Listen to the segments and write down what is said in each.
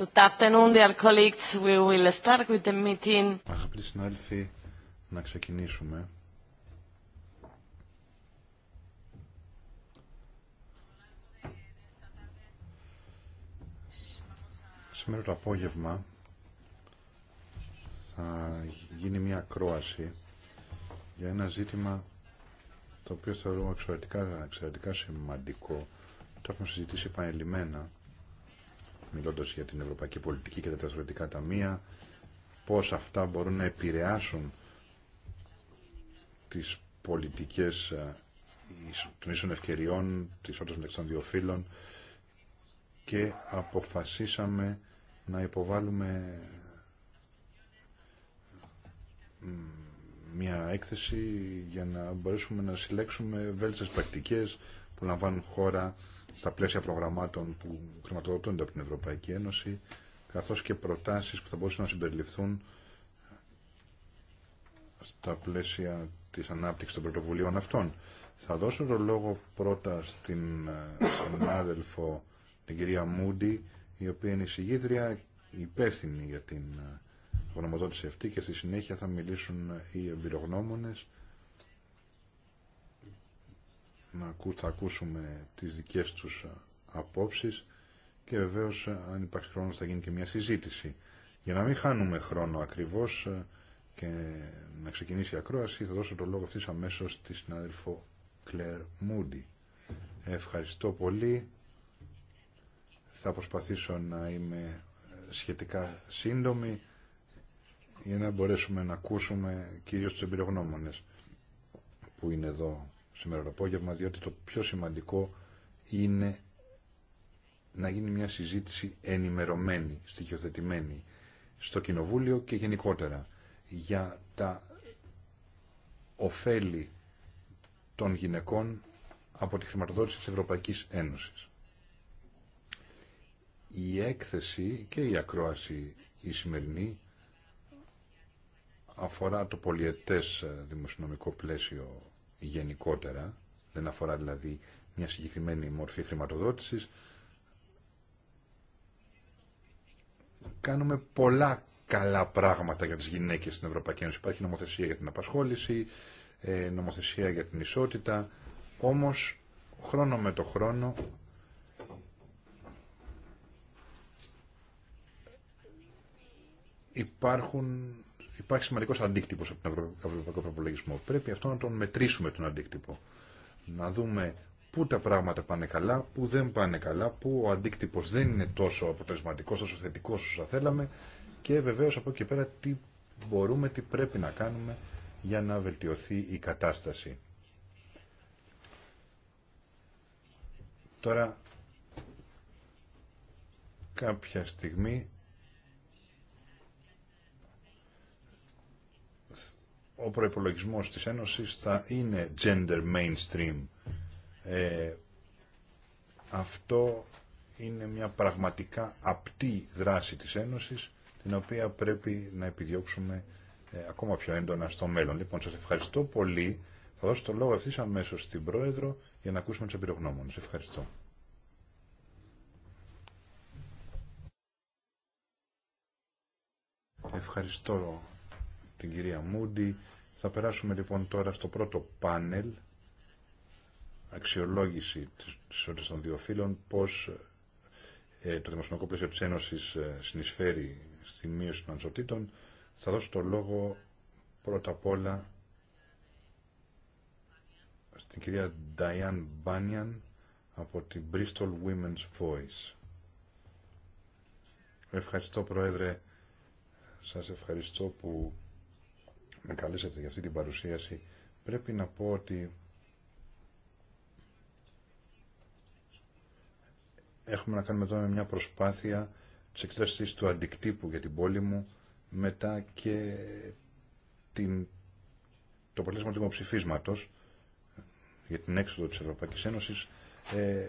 Good Αγαπητοί συνάδελφοι, να ξεκινήσουμε. Σήμερα το απόγευμα θα γίνει μια ακρόαση για ένα ζήτημα το οποίο θεωρούμε εξαιρετικά, εξαιρετικά σημαντικό. Το έχουμε συζητήσει επανειλημμένα μιλώντας για την ευρωπαϊκή πολιτική και τα τεστροτικά ταμεία, πώς αυτά μπορούν να επηρεάσουν τις πολιτικές ε, των ίσων ευκαιριών, της όρτας μεταξύ των δύο φύλων και αποφασίσαμε να υποβάλουμε μια έκθεση για να μπορέσουμε να συλλέξουμε βέλτιστες πρακτικές που λαμβάνουν χώρα στα πλαίσια προγραμμάτων που χρηματοδοτούνται από την Ευρωπαϊκή Ένωση, καθώς και προτάσεις που θα μπορούσαν να συμπεριληφθούν στα πλαίσια της ανάπτυξης των πρωτοβουλίων αυτών. Θα δώσω το λόγο πρώτα στην ε, συνάδελφο την κυρία Μούντι, η οποία είναι η συγγύτρια υπεύθυνη για την ε, γνωμοδότηση αυτή και στη συνέχεια θα μιλήσουν οι εμπειρογνώμονες να θα ακούσουμε τις δικές τους απόψεις και βεβαίως αν υπάρχει χρόνος θα γίνει και μια συζήτηση. Για να μην χάνουμε χρόνο ακριβώς και να ξεκινήσει η ακρόαση θα δώσω το λόγο αυτής αμέσως στη συνάδελφο Κλέρ Μούντι. Ευχαριστώ πολύ. Θα προσπαθήσω να είμαι ε, σχετικά σύντομη για να μπορέσουμε να ακούσουμε κυρίως τους εμπειρογνώμονες που είναι εδώ σήμερα το απόγευμα, διότι το πιο σημαντικό είναι να γίνει μια συζήτηση ενημερωμένη, στοιχειοθετημένη στο Κοινοβούλιο και γενικότερα για τα ωφέλη των γυναικών από τη χρηματοδότηση της Ευρωπαϊκής Ένωσης. Η έκθεση και η ακρόαση η σημερινή αφορά το πολιετές δημοσιονομικό πλαίσιο γενικότερα, δεν αφορά δηλαδή μια συγκεκριμένη μορφή χρηματοδότησης. Κάνουμε πολλά καλά πράγματα για τις γυναίκες στην Ευρωπαϊκή Ένωση. Υπάρχει νομοθεσία για την απασχόληση, ε, νομοθεσία για την ισότητα, όμως χρόνο με το χρόνο υπάρχουν υπάρχει σημαντικό αντίκτυπο από τον Ευρωπαϊκό Προπολογισμό. Πρέπει αυτό να τον μετρήσουμε τον αντίκτυπο. Να δούμε πού τα πράγματα πάνε καλά, πού δεν πάνε καλά, πού ο αντίκτυπο δεν είναι τόσο αποτελεσματικό, τόσο θετικό όσο θα θέλαμε και βεβαίω από εκεί πέρα τι μπορούμε, τι πρέπει να κάνουμε για να βελτιωθεί η κατάσταση. Τώρα, κάποια στιγμή ο προϋπολογισμός της Ένωσης θα είναι gender mainstream. Ε, αυτό είναι μια πραγματικά απτή δράση της Ένωσης, την οποία πρέπει να επιδιώξουμε ε, ακόμα πιο έντονα στο μέλλον. Λοιπόν, σας ευχαριστώ πολύ. Θα δώσω το λόγο ευθύ αμέσω στην Πρόεδρο για να ακούσουμε τους Σας Ευχαριστώ. Ευχαριστώ την κυρία Μούντι. Θα περάσουμε λοιπόν τώρα στο πρώτο πάνελ αξιολόγηση της ισότητας των δύο φύλων, πώς ε, το δημοσιονομικό πλαίσιο της Ένωσης ε, συνεισφέρει στη μείωση των ανισοτήτων. Θα δώσω το λόγο πρώτα απ' όλα στην κυρία Diane Μπάνιαν από την Bristol Women's Voice. Ευχαριστώ Πρόεδρε, σας ευχαριστώ που με καλέσατε για αυτή την παρουσίαση, πρέπει να πω ότι έχουμε να κάνουμε εδώ με μια προσπάθεια της εξέτασης του αντικτύπου για την πόλη μου, μετά και την, το αποτέλεσμα του δημοψηφίσματος για την έξοδο της Ευρωπαϊκής Ένωσης ε,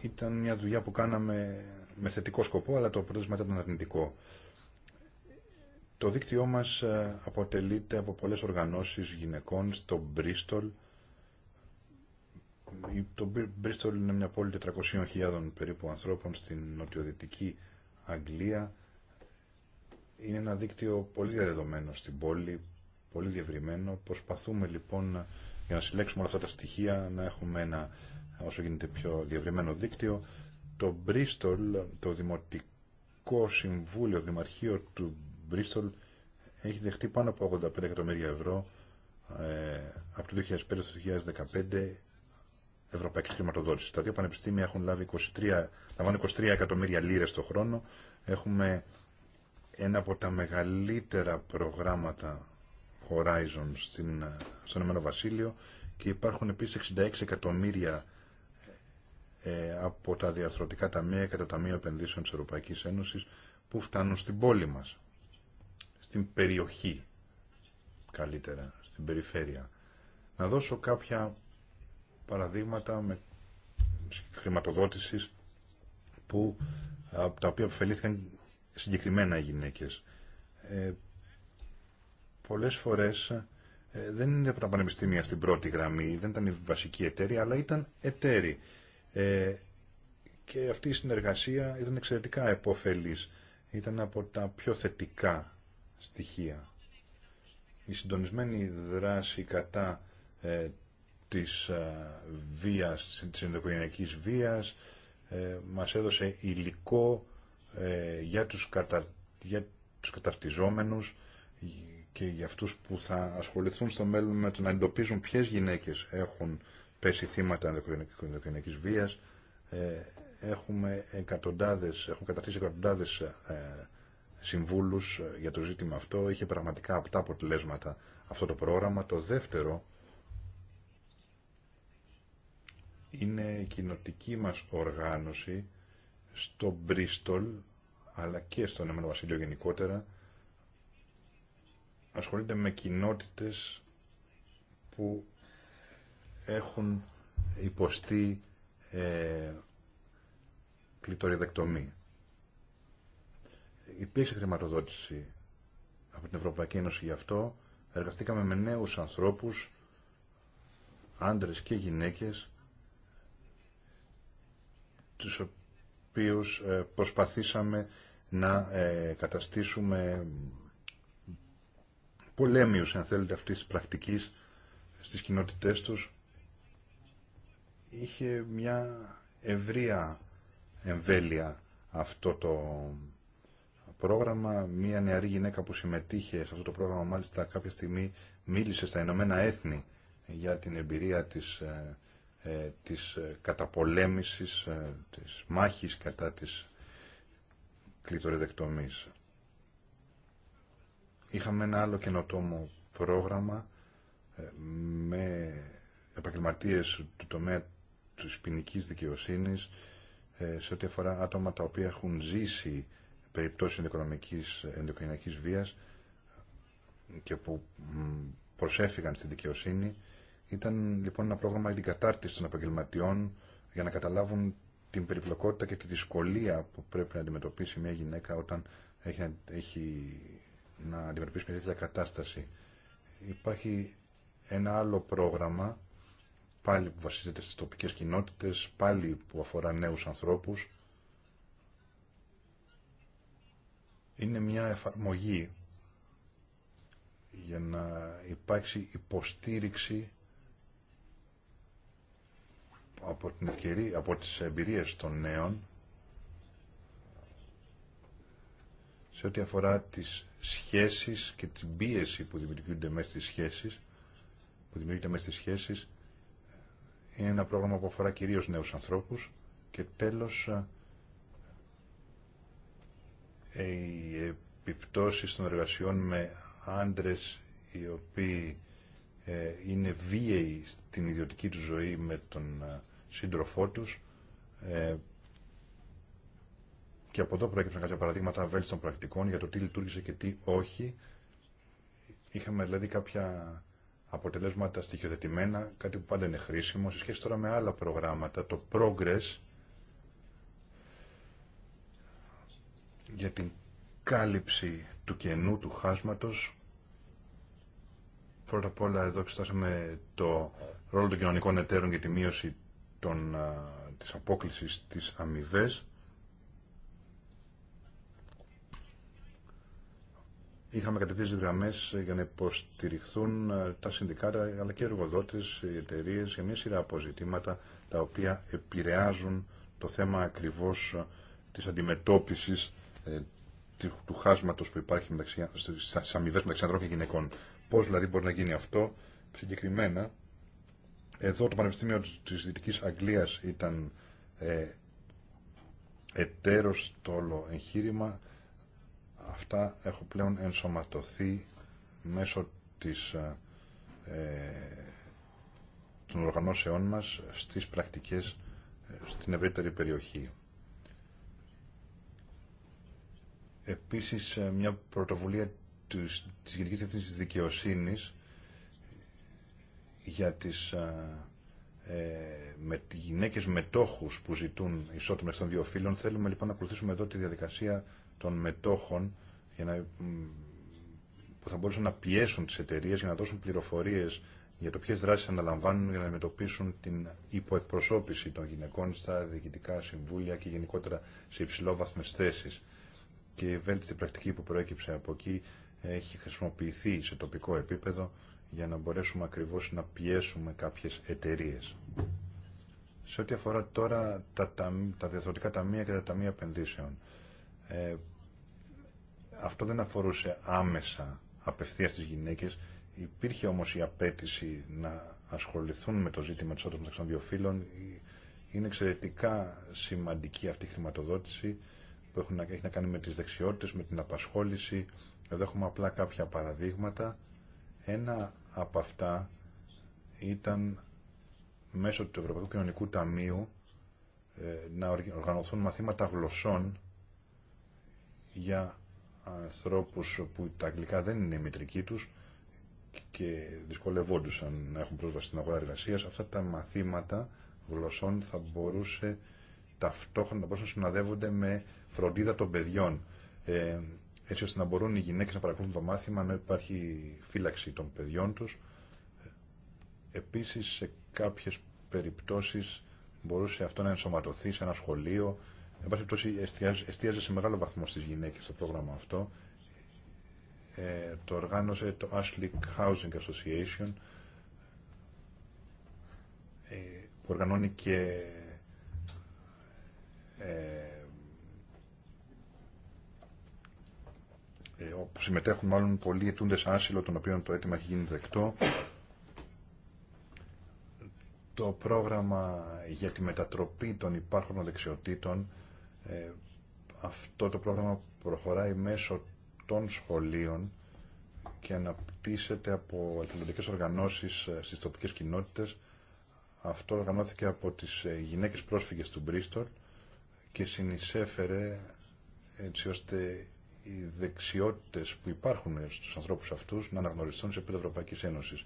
ήταν μια δουλειά που κάναμε με θετικό σκοπό, αλλά το αποτέλεσμα ήταν αρνητικό. Το δίκτυό μας ε, αποτελείται από πολλές οργανώσεις γυναικών στο Μπρίστολ. Το Μπρίστολ είναι μια πόλη 400.000 περίπου ανθρώπων στην νοτιοδυτική Αγγλία. Είναι ένα δίκτυο πολύ διαδεδομένο στην πόλη, πολύ διευρυμένο. Προσπαθούμε λοιπόν για να συλλέξουμε όλα αυτά τα στοιχεία να έχουμε ένα όσο γίνεται πιο διευρυμένο δίκτυο. Το Μπρίστολ, το Δημοτικό Συμβούλιο, Δημαρχείο του Bristol έχει δεχτεί πάνω από 85 εκατομμύρια ευρώ ε, από το 2005 στο 2015 ευρωπαϊκή χρηματοδότηση. Τα δύο πανεπιστήμια έχουν λάβει 23, 23 εκατομμύρια λίρες το χρόνο. Έχουμε ένα από τα μεγαλύτερα προγράμματα Horizon στην, στον Εμένο Βασίλειο και υπάρχουν επίσης 66 εκατομμύρια ε, από τα διαθροτικά ταμεία και τα ταμεία επενδύσεων της Ευρωπαϊκής Ένωσης που φτάνουν στην πόλη μας στην περιοχή, καλύτερα, στην περιφέρεια. Να δώσω κάποια παραδείγματα με χρηματοδότησης που, από τα οποία αποφελήθηκαν συγκεκριμένα οι γυναίκες. Ε, πολλές φορές ε, δεν είναι από τα πανεπιστήμια στην πρώτη γραμμή, δεν ήταν η βασική εταίρη, αλλά ήταν εταίρη. Ε, και αυτή η συνεργασία ήταν εξαιρετικά επωφελής. Ήταν από τα πιο θετικά στοιχεία. Η συντονισμένη δράση κατά ε, της ε, βίας, της ενδοκογενειακής βίας ε, μας έδωσε υλικό ε, για τους, κατα, τους καταρτιζόμενους και για αυτούς που θα ασχοληθούν στο μέλλον με το να εντοπίζουν ποιες γυναίκες έχουν πέσει θύματα ενδοκογενειακής βίας. Ε, έχουμε εκατοντάδες, έχουν καταρτήσει εκατοντάδες Συμβούλου ε, για το ζήτημα αυτό. Είχε πραγματικά απτά αποτελέσματα αυτό το πρόγραμμα. Το δεύτερο είναι η κοινοτική μας οργάνωση στο Μπρίστολ αλλά και στον Εμένο Βασίλειο γενικότερα ασχολείται με κοινότητες που έχουν υποστεί ε, υπήρξε χρηματοδότηση από την Ευρωπαϊκή Ένωση γι' αυτό. Εργαστήκαμε με νέους ανθρώπους, άντρες και γυναίκες, τους οποίους ε, προσπαθήσαμε να ε, καταστήσουμε πολέμιους, αν θέλετε, αυτής της πρακτικής στις κοινότητές τους. Είχε μια ευρεία εμβέλεια αυτό το πρόγραμμα. Μία νεαρή γυναίκα που συμμετείχε σε αυτό το πρόγραμμα μάλιστα κάποια στιγμή μίλησε στα Ηνωμένα Έθνη για την εμπειρία της, ε, ε της ε, καταπολέμησης, ε, της μάχης κατά της κλειτοριδεκτομής. Είχαμε ένα άλλο καινοτόμο πρόγραμμα με επαγγελματίες του τομέα της ποινική δικαιοσύνης σε ό,τι αφορά άτομα τα οποία έχουν ζήσει περιπτώσεις ενδοκονομικής, βία βίας και που προσέφηγαν στη δικαιοσύνη. Ήταν λοιπόν ένα πρόγραμμα για την κατάρτιση των επαγγελματιών για να καταλάβουν την περιπλοκότητα και τη δυσκολία που πρέπει να αντιμετωπίσει μια γυναίκα όταν έχει, να, έχει να αντιμετωπίσει μια τέτοια κατάσταση. Υπάρχει ένα άλλο πρόγραμμα πάλι που βασίζεται στις τοπικές κοινότητες, πάλι που αφορά νέους ανθρώπους είναι μια εφαρμογή για να υπάρξει υποστήριξη από, την ευκαιρία, από τις εμπειρίες των νέων σε ό,τι αφορά τις σχέσεις και την πίεση που δημιουργούνται μέσα στις σχέσεις που δημιουργείται μέσα στις σχέσεις είναι ένα πρόγραμμα που αφορά κυρίως νέους ανθρώπους και τέλος οι επιπτώσεις των εργασιών με άντρες οι οποίοι ε, είναι βίαιοι στην ιδιωτική του ζωή με τον ε, σύντροφό τους ε, και από εδώ προέκυψαν κάποια παραδείγματα βέλτιστων πρακτικών για το τι λειτουργήσε και τι όχι. Είχαμε δηλαδή κάποια αποτελέσματα στοιχειοθετημένα, κάτι που πάντα είναι χρήσιμο. Σε σχέση τώρα με άλλα προγράμματα, το Progress για την κάλυψη του κενού, του χάσματος. Πρώτα απ' όλα εδώ εξετάσαμε το ρόλο των κοινωνικών εταίρων για τη μείωση των, της απόκλησης της αμοιβέ. Είχαμε κατευθύνσει γραμμέ για να υποστηριχθούν τα συνδικάτα αλλά και οι εργοδότε, οι εταιρείε για μια σειρά αποζητήματα τα οποία επηρεάζουν το θέμα ακριβώ της αντιμετώπιση ε, του χάσματος που υπάρχει μεταξύ, στις αμοιβές μεταξύ ανδρών και γυναικών. Πώς δηλαδή μπορεί να γίνει αυτό συγκεκριμένα. Εδώ το Πανεπιστήμιο της Δυτικής Αγγλίας ήταν ε, εταίρος στο όλο εγχείρημα. Αυτά έχουν πλέον ενσωματωθεί μέσω της, ε, ε των οργανώσεών μας στις πρακτικές ε, στην ευρύτερη περιοχή. Επίσης ε, μια πρωτοβουλία της, της Γενικής της Δικαιοσύνης για τις ε, ε με, γυναίκες μετόχους που ζητούν ισότητα των δύο φύλων. Θέλουμε λοιπόν να ακολουθήσουμε εδώ τη διαδικασία των μετόχων για να, που θα μπορούσαν να πιέσουν τις εταιρείες για να δώσουν πληροφορίες για το ποιες δράσεις αναλαμβάνουν για να αντιμετωπίσουν την υποεκπροσώπηση των γυναικών στα διοικητικά συμβούλια και γενικότερα σε υψηλόβαθμες θέσεις και η βέλτιστη πρακτική που προέκυψε από εκεί έχει χρησιμοποιηθεί σε τοπικό επίπεδο για να μπορέσουμε ακριβώς να πιέσουμε κάποιες εταιρείε. Σε ό,τι αφορά τώρα τα, τα, τα διαδοτικά ταμεία και τα ταμεία επενδύσεων, ε, αυτό δεν αφορούσε άμεσα απευθείας τις γυναίκες, υπήρχε όμως η απέτηση να ασχοληθούν με το ζήτημα της άντρας των δύο φύλων, ε, είναι εξαιρετικά σημαντική αυτή η χρηματοδότηση που έχουν, έχει να κάνει με τις δεξιότητες, με την απασχόληση. Εδώ έχουμε απλά κάποια παραδείγματα. Ένα από αυτά ήταν μέσω του Ευρωπαϊκού Κοινωνικού Ταμείου ε, να οργανωθούν μαθήματα γλωσσών για ανθρώπους που τα αγγλικά δεν είναι η μητρική τους και δυσκολευόντουσαν να έχουν πρόσβαση στην αγορά εργασία Αυτά τα μαθήματα γλωσσών θα μπορούσε ταυτόχρονα να να συναδεύονται με φροντίδα των παιδιών. Ε, έτσι ώστε να μπορούν οι γυναίκες να παρακολουθούν το μάθημα ενώ υπάρχει φύλαξη των παιδιών τους. Ε, επίσης σε κάποιες περιπτώσεις μπορούσε αυτό να ενσωματωθεί σε ένα σχολείο. Εν πάση περιπτώσει εστίαζε σε μεγάλο βαθμό στις γυναίκες το πρόγραμμα αυτό. Ε, το οργάνωσε το Ashley Housing Association ε, που οργανώνει και ε, ε, όπου συμμετέχουν μάλλον πολλοί αιτούντες άσυλο των οποίων το αίτημα έχει γίνει δεκτό το πρόγραμμα για τη μετατροπή των υπάρχων δεξιοτήτων ε, αυτό το πρόγραμμα προχωράει μέσω των σχολείων και αναπτύσσεται από εθελοντικές οργανώσεις ε, στις τοπικές κοινότητες αυτό οργανώθηκε από τις ε, γυναίκες πρόσφυγες του Μπρίστολ και συνεισέφερε έτσι ώστε οι δεξιότητες που υπάρχουν στους ανθρώπους αυτούς να αναγνωριστούν σε επίπεδο Ευρωπαϊκής Ένωσης.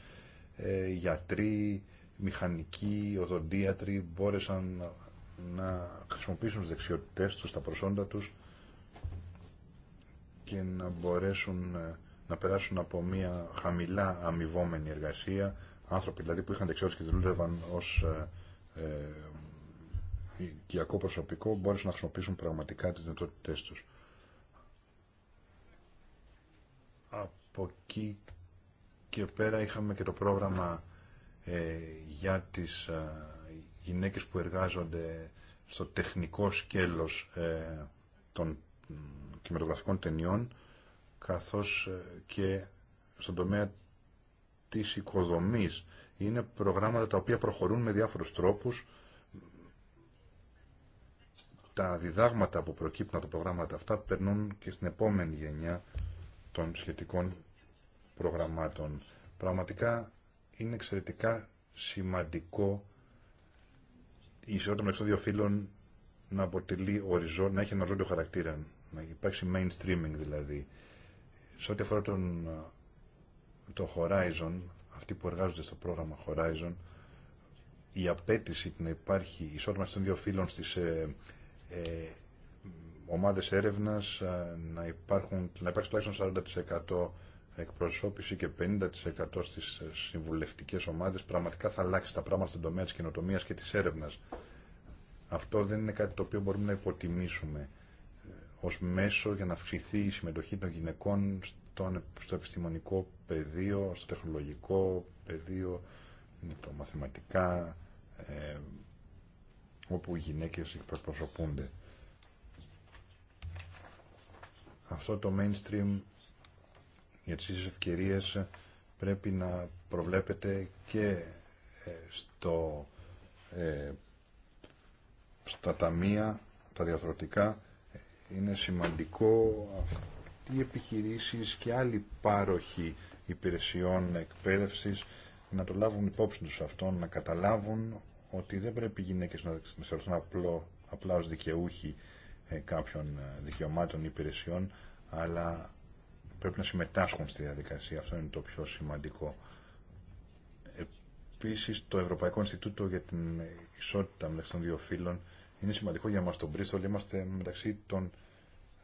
Ε, γιατροί, μηχανικοί, οδοντίατροι μπόρεσαν να χρησιμοποιήσουν τις δεξιότητές τους, τα προσόντα τους και να μπορέσουν ε, να περάσουν από μια χαμηλά αμοιβόμενη εργασία, άνθρωποι δηλαδή που είχαν δεξιότητες και δουλεύαν ως ε, ε οικιακό προσωπικό μπόρεσαν να χρησιμοποιήσουν πραγματικά τις δυνατότητε τους. Από εκεί και πέρα είχαμε και το πρόγραμμα ε, για τις ε, γυναίκες που εργάζονται στο τεχνικό σκέλος ε, των κινηματογραφικών ταινιών καθώς ε, και στον τομέα της οικοδομής. Είναι προγράμματα τα οποία προχωρούν με διάφορους τρόπους τα διδάγματα που προκύπτουν από τα προγράμματα αυτά περνούν και στην επόμενη γενιά των σχετικών προγραμμάτων. Πραγματικά είναι εξαιρετικά σημαντικό η ισότητα μεταξύ των δύο φύλων να αποτελεί οριζό, να έχει ένα οριζόντιο χαρακτήρα, να υπάρξει mainstreaming δηλαδή. Σε ό,τι αφορά τον, το Horizon, αυτοί που εργάζονται στο πρόγραμμα Horizon, η απέτηση να υπάρχει ισότητα μεταξύ των δύο φύλων στις ε, ε, ομάδες έρευνας, ε, να, υπάρχουν, να υπάρχει τουλάχιστον 40% εκπροσώπηση και 50% στις ε, συμβουλευτικές ομάδες, πραγματικά θα αλλάξει τα πράγματα στον τομέα της καινοτομίας και της έρευνας. Αυτό δεν είναι κάτι το οποίο μπορούμε να υποτιμήσουμε ως μέσο για να αυξηθεί η συμμετοχή των γυναικών στο επιστημονικό πεδίο, στο τεχνολογικό πεδίο, το μαθηματικά, όπου οι γυναίκες εκπροσωπούνται. Αυτό το mainstream για τις ευκαιρίες πρέπει να προβλέπεται και ε, στο, ε, στα ταμεία, τα διαθροτικά. Είναι σημαντικό οι επιχειρήσεις και άλλοι πάροχοι υπηρεσιών εκπαίδευσης να το λάβουν υπόψη τους αυτόν, να καταλάβουν ότι δεν πρέπει οι γυναίκε να θεωρηθούν απλά ω δικαιούχοι ε, κάποιων ε, δικαιωμάτων ή υπηρεσιών, αλλά πρέπει να συμμετάσχουν στη διαδικασία. Αυτό είναι το πιο σημαντικό. Επίση, το Ευρωπαϊκό Ινστιτούτο για την Ισότητα μεταξύ των δύο φύλων είναι σημαντικό για μα τον Πρίστολ. Είμαστε μεταξύ των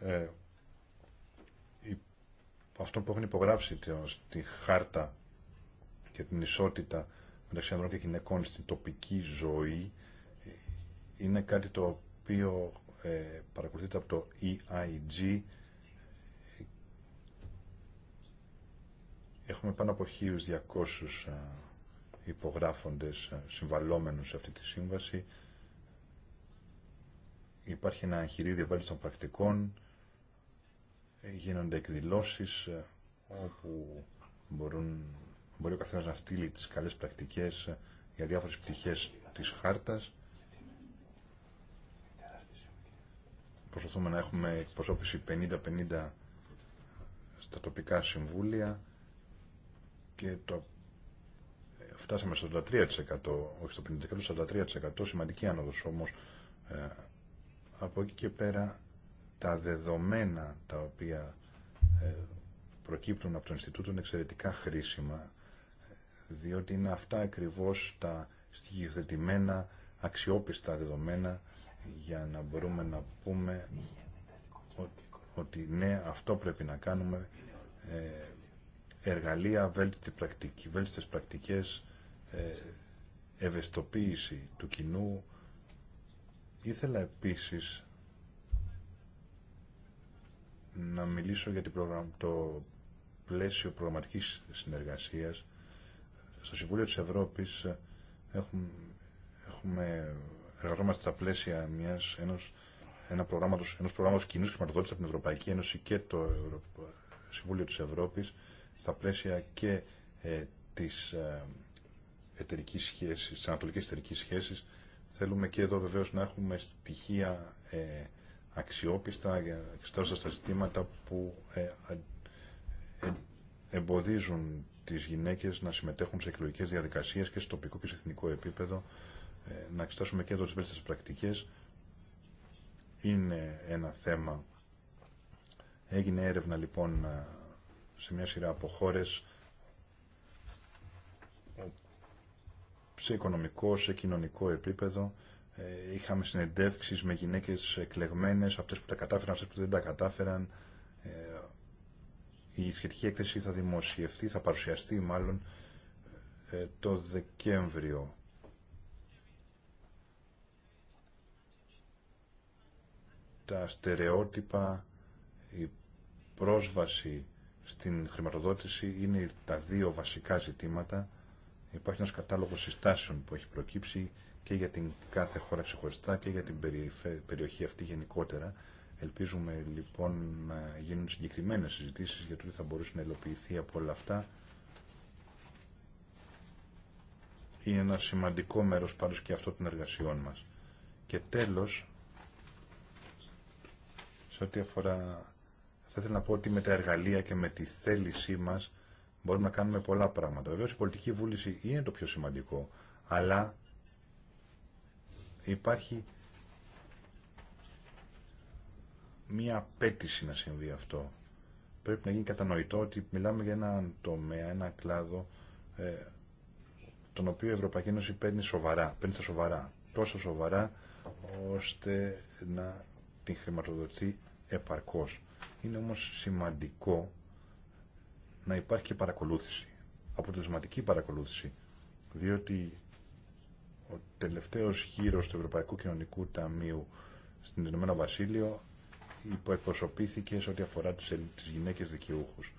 ε, αυτών που έχουν υπογράψει τη χάρτα για την ισότητα μεταξύ ανδρών και γυναικών στην τοπική ζωή είναι κάτι το οποίο ε, παρακολουθείται από το EIG. Έχουμε πάνω από 1.200 ε, υπογράφοντες ε, συμβαλόμενους σε αυτή τη σύμβαση. Υπάρχει ένα εγχειρίδιο βάλει των πρακτικών, γίνονται εκδηλώσεις όπου μπορούν μπορεί ο καθένα να στείλει τι καλέ πρακτικέ για διάφορε πτυχέ τη χάρτα. Προσπαθούμε να έχουμε εκπροσώπηση 50-50 στα τοπικά συμβούλια και το φτάσαμε στο 43%, όχι στο 50%, στο 43%, σημαντική άνοδος όμως. Ε, από εκεί και πέρα τα δεδομένα τα οποία ε, προκύπτουν από το Ινστιτούτο είναι εξαιρετικά χρήσιμα διότι είναι αυτά ακριβώς τα στοιχειοθετημένα, αξιόπιστα δεδομένα για να μπορούμε να πούμε ότι ναι, αυτό πρέπει να κάνουμε ε, εργαλεία, βέλτιστη πρακτική, βέλτιστες πρακτικές, ε, ευαισθητοποίηση του κοινού. Ήθελα επίσης να μιλήσω για το πλαίσιο προγραμματικής συνεργασίας στο Συμβούλιο της Ευρώπης ε, έχουμε, έχουμε εργαζόμαστε στα πλαίσια μιας, ενός, ένα προγράμματος, ενός προγράμματος κοινούς χρηματοδότησης από την Ευρωπαϊκή Ένωση και το Συμβούλιο της Ευρώπης στα πλαίσια και ε, της ε, εταιρικής σχέσης, της ανατολικής εταιρικής σχέσης. Θέλουμε και εδώ βεβαίως να έχουμε στοιχεία ε, αξιόπιστα εξετάζοντας τα ζητήματα που ε, εμποδίζουν τις γυναίκες να συμμετέχουν σε εκλογικέ διαδικασίες και στο τοπικό και σε εθνικό επίπεδο, ε, να εξετάσουμε και εδώ τι βέλτιστες πρακτικέ Είναι ένα θέμα. Έγινε έρευνα λοιπόν ε, σε μια σειρά από χώρε σε οικονομικό, σε κοινωνικό επίπεδο. Ε, είχαμε συνεντεύξεις με γυναίκες εκλεγμένες, αυτές που τα κατάφεραν, αυτές που δεν τα κατάφεραν η σχετική έκθεση θα δημοσιευτεί, θα παρουσιαστεί μάλλον ε, το Δεκέμβριο. Τα στερεότυπα, η πρόσβαση στην χρηματοδότηση είναι τα δύο βασικά ζητήματα. Υπάρχει ένας κατάλογος συστάσεων που έχει προκύψει και για την κάθε χώρα ξεχωριστά και για την περιοχή αυτή γενικότερα. Ελπίζουμε λοιπόν να γίνουν συγκεκριμένες συζητήσεις για το τι θα μπορούσε να ελοποιηθεί από όλα αυτά. Είναι ένα σημαντικό μέρος πάντως και αυτό των εργασιών μας. Και τέλος, σε ό,τι αφορά, θα ήθελα να πω ότι με τα εργαλεία και με τη θέλησή μας μπορούμε να κάνουμε πολλά πράγματα. Βεβαίως η πολιτική βούληση είναι το πιο σημαντικό, αλλά υπάρχει μία απέτηση να συμβεί αυτό. Πρέπει να γίνει κατανοητό ότι μιλάμε για ένα τομέα, ένα κλάδο ε, τον οποίο η Ευρωπαϊκή Ένωση παίρνει σοβαρά, παίρνει στα σοβαρά, τόσο σοβαρά ώστε να την χρηματοδοτεί επαρκώς. Είναι όμως σημαντικό να υπάρχει και παρακολούθηση, αποτελεσματική παρακολούθηση, διότι ο τελευταίος γύρος του Ευρωπαϊκού Κοινωνικού Ταμείου στην Ηνωμένο Βασίλειο υποεκπροσωπήθηκε σε ό,τι αφορά τις, τις γυναίκες δικαιούχους.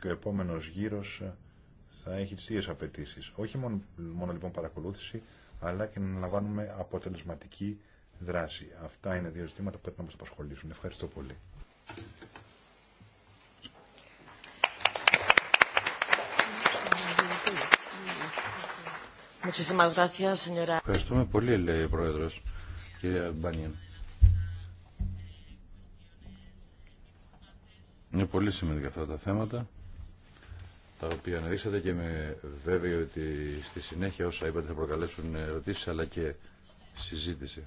Και ο επόμενος γύρος ε, θα έχει τις ίδιες απαιτήσεις. Όχι μόνο, μόνο λοιπόν παρακολούθηση, αλλά και να λαμβάνουμε αποτελεσματική δράση. Αυτά είναι δύο ζητήματα που πρέπει να μας απασχολήσουν. Ευχαριστώ πολύ. Ευχαριστούμε πολύ, λέει ο Πρόεδρος, κυρία Μπάνιεν. Είναι πολύ σημαντικά αυτά τα θέματα, τα οποία αναδείξατε και με βέβαιο ότι στη συνέχεια όσα είπατε θα προκαλέσουν ερωτήσεις αλλά και συζήτηση.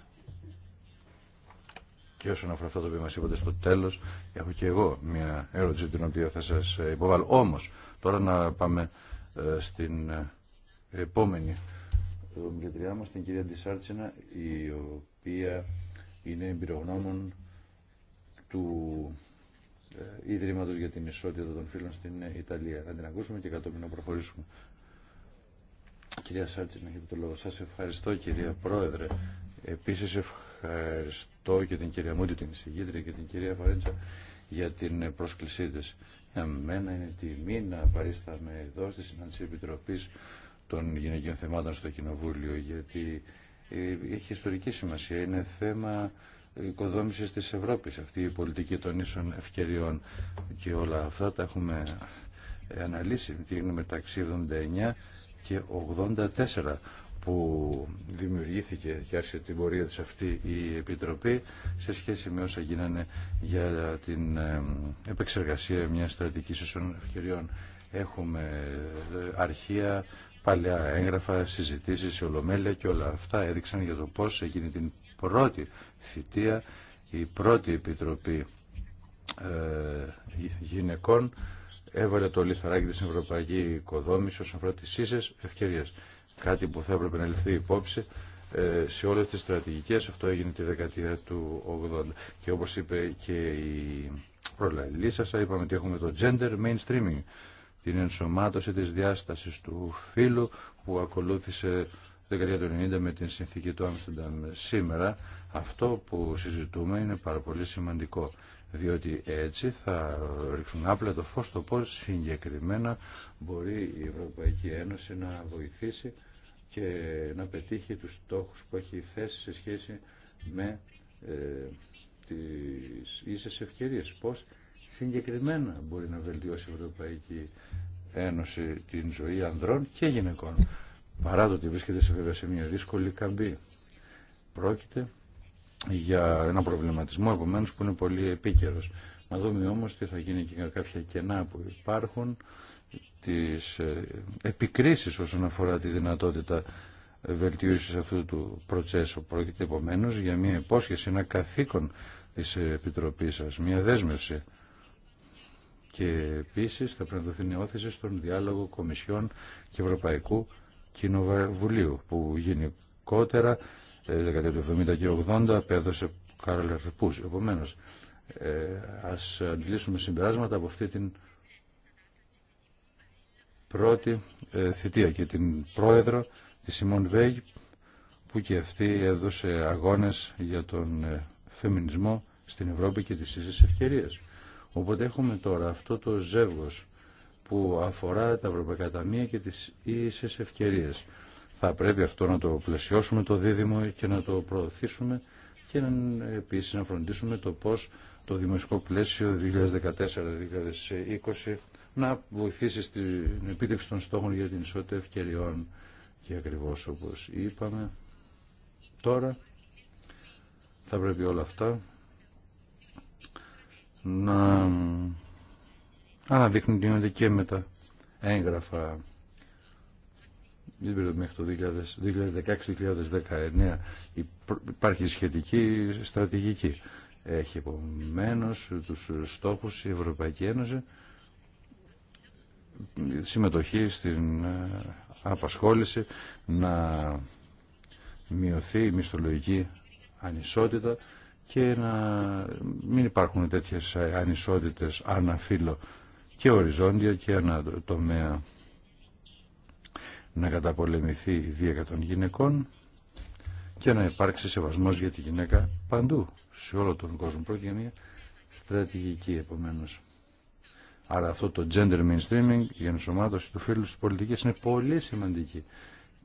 Και όσον αφορά αυτό το οποίο μας είπατε στο τέλος, έχω και εγώ μια ερώτηση την οποία θα σας υποβάλω. Όμως, τώρα να πάμε ε, στην ε, επόμενη ομιλητριά μας, την κυρία Ντισάρτσινα, η οποία είναι εμπειρογνώμων του ε, Ιδρύματος για την Ισότητα των Φίλων στην ε, Ιταλία. Θα την ακούσουμε και κατόπιν να προχωρήσουμε. Κυρία Σάρτσι, να έχετε το λόγο. Σας ευχαριστώ κυρία Πρόεδρε. Επίσης ευχαριστώ και την κυρία Μούντι, την συγκίτρια και την κυρία Φαρέντσα για την ε, πρόσκλησή της. Για μένα είναι τιμή να παρίσταμε εδώ στη συνάντηση Επιτροπής των Γυναικείων Θεμάτων στο Κοινοβούλιο γιατί έχει ιστορική σημασία. Είναι θέμα οικοδόμησης της Ευρώπης αυτή η πολιτική των ίσων ευκαιριών και όλα αυτά τα έχουμε αναλύσει τι είναι μεταξύ 79 και 84 που δημιουργήθηκε και άρχισε την πορεία της αυτή η Επιτροπή σε σχέση με όσα γίνανε για την ε, επεξεργασία μιας στρατικής ίσων ευκαιριών. Έχουμε ε, αρχεία, παλαιά έγγραφα, συζητήσεις, ολομέλεια και όλα αυτά έδειξαν για το πώς εκείνη την πρώτη θητεία, η πρώτη επιτροπή ε, γυναικών έβαλε το λιθαράκι της Ευρωπαϊκή Οικοδόμηση όσον αφορά τις ίσες ευκαιρίες. Κάτι που θα έπρεπε να ληφθεί υπόψη ε, σε όλες τις στρατηγικές. Αυτό έγινε τη δεκαετία του 80. Και όπως είπε και η προλαλή σας, είπαμε ότι έχουμε το gender mainstreaming, την ενσωμάτωση της διάστασης του φύλου που ακολούθησε το δεκαετία του 90 με την συνθήκη του Άμστερνταμ. Σήμερα αυτό που συζητούμε είναι πάρα πολύ σημαντικό διότι έτσι θα ρίξουν άπλα το φως στο πώς συγκεκριμένα μπορεί η Ευρωπαϊκή Ένωση να βοηθήσει και να πετύχει τους στόχους που έχει θέσει σε σχέση με ε, τις ίσες ευκαιρίες. Πώς συγκεκριμένα μπορεί να βελτιώσει η Ευρωπαϊκή Ένωση την ζωή ανδρών και γυναικών παρά το ότι βρίσκεται σε βέβαια μια δύσκολη καμπή. Πρόκειται για ένα προβληματισμό επομένω που είναι πολύ επίκαιρο. Να δούμε όμως τι θα γίνει και για κάποια κενά που υπάρχουν, τις ε, επικρίσεις όσον αφορά τη δυνατότητα βελτιώσεις αυτού του προτσέσου. Πρόκειται επομένω για μια υπόσχεση, ένα καθήκον της Επιτροπής σας, μια δέσμευση. Και επίσης θα πρέπει να δοθεί νεόθεση στον διάλογο Κομισιών και Ευρωπαϊκού Κοινοβουλίου που γενικότερα ε, δεκαετία του 70 και 80 πέδωσε Κάρολ Επομένω, Επομένως, ε, ας αντιλήσουμε συμπεράσματα από αυτή την πρώτη ε, θητεία και την πρόεδρο τη Σιμών που και αυτή έδωσε αγώνες για τον ε, φεμινισμό στην Ευρώπη και τις ίσες ευκαιρίες. Οπότε έχουμε τώρα αυτό το ζεύγος που αφορά τα Ευρωπαϊκά Ταμεία και τις ίσες ευκαιρίες. Θα πρέπει αυτό να το πλαισιώσουμε το δίδυμο και να το προωθήσουμε και να, επίσης να φροντίσουμε το πώς το δημοσιοπλαισιο πλαισιο πλαίσιο 2014-2020 να βοηθήσει στην επίτευξη των στόχων για την ισότητα ευκαιριών και ακριβώς όπως είπαμε τώρα θα πρέπει όλα αυτά να αναδείχνουν και με τα έγγραφα μέχρι το 2016-2019 υπάρχει σχετική στρατηγική. Έχει επομένω τους στόχους η Ευρωπαϊκή Ένωση συμμετοχή στην ε, απασχόληση να μειωθεί η μισθολογική ανισότητα και να μην υπάρχουν τέτοιες ανισότητες αναφύλλω και οριζόντια και τομέα να καταπολεμηθεί η βία των γυναικών και να υπάρξει σεβασμός για τη γυναίκα παντού, σε όλο τον κόσμο. Πρόκειται για μια στρατηγική επομένως. Άρα αυτό το gender mainstreaming, η ενσωμάτωση του φίλου στις πολιτικές είναι πολύ σημαντική.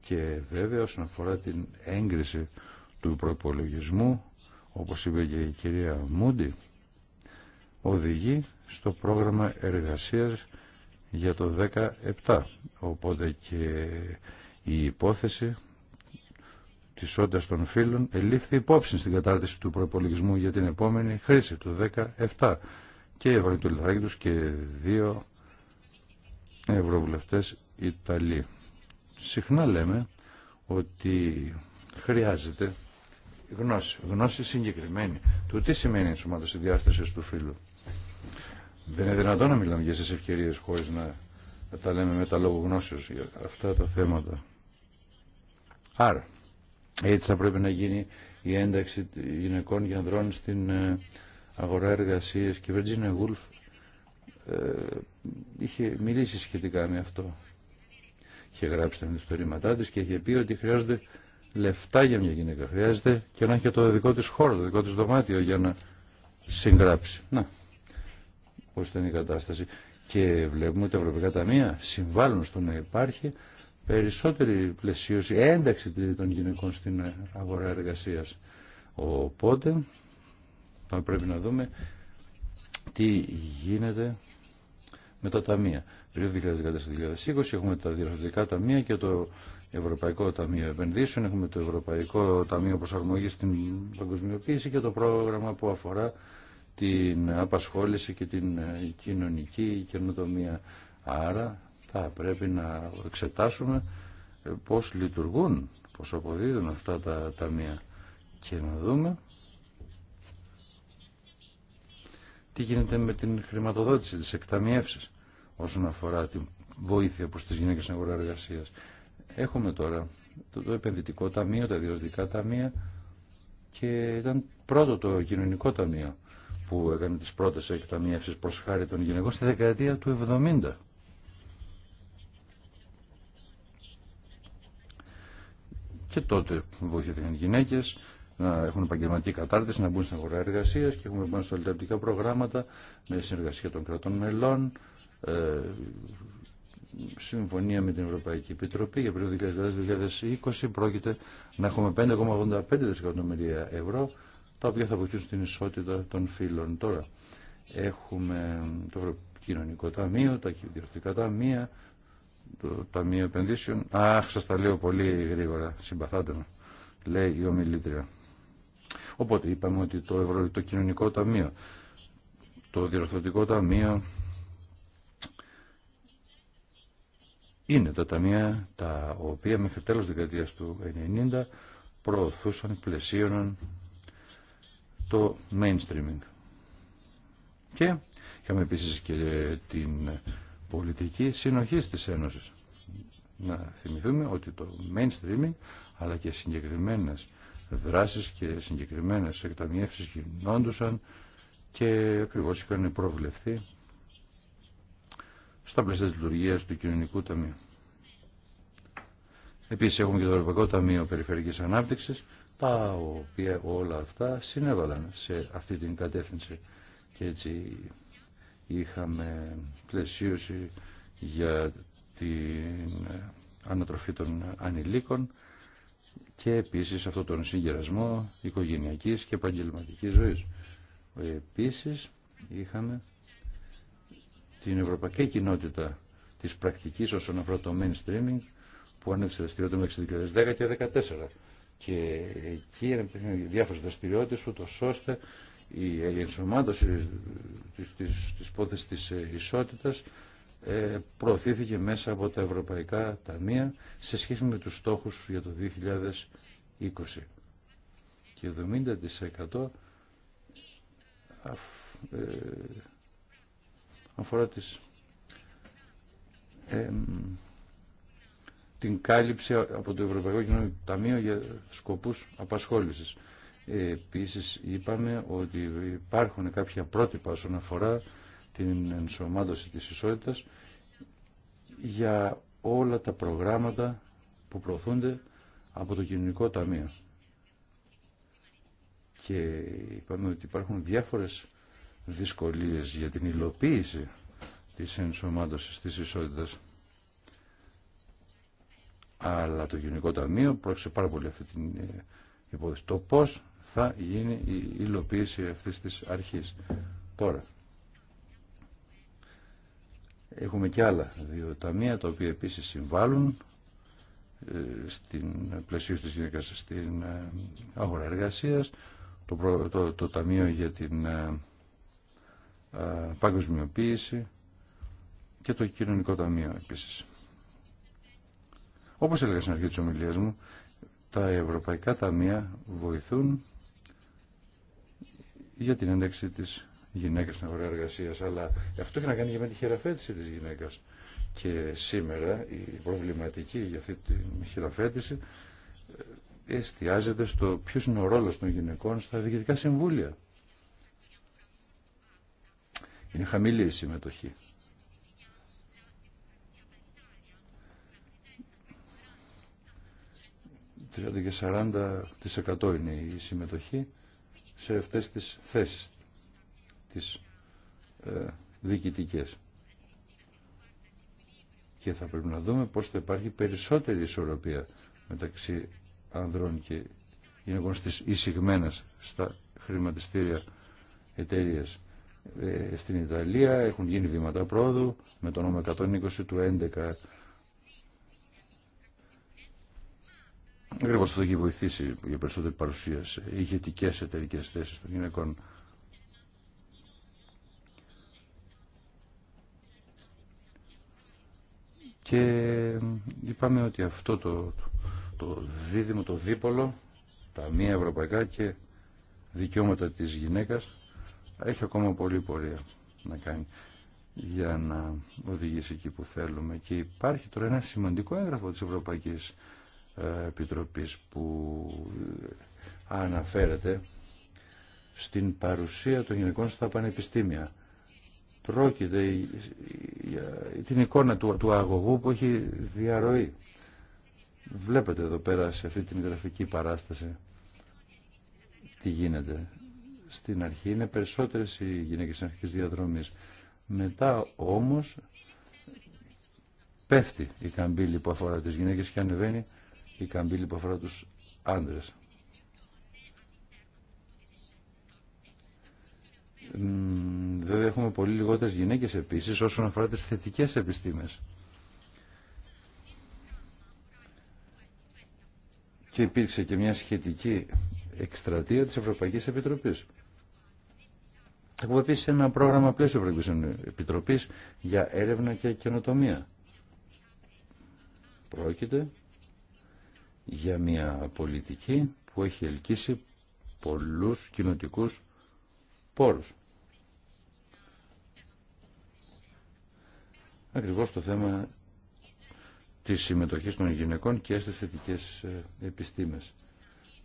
Και βέβαια όσον αφορά την έγκριση του προπολογισμού, όπως είπε και η κυρία Μούντι, οδηγεί στο πρόγραμμα εργασίας για το 17. Οπότε και η υπόθεση της όντας των φύλων ελήφθη υπόψη στην κατάρτιση του προπολογισμού για την επόμενη χρήση του 17 και οι το και δύο ευρωβουλευτές Ιταλοί. Συχνά λέμε ότι χρειάζεται γνώση, γνώση συγκεκριμένη του τι σημαίνει η ενσωμάτωση διάσταση του φύλου. Δεν είναι δυνατόν να μιλάμε για τις ευκαιρίες χωρίς να τα λέμε με τα λόγου γνώσεως για αυτά τα θέματα. Άρα, έτσι θα πρέπει να γίνει η ένταξη γυναικών και ανδρών στην ε, αγορά εργασίας και η Virginia Γουλφ ε, είχε μιλήσει σχετικά με αυτό. Είχε γράψει τα ενδυστορήματά της και είχε πει ότι χρειάζονται λεφτά για μια γυναίκα. Χρειάζεται και να έχει το δικό της χώρο, το δικό της δωμάτιο για να συγγράψει. Να, πώς ήταν η κατάσταση και βλέπουμε ότι τα Ευρωπαϊκά Ταμεία συμβάλλουν στο να υπάρχει περισσότερη πλαισίωση, ένταξη των γυναικών στην αγορά εργασίας. Οπότε θα πρέπει να δούμε τι γίνεται με τα ταμεία. Περίοδο 2014-2020 έχουμε τα διευθυντικά ταμεία και το Ευρωπαϊκό Ταμείο Επενδύσεων, έχουμε το Ευρωπαϊκό Ταμείο Προσαρμογής στην Παγκοσμιοποίηση και το πρόγραμμα που αφορά την απασχόληση και την ε, κοινωνική καινοτομία. Άρα θα πρέπει να εξετάσουμε ε, πώς λειτουργούν, πώς αποδίδουν αυτά τα ταμεία και να δούμε τι γίνεται με την χρηματοδότηση της εκταμιεύσης όσον αφορά την βοήθεια προς τις γυναίκες στην αγορά εργασία. Έχουμε τώρα το, το επενδυτικό ταμείο, τα ιδιωτικά ταμεία και ήταν πρώτο το κοινωνικό ταμείο που έκανε τις πρώτες εκταμιεύσεις προς χάρη των γυναικών στη δεκαετία του 70. Και τότε βοηθήθηκαν οι γυναίκες να έχουν επαγγελματική κατάρτιση, να μπουν στην αγορά εργασίας και έχουμε πάνω στα αλληλεπτικά προγράμματα με συνεργασία των κρατών μελών, ε, συμφωνία με την Ευρωπαϊκή Επιτροπή για περίοδο 2020 πρόκειται να έχουμε 5,85 δισεκατομμύρια ευρώ τα οποία θα βοηθήσουν την ισότητα των φύλων. Τώρα έχουμε το Ευρωκοινωνικό Ταμείο, τα Κοινωνικά Ταμεία, το Ταμείο Επενδύσεων. Αχ, σα τα λέω πολύ γρήγορα, συμπαθάτε με, λέει η ομιλήτρια. Οπότε είπαμε ότι το, Ευρωκοινωνικό Κοινωνικό Ταμείο, το Διορθωτικό Ταμείο, είναι τα ταμεία τα οποία μέχρι τέλος δεκαετίας του 1990 προωθούσαν, πλαισίωναν το mainstreaming. Και είχαμε επίσης και την πολιτική συνοχή της Ένωσης. Να θυμηθούμε ότι το mainstreaming αλλά και συγκεκριμένες δράσεις και συγκεκριμένες εκταμιεύσεις γινόντουσαν και ακριβώ είχαν προβλεφθεί στα πλαίσια της λειτουργίας του Κοινωνικού Ταμείου. Επίσης έχουμε και το Ευρωπαϊκό Ταμείο Περιφερειακής Ανάπτυξης τα οποία όλα αυτά συνέβαλαν σε αυτή την κατεύθυνση. Και έτσι είχαμε πλαισίωση για την ανατροφή των ανηλίκων και επίσης αυτόν τον συγκερασμό οικογενειακής και επαγγελματικής ζωής. Επίσης είχαμε την ευρωπαϊκή κοινότητα της πρακτικής όσον αφορά το mainstreaming που ανέφερε στη το 2010 και 2014 και εκεί αναπτύχθηκαν διάφορε δραστηριότητε, ούτω ώστε η ενσωμάτωση τη υπόθεση τη πόθεσης της ε, ισότητας ε, προωθήθηκε μέσα από τα ευρωπαϊκά ταμεία σε σχέση με τους στόχους για το 2020. Και 70% ε, αφορά τις την κάλυψη από το Ευρωπαϊκό Κοινωνικό Ταμείο για σκοπούς απασχόλησης. Επίσης είπαμε ότι υπάρχουν κάποια πρότυπα όσον αφορά την ενσωμάτωση της ισότητας για όλα τα προγράμματα που προωθούνται από το Κοινωνικό Ταμείο. Και είπαμε ότι υπάρχουν διάφορες δυσκολίες για την υλοποίηση της ενσωμάτωσης της ισότητας αλλά το Γενικό Ταμείο πρόκειται πάρα πολύ αυτή την ε, υπόθεση. Το πώ θα γίνει η υλοποίηση αυτή τη αρχή. Τώρα, έχουμε και άλλα δύο ταμεία, τα οποία επίση συμβάλλουν ε, στην πλαισίωση της γυναίκας στην ε, αγορά εργασίας, το, το, Ταμείο για την Παγκοσμιοποίηση και το Κοινωνικό Ταμείο επίσης. Όπως έλεγα στην αρχή τη ομιλίας μου, τα ευρωπαϊκά ταμεία βοηθούν για την ένταξη της γυναίκας στην αγορά εργασία, αλλά αυτό έχει να κάνει και με τη χειραφέτηση τη γυναίκα. Και σήμερα η προβληματική για αυτή τη χειραφέτηση ε, εστιάζεται στο ποιο είναι ο ρόλο των γυναικών στα διοικητικά συμβούλια. Είναι χαμηλή η συμμετοχή 30 και 40% είναι η συμμετοχή σε αυτές τις θέσεις τις ε, διοικητικές. Και θα πρέπει να δούμε πώς θα υπάρχει περισσότερη ισορροπία μεταξύ ανδρών και γυναικών στις εισηγμένες στα χρηματιστήρια εταιρείε. Ε, στην Ιταλία έχουν γίνει βήματα πρόοδου με το νόμο 120 του 11 Ακριβώ αυτό έχει βοηθήσει για περισσότερη παρουσία σε ηγετικέ εταιρικέ θέσει των γυναικών. Και είπαμε ότι αυτό το, το δίδυμο, το δίπολο, τα μία ευρωπαϊκά και δικαιώματα της γυναίκας έχει ακόμα πολλή πορεία να κάνει για να οδηγήσει εκεί που θέλουμε. Και υπάρχει τώρα ένα σημαντικό έγγραφο της Ευρωπαϊκής Επιτροπής που αναφέρεται στην παρουσία των γυναικών στα πανεπιστήμια. Πρόκειται για την εικόνα του, του αγωγού που έχει διαρροή. Βλέπετε εδώ πέρα σε αυτή την γραφική παράσταση τι γίνεται. Στην αρχή είναι περισσότερες οι γυναίκες αρχικής διαδρομής. Μετά όμως πέφτει η καμπύλη που αφορά τις γυναίκες και ανεβαίνει η καμπύλη που αφορά τους άντρες. Βέβαια έχουμε πολύ λιγότερες γυναίκες επίσης όσον αφορά τις θετικές επιστήμες. Και υπήρξε και μια σχετική εκστρατεία της Ευρωπαϊκής Επιτροπής. Έχουμε επίση ένα πρόγραμμα πλαίσιο Ευρωπαϊκής Επιτροπής για έρευνα και καινοτομία. Πρόκειται για μια πολιτική που έχει ελκύσει πολλούς κοινοτικούς πόρους. Ακριβώς το θέμα της συμμετοχής των γυναικών και στις θετικές ε, επιστήμες.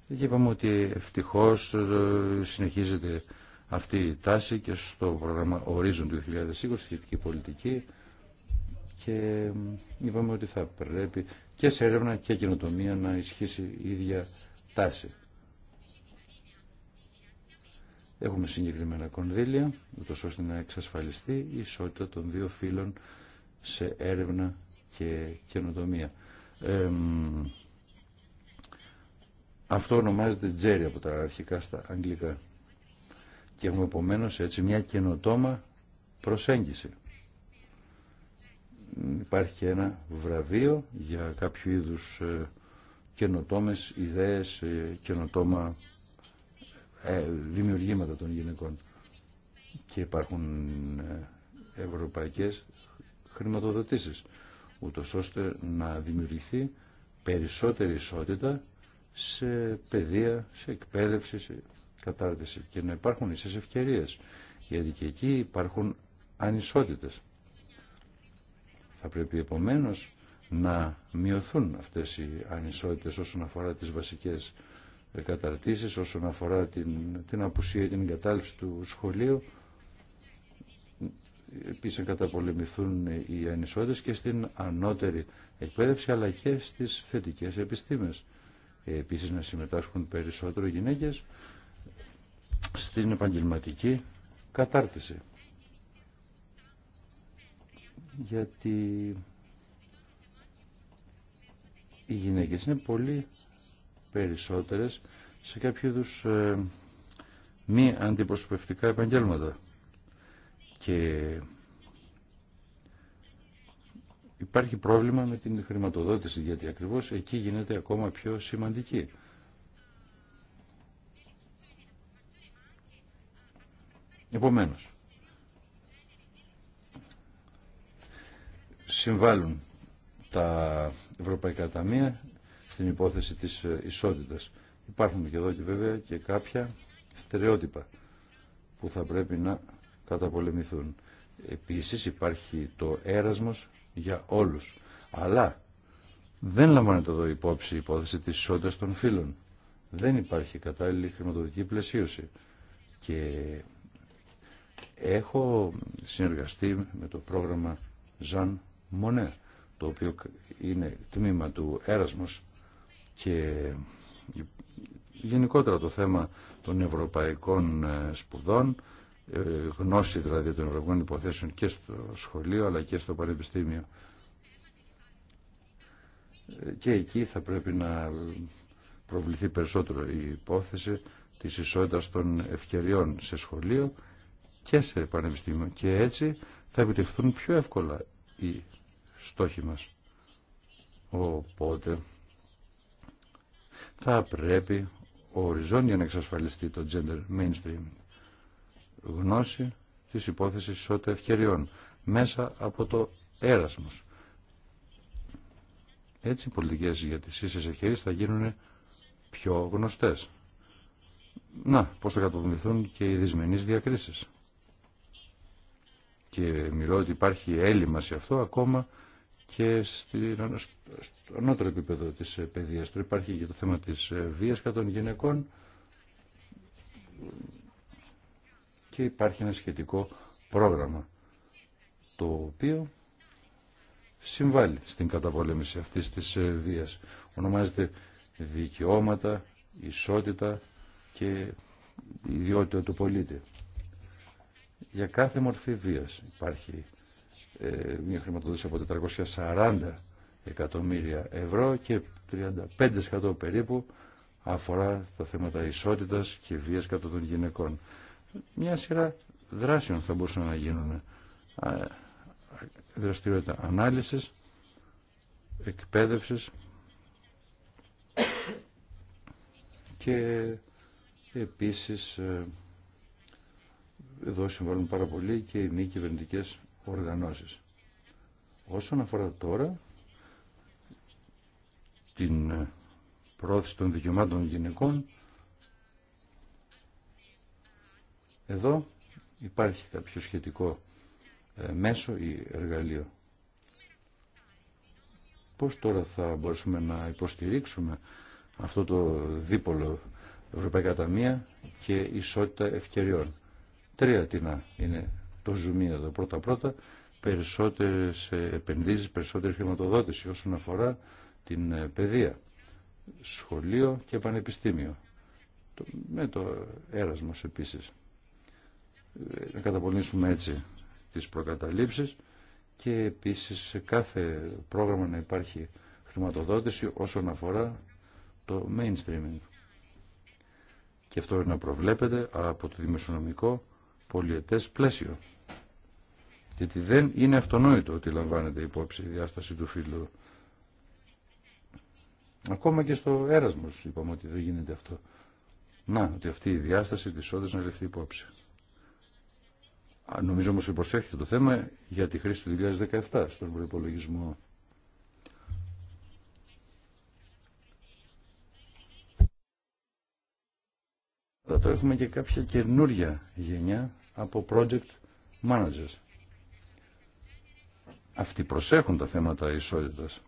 είπαμε ότι ευτυχώς ε, συνεχίζεται αυτή η τάση και στο πρόγραμμα Ορίζον του 2020, σχετική πολιτική, και ε, είπαμε ότι θα πρέπει και σε έρευνα και καινοτομία να ισχύσει η ίδια τάση. Έχουμε συγκεκριμένα κονδύλια, ούτως ώστε να εξασφαλιστεί η ισότητα των δύο φύλων σε έρευνα και καινοτομία. Ε, αυτό ονομάζεται Jerry από τα αρχικά στα αγγλικά. Και έχουμε επομένω έτσι μια καινοτόμα προσέγγιση υπάρχει ένα βραβείο για κάποιο είδους ε, καινοτόμες ιδέες, ε, καινοτόμα ε, δημιουργήματα των γυναικών. Και υπάρχουν ευρωπαϊκές χρηματοδοτήσεις, ούτως ώστε να δημιουργηθεί περισσότερη ισότητα σε παιδεία, σε εκπαίδευση, σε κατάρτιση και να υπάρχουν ίσες ευκαιρίες, γιατί και εκεί υπάρχουν ανισότητες. Θα πρέπει επομένως να μειωθούν αυτές οι ανισότητες όσον αφορά τις βασικές καταρτήσεις, όσον αφορά την, την απουσία, την εγκατάλειψη του σχολείου. Επίσης να καταπολεμηθούν οι ανισότητες και στην ανώτερη εκπαίδευση αλλά και στις θετικές επιστήμες. Επίσης να συμμετάσχουν περισσότερο γυναίκες στην επαγγελματική κατάρτιση γιατί οι γυναίκες είναι πολύ περισσότερες σε κάποιο είδου ε, μη αντιπροσωπευτικά επαγγέλματα. Και υπάρχει πρόβλημα με την χρηματοδότηση, γιατί ακριβώς εκεί γίνεται ακόμα πιο σημαντική. Επομένως, συμβάλλουν τα ευρωπαϊκά ταμεία στην υπόθεση της ε, ισότητας. Υπάρχουν και εδώ και βέβαια και κάποια στερεότυπα που θα πρέπει να καταπολεμηθούν. Επίσης υπάρχει το έρασμος για όλους. Αλλά δεν λαμβάνεται εδώ υπόψη η υπόθεση της ισότητας των φύλων. Δεν υπάρχει κατάλληλη χρηματοδοτική πλαισίωση. Και έχω συνεργαστεί με το πρόγραμμα Ζαν Μονέ, το οποίο είναι τμήμα του έρασμος και γενικότερα το θέμα των ευρωπαϊκών ε, σπουδών, ε, γνώση δηλαδή των ευρωπαϊκών υποθέσεων και στο σχολείο αλλά και στο πανεπιστήμιο. Ε, και εκεί θα πρέπει να προβληθεί περισσότερο η υπόθεση της ισότητας των ευκαιριών σε σχολείο και σε πανεπιστήμιο. Και έτσι θα επιτευχθούν πιο εύκολα οι στόχοι μας. Οπότε θα πρέπει οριζόντια να εξασφαλιστεί το gender mainstream. Γνώση της υπόθεσης ισότητα ευκαιριών μέσα από το έρασμος. Έτσι οι πολιτικές για τις ίσες ευκαιρίες θα γίνουν πιο γνωστές. Να, πώς θα καταβληθούν και οι δυσμενείς διακρίσεις. Και μιλώ ότι υπάρχει έλλειμμα σε αυτό ακόμα και στον ανώτερο επίπεδο της ε, παιδείας. Τώρα υπάρχει και το θέμα της ε, βίας κατά των γυναικών και υπάρχει ένα σχετικό πρόγραμμα το οποίο συμβάλλει στην καταπολέμηση αυτής της ε, βίας. Ονομάζεται δικαιώματα, ισότητα και ιδιότητα του πολίτη. Για κάθε μορφή βίας υπάρχει ε, μια χρηματοδότηση από 440 εκατομμύρια ευρώ και 35% περίπου αφορά τα θέματα ισότητας και βίας κατά των γυναικών. Μια σειρά δράσεων θα μπορούσαν να γίνουν. Δραστηριότητα ανάλυσης, εκπαίδευσης και επίσης ε, εδώ συμβαίνουν πάρα πολύ και οι μη κυβερνητικέ οργανώσεις. Όσον αφορά τώρα την πρόθεση των δικαιωμάτων γυναικών, εδώ υπάρχει κάποιο σχετικό ε, μέσο ή εργαλείο. Πώς τώρα θα μπορέσουμε να υποστηρίξουμε αυτό το δίπολο Ευρωπαϊκά Ταμεία και ισότητα ευκαιριών. Τρία τινά είναι το ζουμί εδώ. Πρώτα-πρώτα περισσότερες επενδύσεις, περισσότερη χρηματοδότηση όσον αφορά την ε, παιδεία, σχολείο και πανεπιστήμιο. Με το έρασμος επίσης. Ε, να καταπονήσουμε έτσι τις προκαταλήψεις και επίσης σε κάθε πρόγραμμα να υπάρχει χρηματοδότηση όσον αφορά το mainstreaming. Και αυτό να προβλέπεται από το δημοσιονομικό πολιετές πλαίσιο γιατί δεν είναι αυτονόητο ότι λαμβάνεται υπόψη η διάσταση του φύλου. Ακόμα και στο έρασμος είπαμε ότι δεν γίνεται αυτό. Να, ότι αυτή η διάσταση της όντας να ληφθεί υπόψη. Νομίζω όμως υποσέχθηκε το θέμα για τη χρήση του 2017 στον προπολογισμό. Τώρα έχουμε και κάποια καινούρια γενιά από project managers αυτοί προσέχουν τα θέματα ισότητας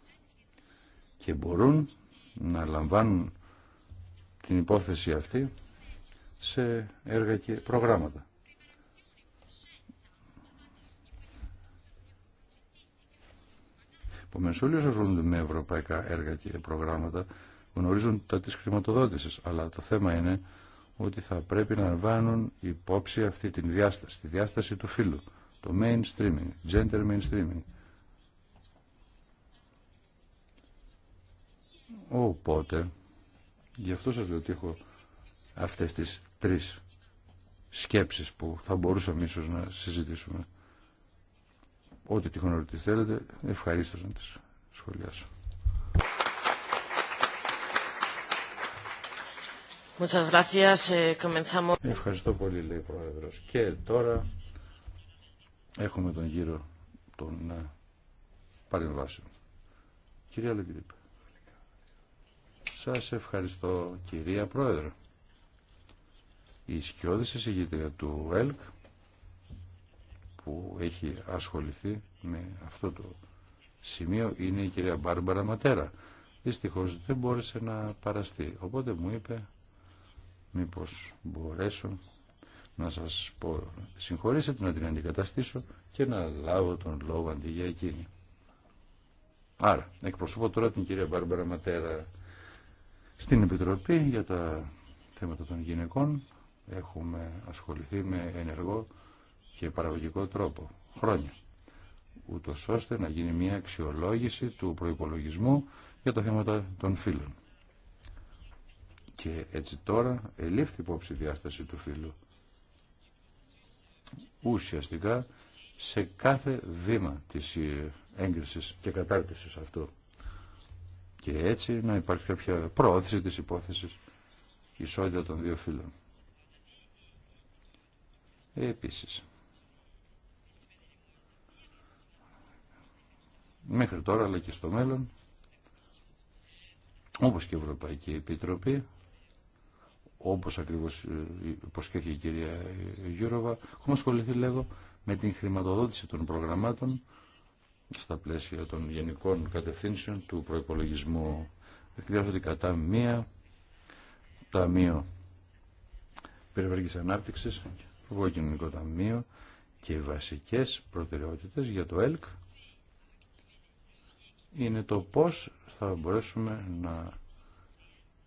και μπορούν να λαμβάνουν την υπόθεση αυτή σε έργα και προγράμματα. Ο όλοι όσοι ασχολούνται με ευρωπαϊκά έργα και προγράμματα γνωρίζουν τα της χρηματοδότησης, αλλά το θέμα είναι ότι θα πρέπει να λαμβάνουν υπόψη αυτή την διάσταση, τη διάσταση του φύλου, το mainstreaming, gender mainstreaming. Οπότε, γι' αυτό σας λέω ότι έχω αυτές τις τρεις σκέψεις που θα μπορούσαμε ίσως να συζητήσουμε. Ό,τι τυχόν ρωτή θέλετε, ευχαρίστως να τις σχολιάσω. Ε, Ευχαριστώ πολύ, λέει ο Πρόεδρος. Και τώρα έχουμε τον γύρο των ε, παρεμβάσεων. Κυρία Λεπιδίπη. Σας ευχαριστώ κυρία Πρόεδρε. Η σκιώδης εισηγήτρια του ΕΛΚ που έχει ασχοληθεί με αυτό το σημείο είναι η κυρία Μπάρμπαρα Ματέρα. Δυστυχώς δεν μπόρεσε να παραστεί. Οπότε μου είπε μήπως μπορέσω να σας πω συγχωρήσετε να την αντικαταστήσω και να λάβω τον λόγο αντί για εκείνη. Άρα, εκπροσωπώ τώρα την κυρία Μπάρμπαρα Ματέρα στην Επιτροπή για τα θέματα των γυναικών έχουμε ασχοληθεί με ενεργό και παραγωγικό τρόπο χρόνια ούτω ώστε να γίνει μια αξιολόγηση του προϋπολογισμού για τα θέματα των φίλων Και έτσι τώρα ελήφθη υπόψη η διάσταση του φύλου. Ουσιαστικά σε κάθε βήμα της ε, έγκρισης και κατάρτισης αυτού και έτσι να υπάρχει κάποια προώθηση της υπόθεσης ισότητα των δύο φύλων. Επίσης, μέχρι τώρα αλλά και στο μέλλον, όπως και η Ευρωπαϊκή Επιτροπή, όπως ακριβώς ε, υποσχέθηκε η κυρία Γιούροβα, έχουμε ασχοληθεί λέγω με την χρηματοδότηση των προγραμμάτων στα πλαίσια των γενικών κατευθύνσεων του προϋπολογισμού εκδιάζονται κατά μία ταμείο περιφερειακής ανάπτυξης, το κοινωνικό ταμείο και οι βασικές προτεραιότητες για το ΕΛΚ είναι το πώς θα μπορέσουμε να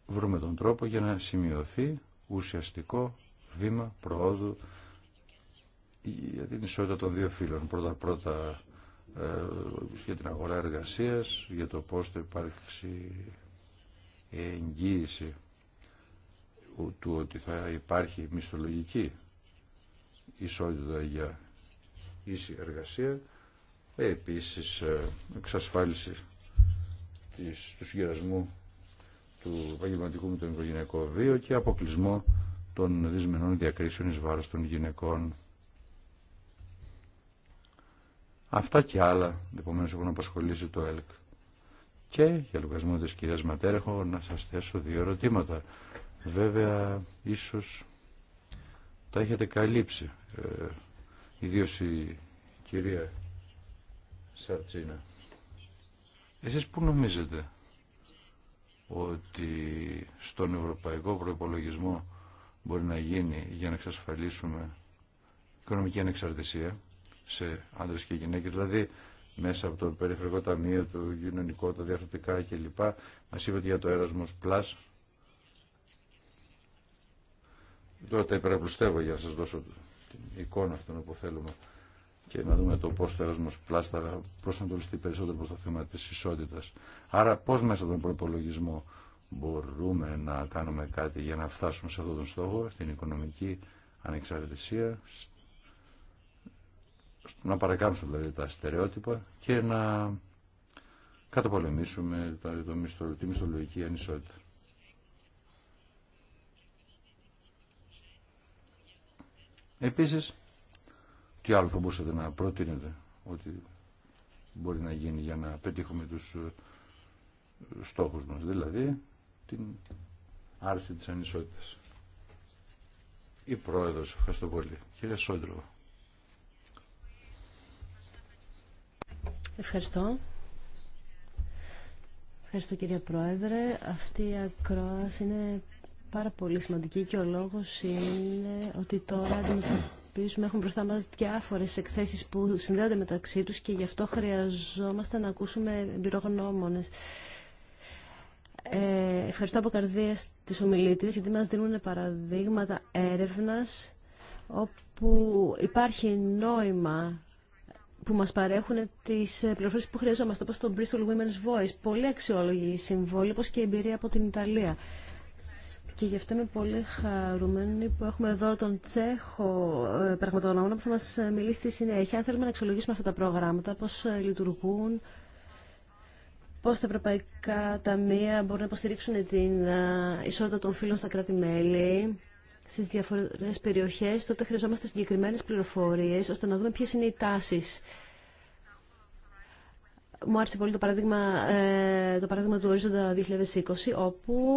βρούμε τον τρόπο για να σημειωθεί ουσιαστικό βήμα προόδου για την ισότητα των δύο φύλων. Πρώτα-πρώτα ε, για την αγορά εργασίας, για το πώς θα υπάρξει εγγύηση του ότι θα υπάρχει μισθολογική ισότητα για ίση εργασία, ε, επίσης ε, εξασφάλιση της, του συγκερασμού του επαγγελματικού με τον οικογενειακό βίο και αποκλεισμό των δυσμενών διακρίσεων εις βάρος των γυναικών. Αυτά και άλλα, επομένως, έχουν απασχολήσει το ΕΛΚ. Και για λογαριασμό της κυρίας Ματέρεχο να σας θέσω δύο ερωτήματα. Βέβαια, ίσως τα έχετε καλύψει, ε, η κυρία Σαρτσίνα. Εσείς πού νομίζετε ότι στον ευρωπαϊκό προϋπολογισμό μπορεί να γίνει για να εξασφαλίσουμε οικονομική ανεξαρτησία σε άντρε και γυναίκες, δηλαδή μέσα από το Περιφερειακό Ταμείο, το Κοινωνικό, τα Διαφορετικά κλπ. Μα είπατε για το Erasmus Plus. Τώρα τα υπεραπλουστεύω για να σας δώσω την εικόνα αυτών που θέλουμε και να δούμε το πώ το Erasmus Plus θα προσανατολιστεί περισσότερο προς το θέμα τη ισότητα. Άρα πώς μέσα από τον προπολογισμό μπορούμε να κάνουμε κάτι για να φτάσουμε σε αυτόν τον στόχο, στην οικονομική ανεξαρτησία, να παρακάμψουμε δηλαδή, τα στερεότυπα και να καταπολεμήσουμε το τη μισθολογική ανισότητα. Επίσης, τι άλλο θα μπορούσατε να προτείνετε ότι μπορεί να γίνει για να πετύχουμε τους ε, στόχους μας, δηλαδή την άρση της ανισότητας. Η Πρόεδρος, ευχαριστώ πολύ. Κύριε Σόντροβα. Ευχαριστώ. Ευχαριστώ κυρία Πρόεδρε. Αυτή η ακρόαση είναι πάρα πολύ σημαντική και ο λόγος είναι ότι τώρα αντιμετωπίζουμε, έχουμε μπροστά μας διάφορες εκθέσεις που συνδέονται μεταξύ τους και γι' αυτό χρειαζόμαστε να ακούσουμε εμπειρογνώμονες. Ε, ευχαριστώ από καρδία τις ομιλήτης γιατί μας δίνουν παραδείγματα έρευνας όπου υπάρχει νόημα που μας παρέχουν τις ε, πληροφορίες που χρειαζόμαστε, όπως το Bristol Women's Voice. Πολύ αξιόλογη συμβόλη, όπως και η εμπειρία από την Ιταλία. Και γι' αυτό είμαι πολύ χαρούμενη που έχουμε εδώ τον Τσέχο ε, πραγματογνώμονα που θα μας ε, μιλήσει στη συνέχεια. Αν θέλουμε να αξιολογήσουμε αυτά τα προγράμματα, πώς λειτουργούν, πώς τα ευρωπαϊκά ταμεία μπορούν να υποστηρίξουν την ισότητα των φίλων στα κράτη-μέλη, Στι διαφορετικέ περιοχές, τότε χρειαζόμαστε συγκεκριμένε πληροφορίες, ώστε να δούμε ποιε είναι οι τάσει. Μου άρεσε πολύ το παράδειγμα, ε, το παράδειγμα του ορίζοντα 2020, όπου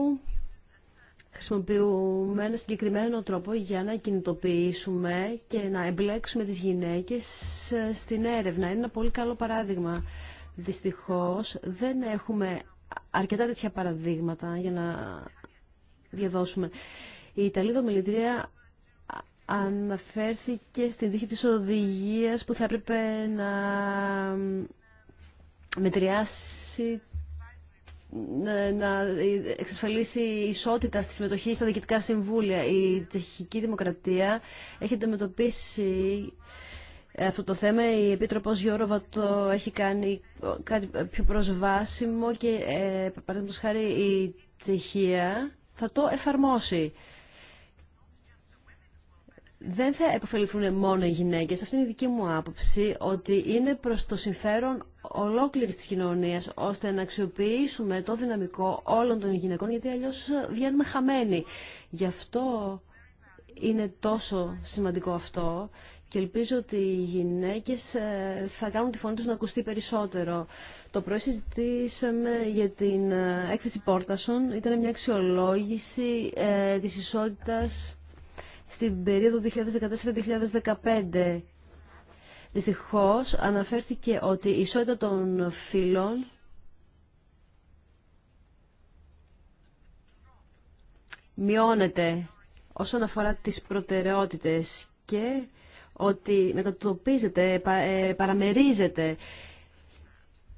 χρησιμοποιούμε ένα συγκεκριμένο τρόπο για να κινητοποιήσουμε και να εμπλέξουμε τις γυναίκες ε, στην έρευνα. Είναι ένα πολύ καλό παράδειγμα. Δυστυχώς δεν έχουμε αρκετά τέτοια παραδείγματα για να διαδώσουμε. Η Ιταλίδα Μιλητρία αναφέρθηκε στην τύχη της οδηγίας που θα έπρεπε να μετριάσει να εξασφαλίσει ισότητα στη συμμετοχή στα διοικητικά συμβούλια. Η τσεχική δημοκρατία έχει αντιμετωπίσει αυτό το θέμα. Η Επίτροπος Γιώροβα το έχει κάνει κάτι πιο προσβάσιμο και, ε, παραδείγματος χάρη, η Τσεχία θα το εφαρμόσει δεν θα επωφεληθούν μόνο οι γυναίκες. Αυτή είναι η δική μου άποψη, ότι είναι προς το συμφέρον ολόκληρη τη κοινωνία ώστε να αξιοποιήσουμε το δυναμικό όλων των γυναικών, γιατί αλλιώ βγαίνουμε χαμένοι. Γι' αυτό είναι τόσο σημαντικό αυτό και ελπίζω ότι οι γυναίκες ε, θα κάνουν τη φωνή τους να ακουστεί περισσότερο. Το πρωί συζητήσαμε για την ε, έκθεση Πόρτασον, ήταν μια αξιολόγηση ε, της ισότητας στην περίοδο 2014-2015. Δυστυχώς αναφέρθηκε ότι η ισότητα των φύλων μειώνεται όσον αφορά τις προτεραιότητες και ότι μετατοπίζεται, ε, παραμερίζεται.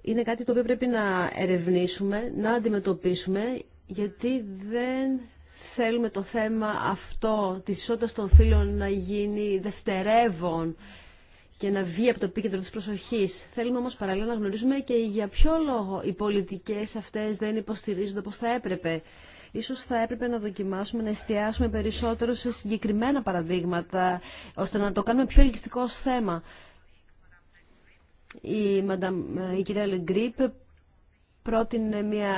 Είναι κάτι το οποίο πρέπει να ερευνήσουμε, να αντιμετωπίσουμε, γιατί δεν θέλουμε το θέμα αυτό της ισότητας των φίλων να γίνει δευτερεύον και να βγει από το επίκεντρο της προσοχής. Θέλουμε όμως παράλληλα να γνωρίζουμε και για ποιο λόγο οι πολιτικές αυτές δεν υποστηρίζονται όπως θα έπρεπε. Ίσως θα έπρεπε να δοκιμάσουμε, να εστιάσουμε περισσότερο σε συγκεκριμένα παραδείγματα, ώστε να το κάνουμε πιο ελκυστικό ως θέμα. Η, κυρία Λεγκρίπ πρότεινε, μια,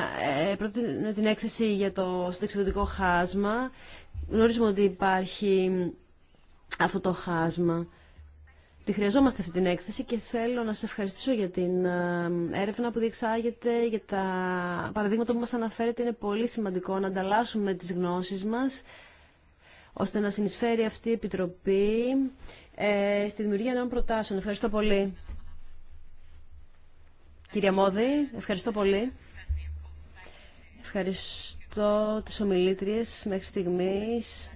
ε, την έκθεση για το συνταξιδοτικό χάσμα. Γνωρίζουμε ότι υπάρχει αυτό το χάσμα. Τη χρειαζόμαστε αυτή την έκθεση και θέλω να σε ευχαριστήσω για την ε, έρευνα που διεξάγεται, για τα παραδείγματα που μας αναφέρετε. Είναι πολύ σημαντικό να ανταλλάσσουμε τις γνώσεις μας, ώστε να συνεισφέρει αυτή η Επιτροπή ε, στη δημιουργία νέων προτάσεων. Ευχαριστώ πολύ. Κύριε Μόδη, ευχαριστώ πολύ. Ευχαριστώ τις ομιλήτριες μέχρι στιγμής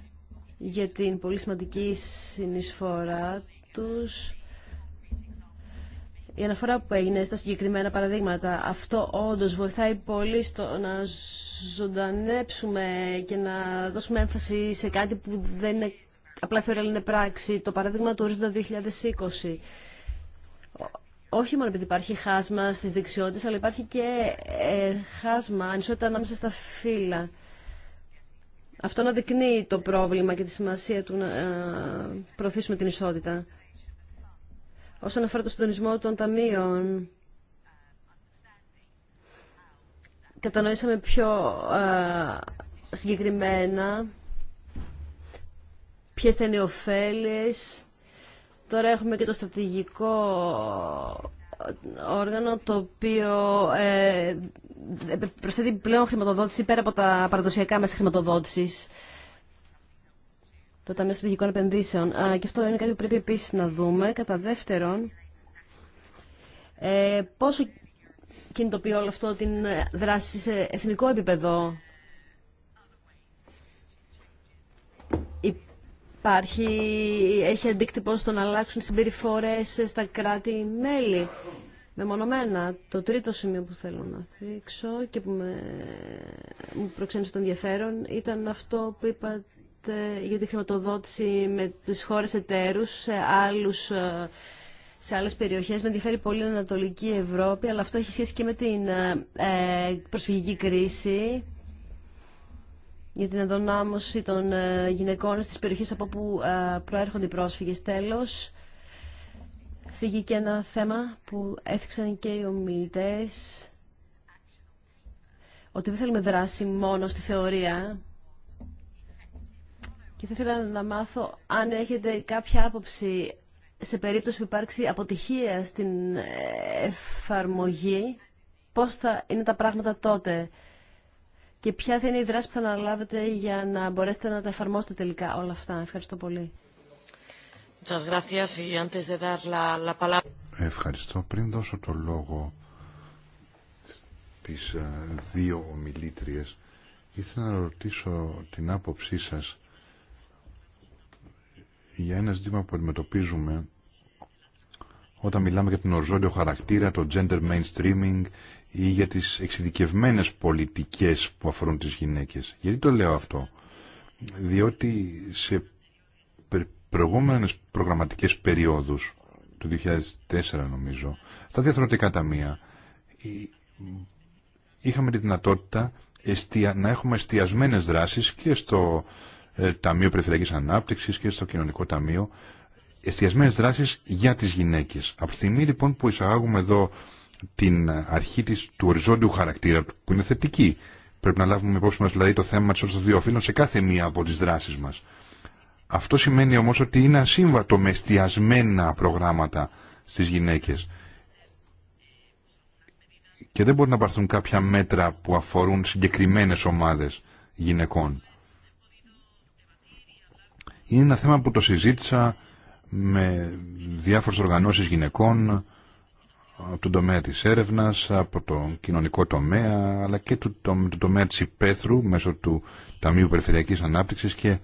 για την πολύ σημαντική συνεισφορά τους. Η αναφορά που έγινε στα συγκεκριμένα παραδείγματα, αυτό όντως βοηθάει πολύ στο να ζωντανέψουμε και να δώσουμε έμφαση σε κάτι που δεν είναι απλά θεωρία, είναι πράξη. Το παράδειγμα του ορίζοντα 2020 όχι μόνο επειδή υπάρχει χάσμα στις δεξιότητες, αλλά υπάρχει και ε, χάσμα, ανισότητα ανάμεσα στα φύλλα. Αυτό να δεικνύει το πρόβλημα και τη σημασία του να ε, προωθήσουμε την ισότητα. Όσον αφορά το συντονισμό των ταμείων, κατανοήσαμε πιο ε, συγκεκριμένα ποιες θα είναι οι ωφέλειες Τώρα έχουμε και το στρατηγικό όργανο το οποίο ε, προσθέτει πλέον χρηματοδότηση πέρα από τα παραδοσιακά μέσα χρηματοδότησης το Ταμείο Στρατηγικών Επενδύσεων. και αυτό είναι κάτι που πρέπει επίσης να δούμε. Κατά δεύτερον, ε, πόσο κινητοποιεί όλο αυτό την ε, δράση σε εθνικό επίπεδο Υπάρχει, έχει αντίκτυπο στο να αλλάξουν συμπεριφορέ στα κράτη-μέλη. Μεμονωμένα, το τρίτο σημείο που θέλω να θίξω και που με, μου προξένησε τον ενδιαφέρον ήταν αυτό που είπατε για τη χρηματοδότηση με τις χώρες εταίρους σε, άλλους, ε, σε άλλες περιοχές. Με ενδιαφέρει πολύ η Ανατολική Ευρώπη, αλλά αυτό έχει σχέση και με την ε, ε, προσφυγική κρίση για την ενδονάμωση των ε, γυναικών στις περιοχές από όπου ε, προέρχονται οι πρόσφυγες. Τέλος, θίγει και ένα θέμα που έθιξαν και οι ομιλητές, ότι δεν θέλουμε δράση μόνο στη θεωρία. Και θα ήθελα να μάθω αν έχετε κάποια άποψη σε περίπτωση που υπάρξει αποτυχία στην ε, εφαρμογή, πώς θα είναι τα πράγματα τότε και ποια θα είναι η δράση που θα αναλάβετε για να μπορέσετε να τα εφαρμόσετε τελικά όλα αυτά. Ευχαριστώ πολύ. Ευχαριστώ. Πριν δώσω το λόγο στις ε, δύο ομιλήτριες, ήθελα να ρωτήσω την άποψή σας για ένα ζήτημα που αντιμετωπίζουμε όταν μιλάμε για τον οριζόντιο χαρακτήρα, το gender mainstreaming ή για τις εξειδικευμένε πολιτικές που αφορούν τις γυναίκες. Γιατί το λέω αυτό. Διότι σε προηγούμενες προγραμματικές περιόδους, του 2004 νομίζω, στα διαθροτικά ταμεία, είχαμε τη δυνατότητα να έχουμε εστιασμένες δράσεις και στο ε, Ταμείο Περιφερειακής Ανάπτυξης και στο Κοινωνικό Ταμείο, εστιασμένες δράσεις για τις γυναίκες. Από τη στιγμή λοιπόν που εισαγάγουμε εδώ την αρχή της, του οριζόντιου χαρακτήρα που είναι θετική. Πρέπει να λάβουμε υπόψη μας δηλαδή το θέμα της των δύο φύλων σε κάθε μία από τις δράσεις μας. Αυτό σημαίνει όμως ότι είναι ασύμβατο με εστιασμένα προγράμματα στις γυναίκες. Και δεν μπορεί να πάρθουν κάποια μέτρα που αφορούν συγκεκριμένες ομάδες γυναικών. Είναι ένα θέμα που το συζήτησα με διάφορες οργανώσεις γυναικών, από τον τομέα της έρευνας, από τον κοινωνικό τομέα, αλλά και του το, τομέα της υπαίθρου μέσω του Ταμείου Περιφερειακής Ανάπτυξης και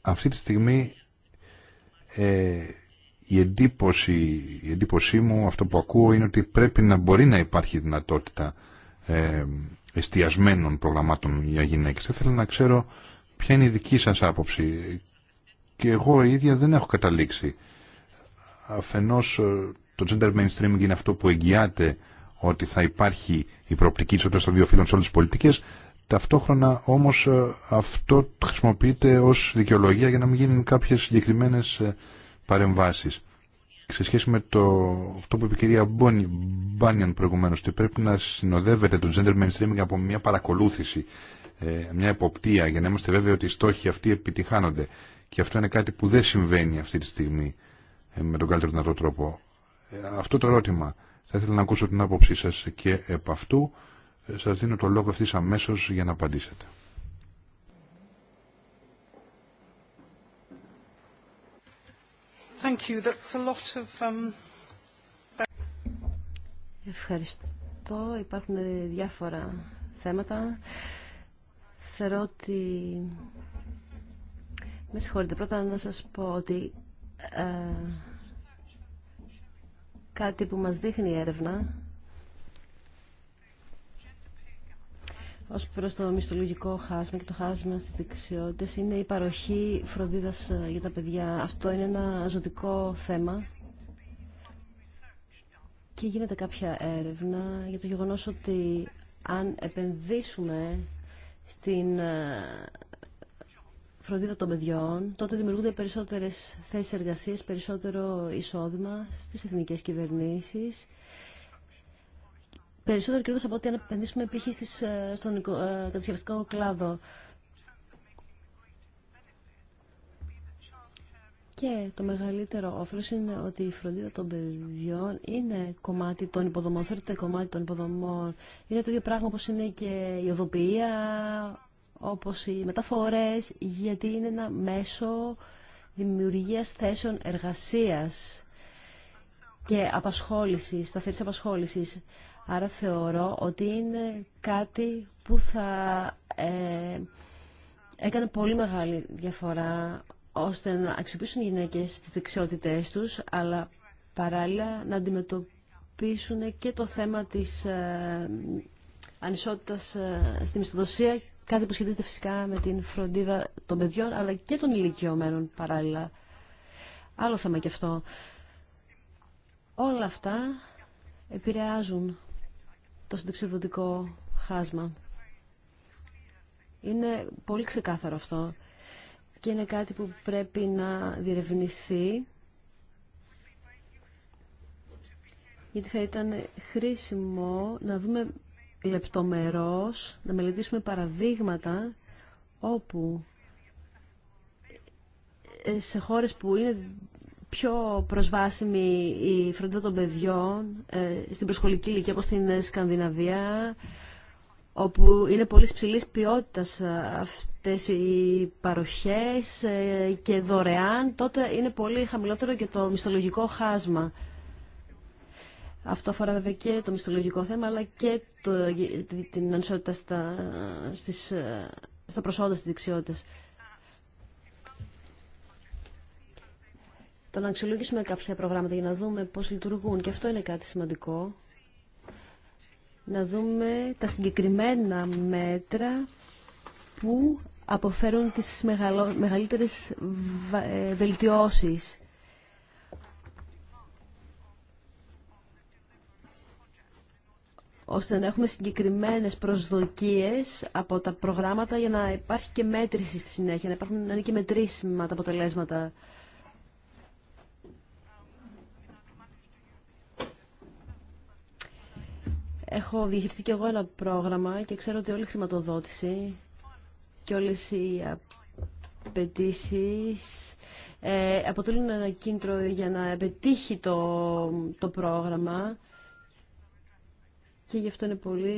αυτή τη στιγμή ε, η, εντύπωση, η εντύπωσή μου, αυτό που ακούω, είναι ότι πρέπει να μπορεί να υπάρχει δυνατότητα ε, εστιασμένων προγραμμάτων για γυναίκες. Θα ήθελα να ξέρω ποια είναι η δική σας άποψη. Και εγώ ίδια δεν έχω καταλήξει. Αφενός ε, το gender mainstreaming είναι αυτό που εγγυάται ότι θα υπάρχει η προοπτική ισότητα των δύο φύλων σε όλε τι πολιτικέ. Ταυτόχρονα όμω ε, αυτό χρησιμοποιείται ω δικαιολογία για να μην γίνουν κάποιε συγκεκριμένε ε, παρεμβάσει. Σε σχέση με το, αυτό που είπε η κυρία Μπάνιαν προηγουμένω, ότι πρέπει να συνοδεύεται το gender mainstreaming από μια παρακολούθηση, ε, μια εποπτεία, για να είμαστε βέβαιοι ότι οι στόχοι αυτοί επιτυχάνονται. Και αυτό είναι κάτι που δεν συμβαίνει αυτή τη στιγμή με τον καλύτερο δυνατό τρόπο. Ε, αυτό το ερώτημα. Θα ήθελα να ακούσω την άποψή σας και επ' αυτού. Ε, σας δίνω το λόγο ευθύς αμέσως για να απαντήσετε. Thank you. That's a lot of, um... Ευχαριστώ. Υπάρχουν διάφορα θέματα. Θεωρώ ότι... Με συγχωρείτε. Πρώτα να σας πω ότι... Ε, Κάτι που μας δείχνει η έρευνα ως προς το μισθολογικό χάσμα και το χάσμα στις δεξιότητες είναι η παροχή φροντίδας ε, για τα παιδιά. Αυτό είναι ένα ζωτικό θέμα και γίνεται κάποια έρευνα για το γεγονός ότι αν επενδύσουμε στην ε, φροντίδα των παιδιών, τότε δημιουργούνται περισσότερες θέσεις εργασίας, περισσότερο εισόδημα στις εθνικές κυβερνήσεις, περισσότερο κέρδος από ό,τι αν επενδύσουμε π.χ. Ε, στον ε, κατασκευαστικό κλάδο. Και το μεγαλύτερο όφελος είναι ότι η φροντίδα των παιδιών είναι κομμάτι των υποδομών, θέλετε κομμάτι των υποδομών. Είναι το ίδιο πράγμα όπως είναι και η οδοποιία, όπως οι μεταφορές, γιατί είναι ένα μέσο δημιουργίας θέσεων εργασίας και απασχόλησης, σταθερής απασχόλησης. Άρα θεωρώ ότι είναι κάτι που θα ε, έκανε πολύ μεγάλη διαφορά ώστε να αξιοποιήσουν οι γυναίκες τις δεξιότητές τους, αλλά παράλληλα να αντιμετωπίσουν και το θέμα της ε, ανισότητας ε, στη μισθοδοσία Κάτι που σχετίζεται φυσικά με την φροντίδα των παιδιών αλλά και των ηλικιωμένων παράλληλα. Άλλο θέμα και αυτό. Όλα αυτά επηρεάζουν το συνταξιδοτικό χάσμα. Είναι πολύ ξεκάθαρο αυτό και είναι κάτι που πρέπει να διερευνηθεί γιατί θα ήταν χρήσιμο να δούμε λεπτομερώς, να μελετήσουμε παραδείγματα όπου σε χώρες που είναι πιο προσβάσιμη η φροντίδα των παιδιών ε, στην προσχολική ηλικία όπως στην Σκανδιναβία όπου είναι πολύ ψηλής ποιότητας αυτές οι παροχές ε, και δωρεάν τότε είναι πολύ χαμηλότερο και το μισθολογικό χάσμα. Αυτό αφορά βέβαια και το μισθολογικό θέμα, αλλά και το, την ανισότητα στα, στις, στα προσόντα, στις δεξιότητες. Το να αξιολογήσουμε κάποια προγράμματα για να δούμε πώς λειτουργούν, και αυτό είναι κάτι σημαντικό, να δούμε τα συγκεκριμένα μέτρα που αποφέρουν τις μεγαλύτερες ε, βελτιώσεις ώστε να έχουμε συγκεκριμένες προσδοκίες από τα προγράμματα για να υπάρχει και μέτρηση στη συνέχεια, να, υπάρχουν, να είναι και μετρήσιμα τα αποτελέσματα. Έχω διαχειριστεί και εγώ ένα πρόγραμμα και ξέρω ότι όλη η χρηματοδότηση και όλες οι απαιτήσει ε, αποτελούν ένα κίνητρο για να επιτύχει το, το πρόγραμμα. Και γι' αυτό είναι πολύ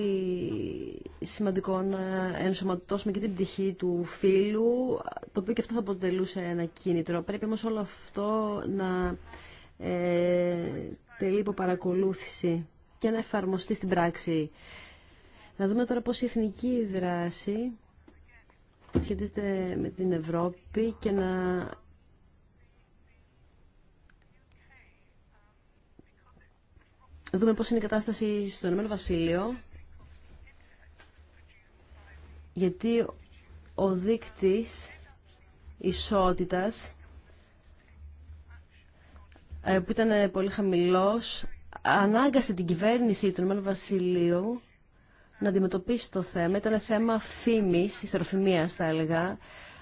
σημαντικό να ενσωματώσουμε και την πτυχή του φίλου, το οποίο και αυτό θα αποτελούσε ένα κίνητρο. Πρέπει όμως όλο αυτό να ε, τελεί υπό παρακολούθηση και να εφαρμοστεί στην πράξη. Να δούμε τώρα πώς η εθνική δράση σχετίζεται με την Ευρώπη και να δούμε πώς είναι η κατάσταση στο Ηνωμένο Βασίλειο, γιατί ο δείκτης ισότητας ε, που ήταν ε, πολύ χαμηλός ανάγκασε την κυβέρνηση του Ηνωμένου Βασιλείου να αντιμετωπίσει το θέμα. Ήταν θέμα φήμης, ιστεροφημίας θα έλεγα.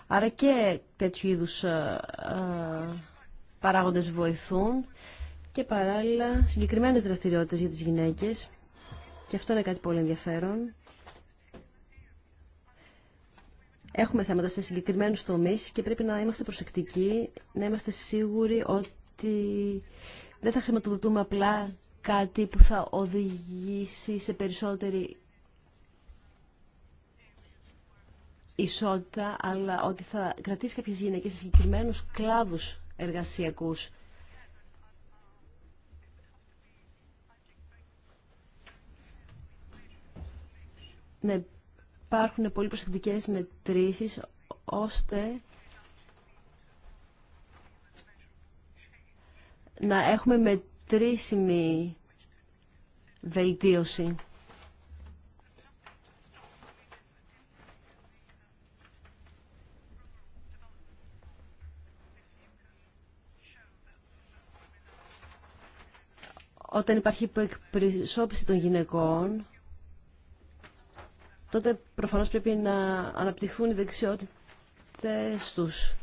Άρα και τέτοιου είδους ε, παράγοντες βοηθούν και παράλληλα συγκεκριμένες δραστηριότητες για τις γυναίκες και αυτό είναι κάτι πολύ ενδιαφέρον. Έχουμε θέματα σε συγκεκριμένους τομείς και πρέπει να είμαστε προσεκτικοί, να είμαστε σίγουροι ότι δεν θα χρηματοδοτούμε απλά κάτι που θα οδηγήσει σε περισσότερη ισότητα, αλλά ότι θα κρατήσει κάποιες γυναίκες σε συγκεκριμένους κλάδους εργασιακούς να υπάρχουν πολύ προσεκτικές μετρήσεις ώστε να έχουμε μετρήσιμη βελτίωση. Όταν υπάρχει υποεκπροσώπηση των γυναικών, τότε προφανώς πρέπει να αναπτυχθούν οι δεξιότητες τους.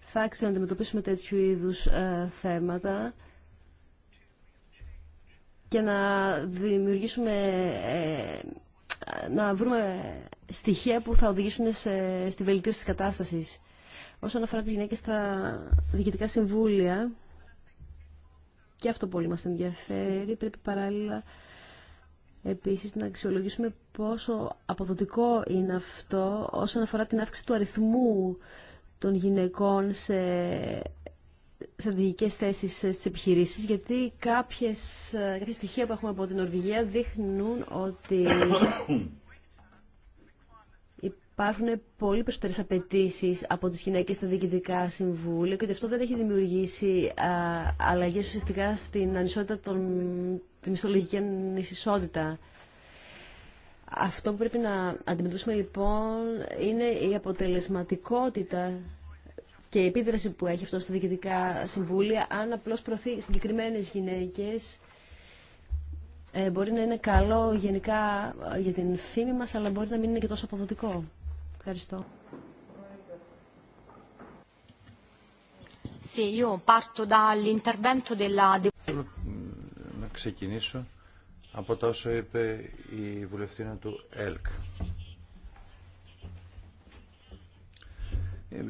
Θα να αντιμετωπίσουμε τέτοιου είδους ε, θέματα και να δημιουργήσουμε, ε, να βρούμε στοιχεία που θα οδηγήσουν σε, στη βελτίωση της κατάστασης. Όσον αφορά τις γυναίκες στα διοικητικά συμβούλια, και αυτό πολύ μας ενδιαφέρει. Πρέπει παράλληλα επίσης να αξιολογήσουμε πόσο αποδοτικό είναι αυτό όσον αφορά την αύξηση του αριθμού των γυναικών σε στρατηγικές θέσεις στις επιχειρήσεις, γιατί κάποιες, ε, κάποια στοιχεία που έχουμε από την Νορβηγία δείχνουν ότι υπάρχουν πολύ περισσότερε απαιτήσει από τι γυναίκε στα διοικητικά συμβούλια και ότι αυτό δεν έχει δημιουργήσει αλλαγέ ουσιαστικά στην ανισότητα των, τη μισθολογική ανισότητα. Αυτό που πρέπει να αντιμετωπίσουμε λοιπόν είναι η αποτελεσματικότητα και η επίδραση που έχει αυτό στα διοικητικά συμβούλια αν απλώς προωθεί συγκεκριμένες γυναίκες ε, μπορεί να είναι καλό γενικά ε, για την φήμη μας αλλά μπορεί να μην είναι και τόσο αποδοτικό. Ευχαριστώ. Θέλω να ξεκινήσω από τα όσα είπε η βουλευτήνα του ΕΛΚ. Ε,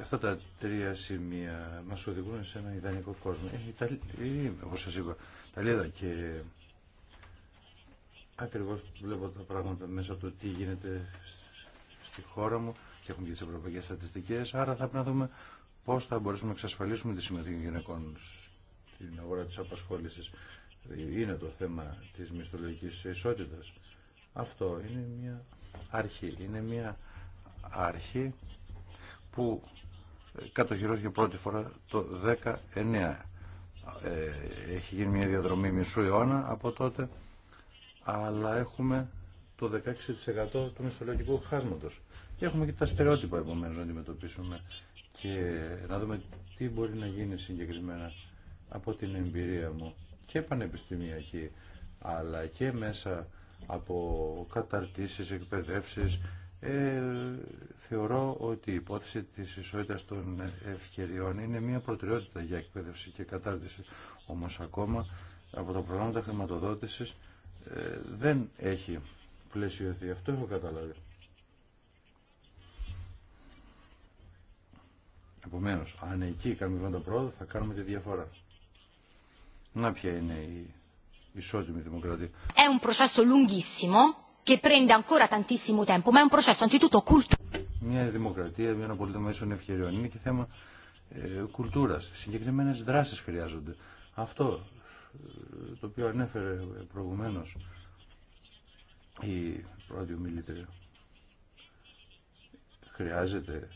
αυτά τα τρία σημεία μας οδηγούν σε ένα ιδανικό κόσμο. Ε, η Ιταλία, ε, όπως σας είπα, Ταλίδα και ακριβώς βλέπω τα πράγματα μέσα από το τι γίνεται χώρα μου και έχουμε και τις ευρωπαϊκές στατιστικές, άρα θα πρέπει να δούμε πώς θα μπορέσουμε να εξασφαλίσουμε τη συμμετοχή των γυναικών στην αγορά της απασχόλησης. Είναι το θέμα της μισθολογικής ισότητας. Αυτό είναι μια αρχή. Είναι μια αρχή που κατοχυρώθηκε πρώτη φορά το 19. Ε, έχει γίνει μια διαδρομή μισού αιώνα από τότε, αλλά έχουμε το 16% του μισθολογικού χάσματο. Και έχουμε και τα στερεότυπα επομένω να αντιμετωπίσουμε και να δούμε τι μπορεί να γίνει συγκεκριμένα από την εμπειρία μου και πανεπιστημιακή αλλά και μέσα από καταρτήσεις, εκπαιδεύσεις ε, θεωρώ ότι η υπόθεση της ισότητα των ευκαιριών είναι μια προτεραιότητα για εκπαίδευση και κατάρτιση. Όμως ακόμα από τα προγράμματα χρηματοδότησης ε, δεν έχει πλαισιωθεί. Αυτό έχω καταλάβει. Επομένω, αν εκεί κάνουμε το πρόοδο, θα κάνουμε τη διαφορά. Να ποια είναι η ισότιμη δημοκρατία. È un processo lunghissimo che tantissimo tempo, Μια δημοκρατία, μια πολιτεία ίσων ευκαιριών. Είναι και θέμα ε, κουλτούρα. Συγκεκριμένε δράσει χρειάζονται. Αυτό ε, το οποίο ανέφερε προηγουμένω η πρώτη ομιλήτρια χρειάζεται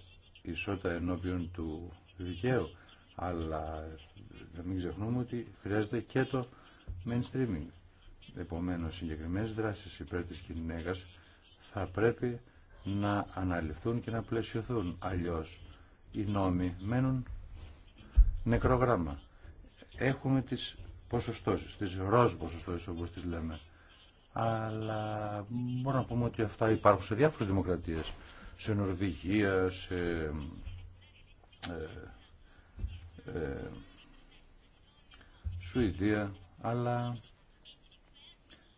ισότητα ενώπιον του δικαίου αλλά να μην ξεχνούμε ότι χρειάζεται και το mainstreaming επομένως συγκεκριμένες δράσεις υπέρ της κοινωνίας θα πρέπει να αναλυθούν και να πλαισιωθούν αλλιώς οι νόμοι μένουν νεκρό έχουμε τις ποσοστώσεις, τις ροζ ποσοστώσεις όπως τις λέμε αλλά μπορούμε να πούμε ότι αυτά υπάρχουν σε διάφορες δημοκρατίες. Σε Νορβηγία, σε... Ε, ε, Σουηδία, αλλά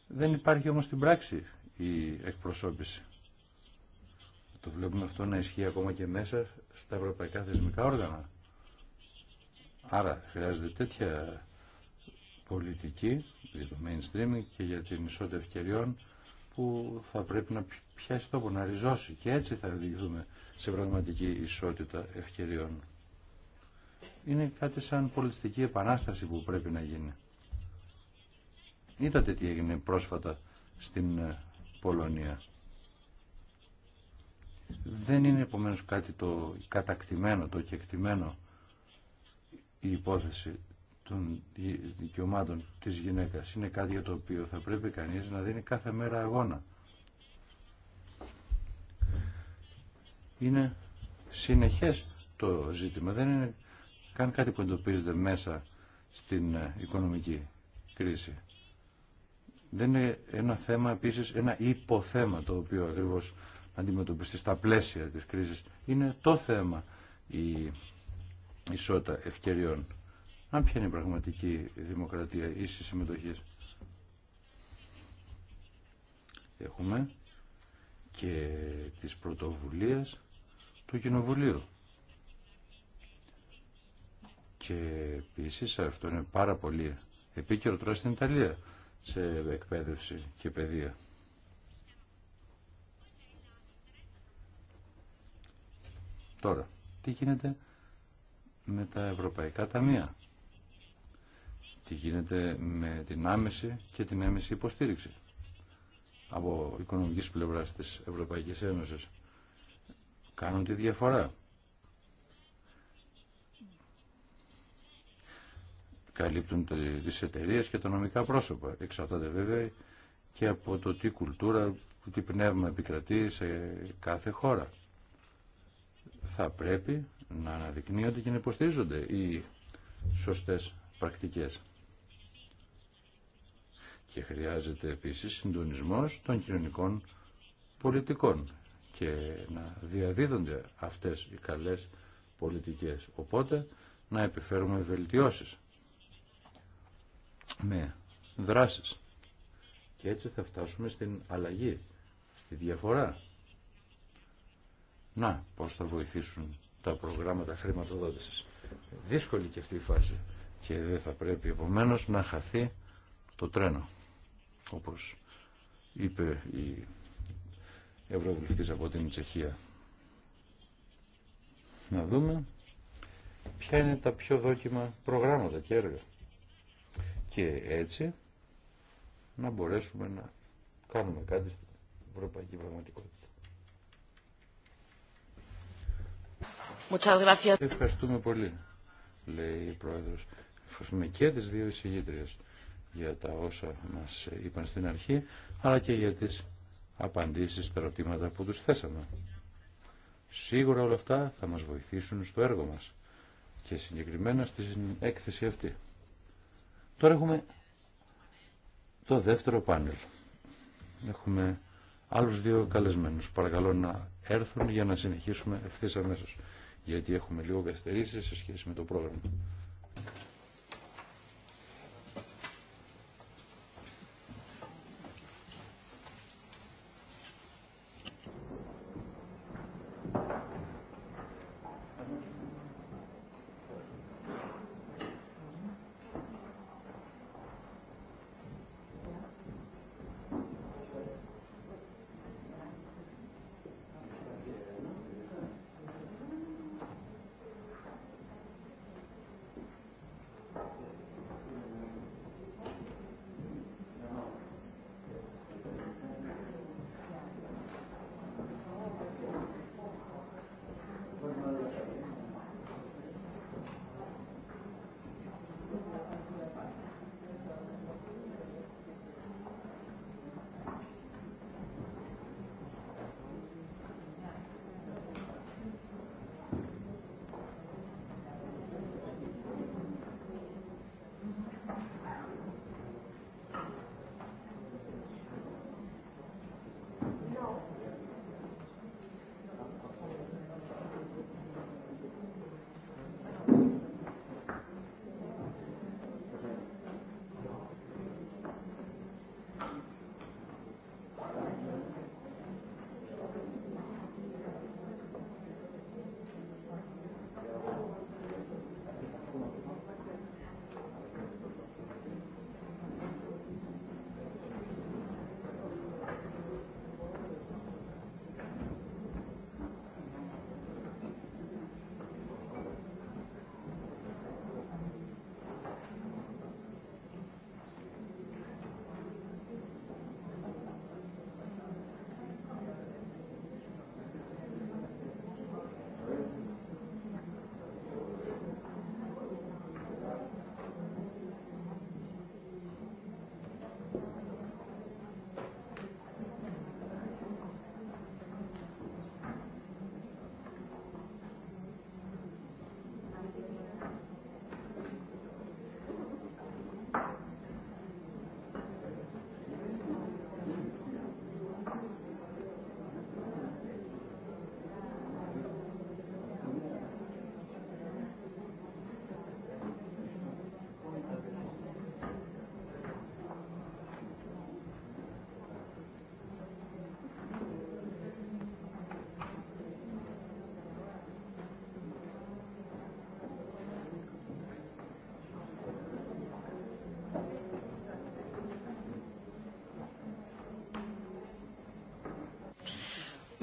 δεν υπάρχει όμως στην πράξη η εκπροσώπηση. Το βλέπουμε αυτό να ισχύει ακόμα και μέσα στα ευρωπαϊκά θεσμικά όργανα. Άρα χρειάζεται τέτοια πολιτική για το mainstream και για την ισότητα ευκαιριών που θα πρέπει να πιάσει τόπο, να ριζώσει και έτσι θα οδηγηθούμε σε πραγματική ισότητα ευκαιριών. Είναι κάτι σαν πολιτιστική επανάσταση που πρέπει να γίνει. Είδατε τι έγινε πρόσφατα στην ε, Πολωνία. Δεν είναι επομένως κάτι το κατακτημένο, το κεκτημένο η υπόθεση των δικαιωμάτων της γυναίκας. Είναι κάτι για το οποίο θα πρέπει κανείς να δίνει κάθε μέρα αγώνα. Είναι συνεχές το ζήτημα. Δεν είναι καν κάτι που εντοπίζεται μέσα στην ε, οικονομική κρίση. Δεν είναι ένα θέμα επίσης, ένα υποθέμα το οποίο ακριβώς αντιμετωπιστεί στα πλαίσια της κρίσης. Είναι το θέμα η ισότητα ευκαιριών. Αν ποια είναι η πραγματική δημοκρατία ίση συμμετοχή. Έχουμε και τις πρωτοβουλίες του Κοινοβουλίου. Και επίση αυτό είναι πάρα πολύ επίκαιρο τώρα στην Ιταλία σε εκπαίδευση και παιδεία. Τώρα, τι γίνεται με τα ευρωπαϊκά ταμεία τι γίνεται με την άμεση και την έμεση υποστήριξη από οικονομικής πλευράς της Ευρωπαϊκής Ένωσης. Κάνουν τη διαφορά. Καλύπτουν τις εταιρείε και τα νομικά πρόσωπα. Εξαρτάται βέβαια και από το τι κουλτούρα, τι πνεύμα επικρατεί σε κάθε χώρα. Θα πρέπει να αναδεικνύονται και να υποστηρίζονται οι σωστές πρακτικές. Και χρειάζεται επίσης συντονισμός των κοινωνικών πολιτικών και να διαδίδονται αυτές οι καλές πολιτικές. Οπότε να επιφέρουμε βελτιώσεις με δράσεις. Και έτσι θα φτάσουμε στην αλλαγή, στη διαφορά. Να, πώς θα βοηθήσουν τα προγράμματα χρηματοδότησης. Δύσκολη και αυτή η φάση. Και δεν θα πρέπει επομένως να χαθεί το τρένο όπως είπε η Ευρωβουλευτής από την Τσεχία. Να δούμε ποια είναι τα πιο δόκιμα προγράμματα και έργα. Και έτσι να μπορέσουμε να κάνουμε κάτι στην ευρωπαϊκή πραγματικότητα. Ευχαριστούμε πολύ, λέει η Πρόεδρος. Ευχαριστούμε και τις δύο εισηγήτριες για τα όσα μας είπαν στην αρχή, αλλά και για τις απαντήσεις στα ερωτήματα που τους θέσαμε. Σίγουρα όλα αυτά θα μας βοηθήσουν στο έργο μας και συγκεκριμένα στην έκθεση αυτή. Τώρα έχουμε το δεύτερο πάνελ. Έχουμε άλλους δύο καλεσμένους. Παρακαλώ να έρθουν για να συνεχίσουμε ευθύς αμέσως, γιατί έχουμε λίγο καθυστερήσει σε σχέση με το πρόγραμμα.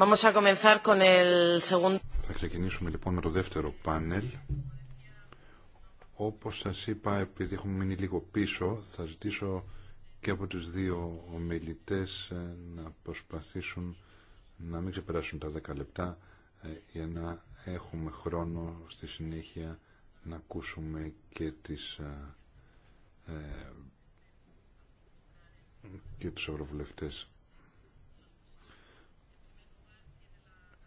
Vamos a comenzar Θα ξεκινήσουμε λοιπόν με το δεύτερο πάνελ. Όπως σας είπα, επειδή έχουμε μείνει λίγο πίσω, θα ζητήσω και από τους δύο ομιλητέ ε, να προσπαθήσουν να μην ξεπεράσουν τα 10 λεπτά ε, για να έχουμε χρόνο στη συνέχεια να ακούσουμε και τις ε, και τους ευρωβουλευτές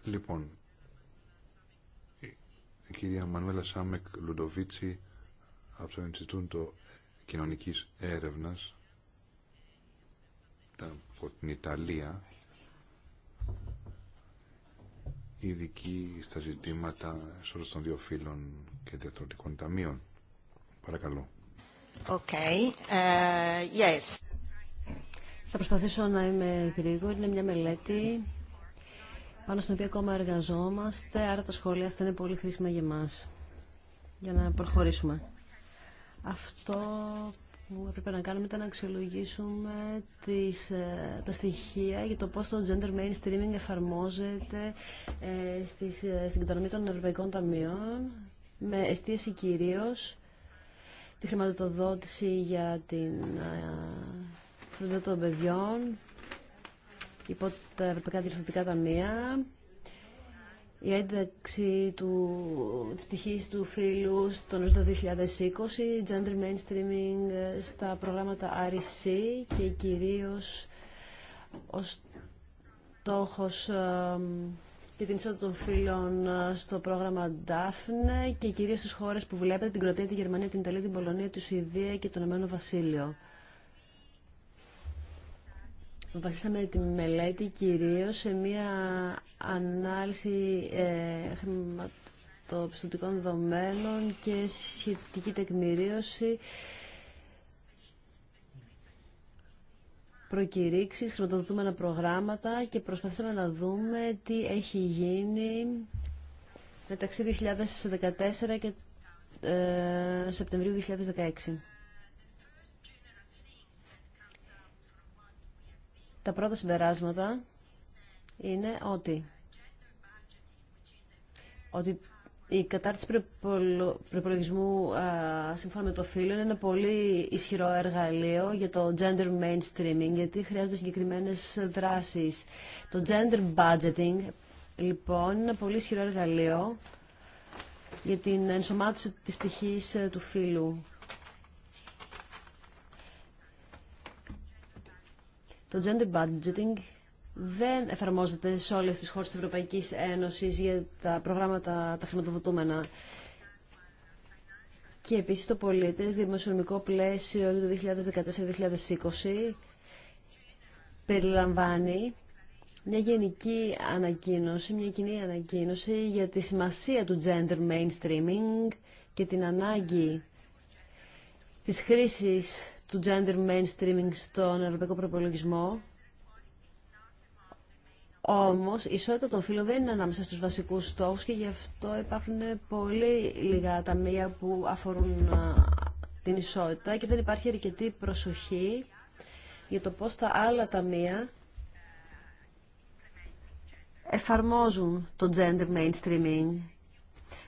Λοιπόν, η κυρία Μανουέλα Σάμεκ Λουντοβίτσι από το Ινστιτούτο Κοινωνικής Έρευνας από την Ιταλία ειδική στα ζητήματα στους των δύο φύλων και διατροτικών ταμείων. Παρακαλώ. Okay. Ε, yes. Θα προσπαθήσω να είμαι γρήγορη. Είναι μια μελέτη πάνω στην οποία ακόμα εργαζόμαστε, άρα τα σχόλια θα είναι πολύ χρήσιμα για μας, για να προχωρήσουμε. Αυτό που έπρεπε να κάνουμε ήταν να αξιολογήσουμε τις, ε, τα στοιχεία για το πώς το gender mainstreaming εφαρμόζεται ε, στις, ε, στην κατανομή των ευρωπαϊκών ταμείων, με εστίαση κυρίως τη χρηματοδότηση για την ε, φροντίδα των παιδιών, υπό τα Ευρωπαϊκά Διευθυντικά Ταμεία η ένταξη του, της πτυχής του φίλου στον ΕΣΔΟ 2020, gender mainstreaming στα προγράμματα REC και κυρίως ο στόχος και την ισότητα των φίλων ε, στο πρόγραμμα DAFNE και κυρίως στις χώρες που βλέπετε, την Κροτία, τη Γερμανία, την Ιταλία, την Πολωνία, τη Σουηδία και τον Εμένο Βασίλειο βασίσαμε τη μελέτη κυρίως σε μία ανάλυση ε, χρηματοπιστωτικών δομένων και σχετική τεκμηρίωση προκηρύξεις, χρηματοδοτούμενα προγράμματα και προσπαθήσαμε να δούμε τι έχει γίνει μεταξύ 2014 και ε, Σεπτεμβρίου 2016. Τα πρώτα συμπεράσματα είναι ότι, ότι η κατάρτιση προπολογισμού σύμφωνα με το φύλλο είναι ένα πολύ ισχυρό εργαλείο για το gender mainstreaming, γιατί χρειάζονται συγκεκριμένες δράσεις. Το gender budgeting, λοιπόν, είναι ένα πολύ ισχυρό εργαλείο για την ενσωμάτωση της πτυχής ε, του φίλου. Το gender budgeting δεν εφαρμόζεται σε όλες τις χώρες της Ευρωπαϊκής Ένωσης για τα προγράμματα τα χρηματοδοτούμενα. Και επίσης το πολίτες δημοσιονομικό πλαίσιο του 2014-2020 περιλαμβάνει μια γενική ανακοίνωση, μια κοινή ανακοίνωση για τη σημασία του gender mainstreaming και την ανάγκη της χρήσης του gender mainstreaming στον ευρωπαϊκό προπολογισμό. Όμω, η ισότητα των φύλων δεν είναι ανάμεσα στου βασικού στόχου και γι' αυτό υπάρχουν πολύ λίγα ταμεία που αφορούν την ισότητα και δεν υπάρχει αρκετή προσοχή για το πώς τα άλλα ταμεία εφαρμόζουν το gender mainstreaming.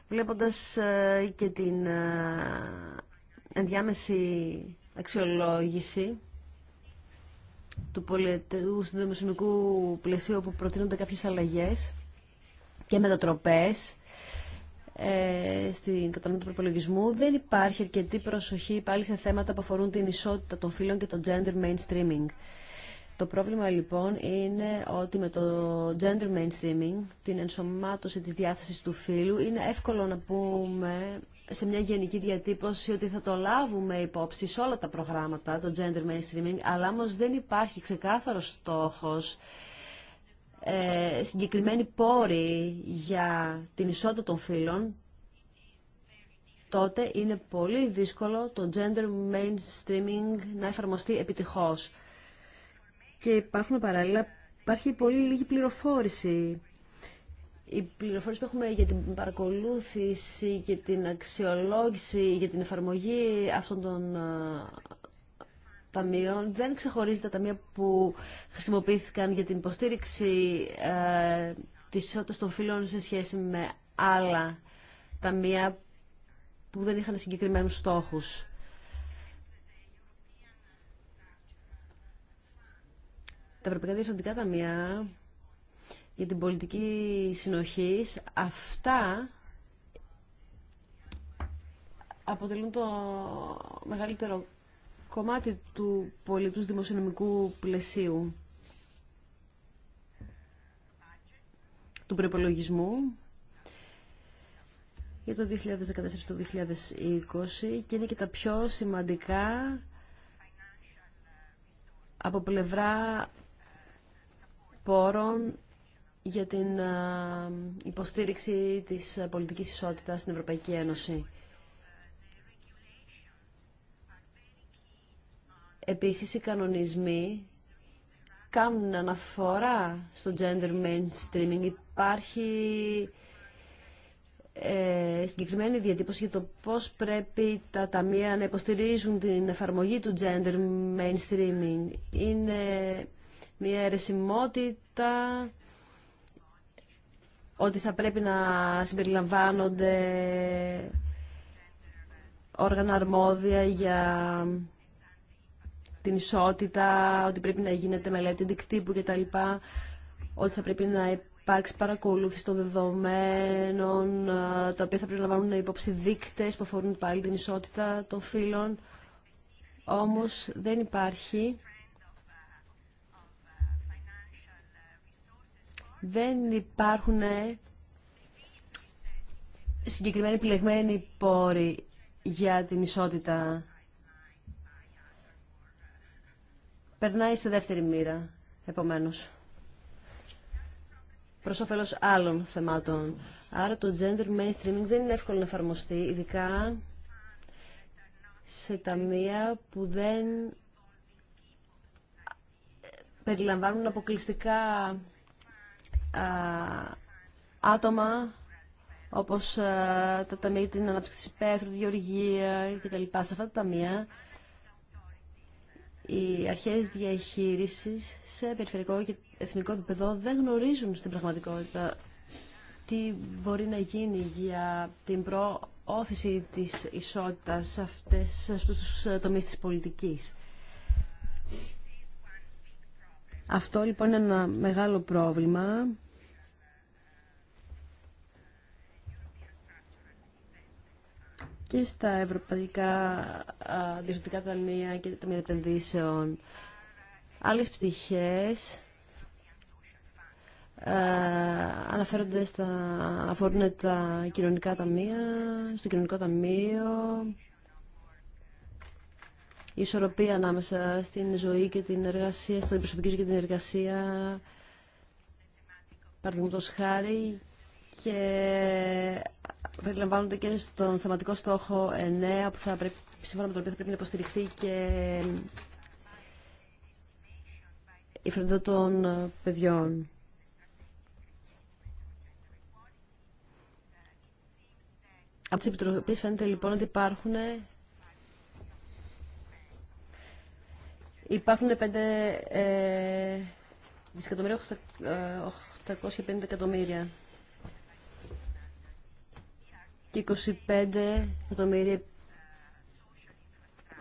Βλέποντας ε, και την ε, ενδιάμεση αξιολόγηση του πολιτικού συνδεμοσιονομικού πλαισίου που προτείνονται κάποιες αλλαγές και μετατροπές ε, στην κατανομή του προπολογισμού δεν υπάρχει αρκετή προσοχή πάλι σε θέματα που αφορούν την ισότητα των φύλων και το gender mainstreaming. Το πρόβλημα λοιπόν είναι ότι με το gender mainstreaming, την ενσωμάτωση της διάθεσης του φύλου, είναι εύκολο να πούμε σε μια γενική διατύπωση ότι θα το λάβουμε υπόψη σε όλα τα προγράμματα, το gender mainstreaming, αλλά όμως δεν υπάρχει ξεκάθαρος στόχος, ε, πόρη για την ισότητα των φύλων, τότε είναι πολύ δύσκολο το gender mainstreaming να εφαρμοστεί επιτυχώς. Και υπάρχουν παράλληλα, υπάρχει πολύ λίγη πληροφόρηση οι πληροφορίες που έχουμε για την παρακολούθηση και την αξιολόγηση για την εφαρμογή αυτών των ε, ταμείων δεν ξεχωρίζει τα ταμεία που χρησιμοποιήθηκαν για την υποστήριξη ε, της ισότητας των φύλων σε σχέση με άλλα ταμεία που δεν είχαν συγκεκριμένους στόχους. Τα Ευρωπαϊκά Διευθυντικά Ταμεία για την πολιτική συνοχής, αυτά αποτελούν το μεγαλύτερο κομμάτι του πολιτούς δημοσιονομικού πλαισίου του προπολογισμού για το 2014 το 2020 και είναι και τα πιο σημαντικά από πλευρά πόρων για την ε, υποστήριξη της ε, πολιτικής ισότητας στην Ευρωπαϊκή Ένωση. Επίσης, οι κανονισμοί κάνουν αναφορά στο gender mainstreaming. Υπάρχει ε, συγκεκριμένη διατύπωση για το πώς πρέπει τα ταμεία να υποστηρίζουν την εφαρμογή του gender mainstreaming. Είναι μια αιρεσιμότητα ότι θα πρέπει να συμπεριλαμβάνονται όργανα αρμόδια για την ισότητα, ότι πρέπει να γίνεται μελέτη δικτύπου κτλ. Ότι θα πρέπει να υπάρξει παρακολούθηση των δεδομένων, τα οποία θα πρέπει να λαμβάνουν υπόψη δείκτες που αφορούν πάλι την ισότητα των φύλων. Όμως δεν υπάρχει δεν υπάρχουν συγκεκριμένοι επιλεγμένοι πόροι για την ισότητα. Περνάει σε δεύτερη μοίρα, επομένως, προς όφελος άλλων θεμάτων. Άρα το gender mainstreaming δεν είναι εύκολο να εφαρμοστεί, ειδικά σε ταμεία που δεν περιλαμβάνουν αποκλειστικά ε, άτομα όπως ε, τα ταμεία για την ανάπτυξη πέθρου, τη γεωργία κτλ. Σε αυτά τα ταμεία οι αρχές διαχείρισης σε περιφερειακό και εθνικό επίπεδο δεν γνωρίζουν στην πραγματικότητα τι μπορεί να γίνει για την προώθηση της ισότητας σε, αυτές, σε αυτούς τους τομείς της πολιτικής. Αυτό λοιπόν είναι ένα μεγάλο πρόβλημα. και στα ευρωπαϊκά διευθυντικά ταμεία και τα ταμεία επενδύσεων. Άλλες πτυχές αναφέρονται στα, αφορούν τα κοινωνικά ταμεία, στο κοινωνικό ταμείο, η ισορροπία ανάμεσα στην ζωή και την εργασία, στην προσωπική ζωή και την εργασία, παραδείγματο χάρη, και περιλαμβάνονται και στον θεματικό στόχο 9, που θα πρέπει, σύμφωνα με τον οποίο θα πρέπει να υποστηριχθεί και η φροντίδα των παιδιών. Από τις επιτροπές φαίνεται λοιπόν ότι υπάρχουν Υπάρχουν 5 ε, δισεκατομμύρια 850 ε, εκατομμύρια και 25 εκατομμύρια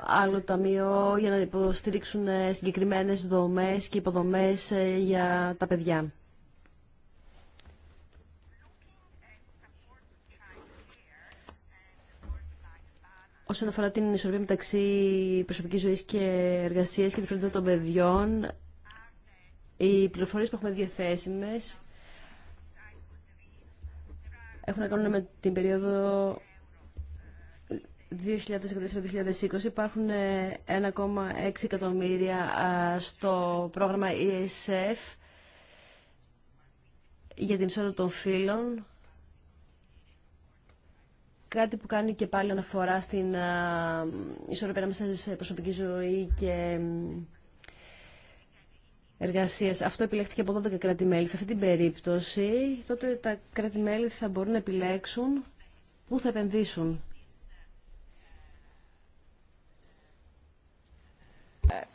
άλλο ταμείο για να υποστηρίξουν ε, συγκεκριμένες δομές και υποδομές ε, για τα παιδιά. Όσον αφορά την ισορροπία μεταξύ προσωπικής ζωής και εργασίας και τη φροντίδα των παιδιών, οι πληροφορίες που έχουμε διαθέσιμες έχουν να κάνουν με την περίοδο 2014-2020. Υπάρχουν 1,6 ε, εκατομμύρια στο πρόγραμμα ESF για την ισότητα των φύλων Κάτι που κάνει και πάλι αναφορά στην ισορροπία μέσα σε προσωπική ζωή και εργασίε. Αυτό επιλέχθηκε από 12 κράτη-μέλη. Σε αυτή την περίπτωση, τότε τα κράτη-μέλη θα μπορούν να επιλέξουν πού θα επενδύσουν.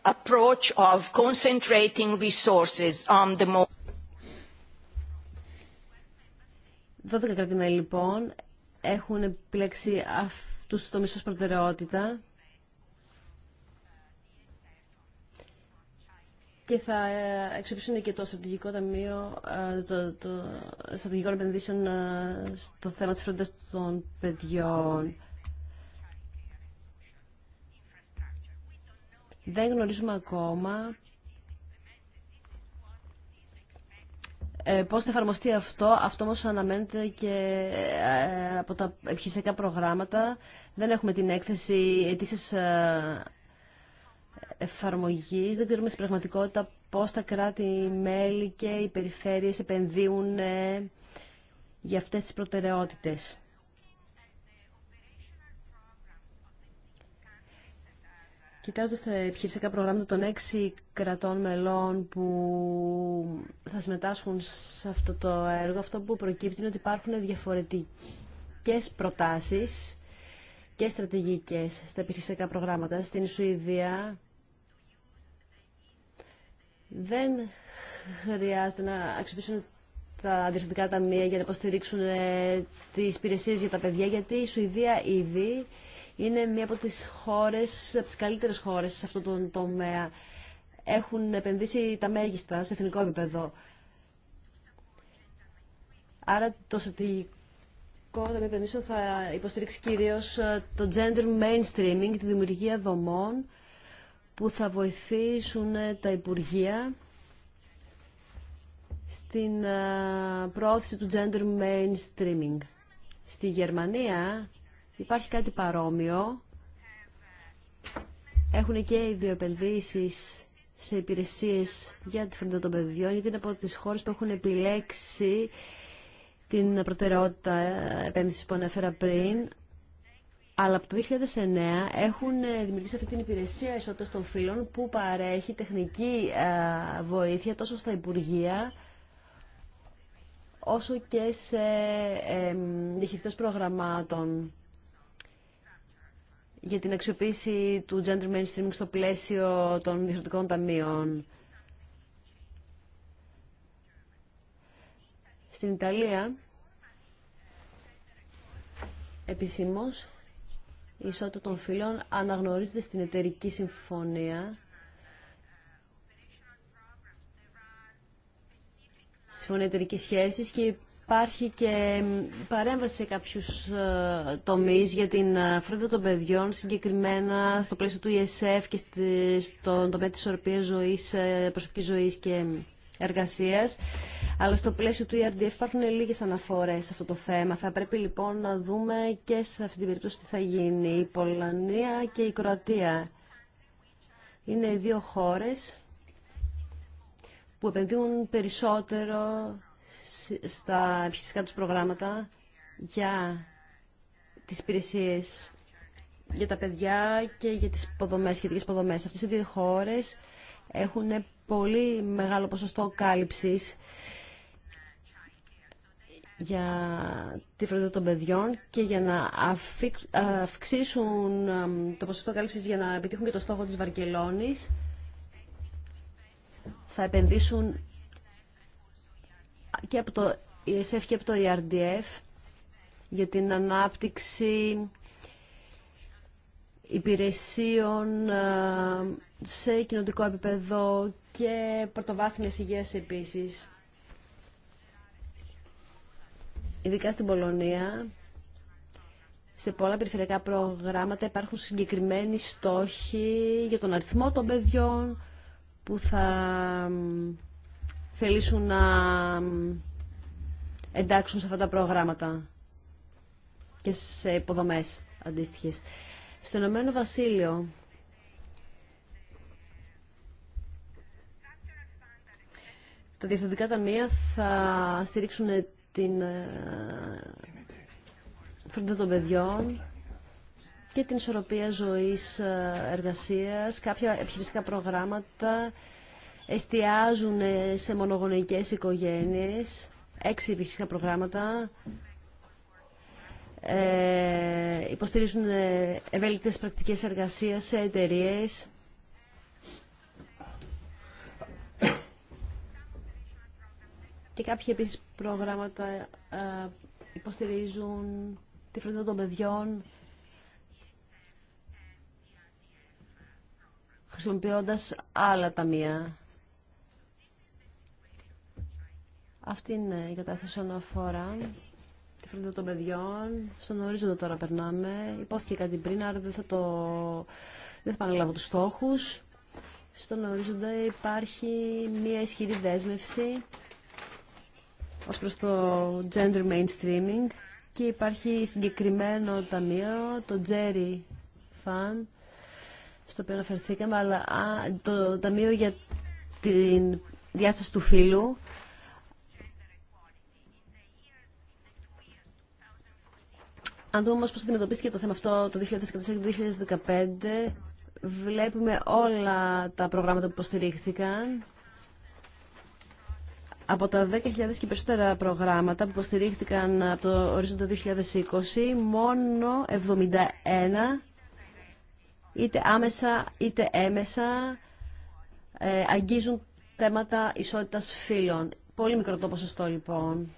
Approach of concentrating resources on the 12 κράτη-μέλη, λοιπόν, έχουν επιλέξει αυτούς το ως προτεραιότητα και θα ε, εξοπλίσουν και το στρατηγικό ταμείο ε, το, το στρατηγικό επενδύσεων ε, στο θέμα της φροντίδας των παιδιών. Δεν γνωρίζουμε ακόμα Ε, πώς θα εφαρμοστεί αυτό, αυτό όμω αναμένεται και ε, από τα επιχειρησιακά προγράμματα. Δεν έχουμε την έκθεση αιτήσεις εφαρμογή. Δεν ξέρουμε στην πραγματικότητα πώς τα κράτη-μέλη και οι περιφέρειες επενδύουν για αυτές τις προτεραιότητες. Κοιτάζοντα τα επιχειρησιακά προγράμματα των έξι κρατών μελών που θα συμμετάσχουν σε αυτό το έργο, αυτό που προκύπτει είναι ότι υπάρχουν διαφορετικές προτάσει και στρατηγικέ στα επιχειρησιακά προγράμματα. Στην Σουηδία δεν χρειάζεται να αξιοποιήσουν τα αντιρρητικά ταμεία για να υποστηρίξουν ε, τι υπηρεσίε για τα παιδιά, γιατί η Σουηδία ήδη είναι μία από τις χώρες, από τις καλύτερες χώρες σε αυτό το τομέα. Έχουν επενδύσει τα μέγιστα σε εθνικό επίπεδο. Άρα το στρατηγικό Ταμείο Επενδύσεων θα υποστηρίξει κυρίως ε, το gender mainstreaming, τη δημιουργία δομών που θα βοηθήσουν ε, τα Υπουργεία στην ε, προώθηση του gender mainstreaming. Στη Γερμανία Υπάρχει κάτι παρόμοιο. Έχουν και οι δύο επενδύσει σε υπηρεσίε για τη φροντίδα των παιδιών, γιατί είναι από τι χώρε που έχουν επιλέξει την προτεραιότητα ε, επένδυση που ανέφερα πριν. Αλλά από το 2009 έχουν δημιουργήσει αυτή την υπηρεσία ισότητα των φύλων που παρέχει τεχνική ε, βοήθεια τόσο στα Υπουργεία όσο και σε ε, διαχειριστές προγραμμάτων για την αξιοποίηση του gender mainstream στο πλαίσιο των διευθυντικών ταμείων. Στην Ιταλία, επισήμως, η ισότητα των φύλων αναγνωρίζεται στην εταιρική συμφωνία συμφωνία εταιρική σχέση και υπάρχει και παρέμβαση σε κάποιους ε, τομείς για την ε, φροντίδα των παιδιών, συγκεκριμένα στο πλαίσιο του ESF και στον τομέα της ισορροπίας ζωής, ε, προσωπικής ζωής και εργασίας. Αλλά στο πλαίσιο του ERDF υπάρχουν λίγες αναφορές σε αυτό το θέμα. Θα πρέπει λοιπόν να δούμε και σε αυτή την περίπτωση τι θα γίνει. Η Πολωνία και η Κροατία είναι οι δύο χώρες που επενδύουν περισσότερο στα επιχειρησικά τους προγράμματα για τις υπηρεσίε για τα παιδιά και για τις υποδομές, σχετικές υποδομές. Αυτές οι δύο χώρες έχουν πολύ μεγάλο ποσοστό κάλυψης για τη φροντίδα των παιδιών και για να αυξήσουν το ποσοστό κάλυψης για να επιτύχουν και το στόχο της Βαρκελόνης θα επενδύσουν και από το ESF και από το ERDF για την ανάπτυξη υπηρεσίων ε, σε κοινωνικό επίπεδο και πρωτοβάθμιες υγείας επίσης. Ειδικά στην Πολωνία, σε πολλά περιφερειακά προγράμματα υπάρχουν συγκεκριμένοι στόχοι για τον αριθμό των παιδιών που θα θελήσουν να εντάξουν σε αυτά τα προγράμματα και σε υποδομές αντίστοιχες. Στο Ηνωμένο Βασίλειο τα διευθυντικά ταμεία θα στηρίξουν την ε, φροντίδα των παιδιών και την ισορροπία ζωής ε, εργασίας, κάποια επιχειρηστικά προγράμματα εστιάζουν ε, σε μονογονεϊκές οικογένειες, έξι επιχειρησιακά προγράμματα, ε, υποστηρίζουν ε, ευέλικτες πρακτικές εργασίας σε εταιρείες, και κάποιοι επίσης προγράμματα ε, υποστηρίζουν τη φροντίδα των παιδιών, χρησιμοποιώντας άλλα ταμεία. Αυτή είναι η κατάσταση όσον αφορά τη φροντίδα των παιδιών. Στον ορίζοντα τώρα περνάμε. Υπόθηκε κάτι πριν, άρα δεν θα, το... δεν θα τους στόχους. Στον ορίζοντα υπάρχει μία ισχυρή δέσμευση ως προς το gender mainstreaming και υπάρχει συγκεκριμένο ταμείο, το Jerry fan στο οποίο αναφερθήκαμε, αλλά α, το ταμείο για τη διάσταση του φύλου, Αν δούμε όμω πώς αντιμετωπίστηκε το θέμα αυτό το 2014-2015, βλέπουμε όλα τα προγράμματα που υποστηρίχθηκαν. Από τα 10.000 και περισσότερα προγράμματα που υποστηρίχθηκαν από το ορίζοντα 2020, μόνο 71 είτε άμεσα είτε έμεσα ε, αγγίζουν θέματα ισότητας φύλων. Πολύ μικρό το ποσοστό λοιπόν.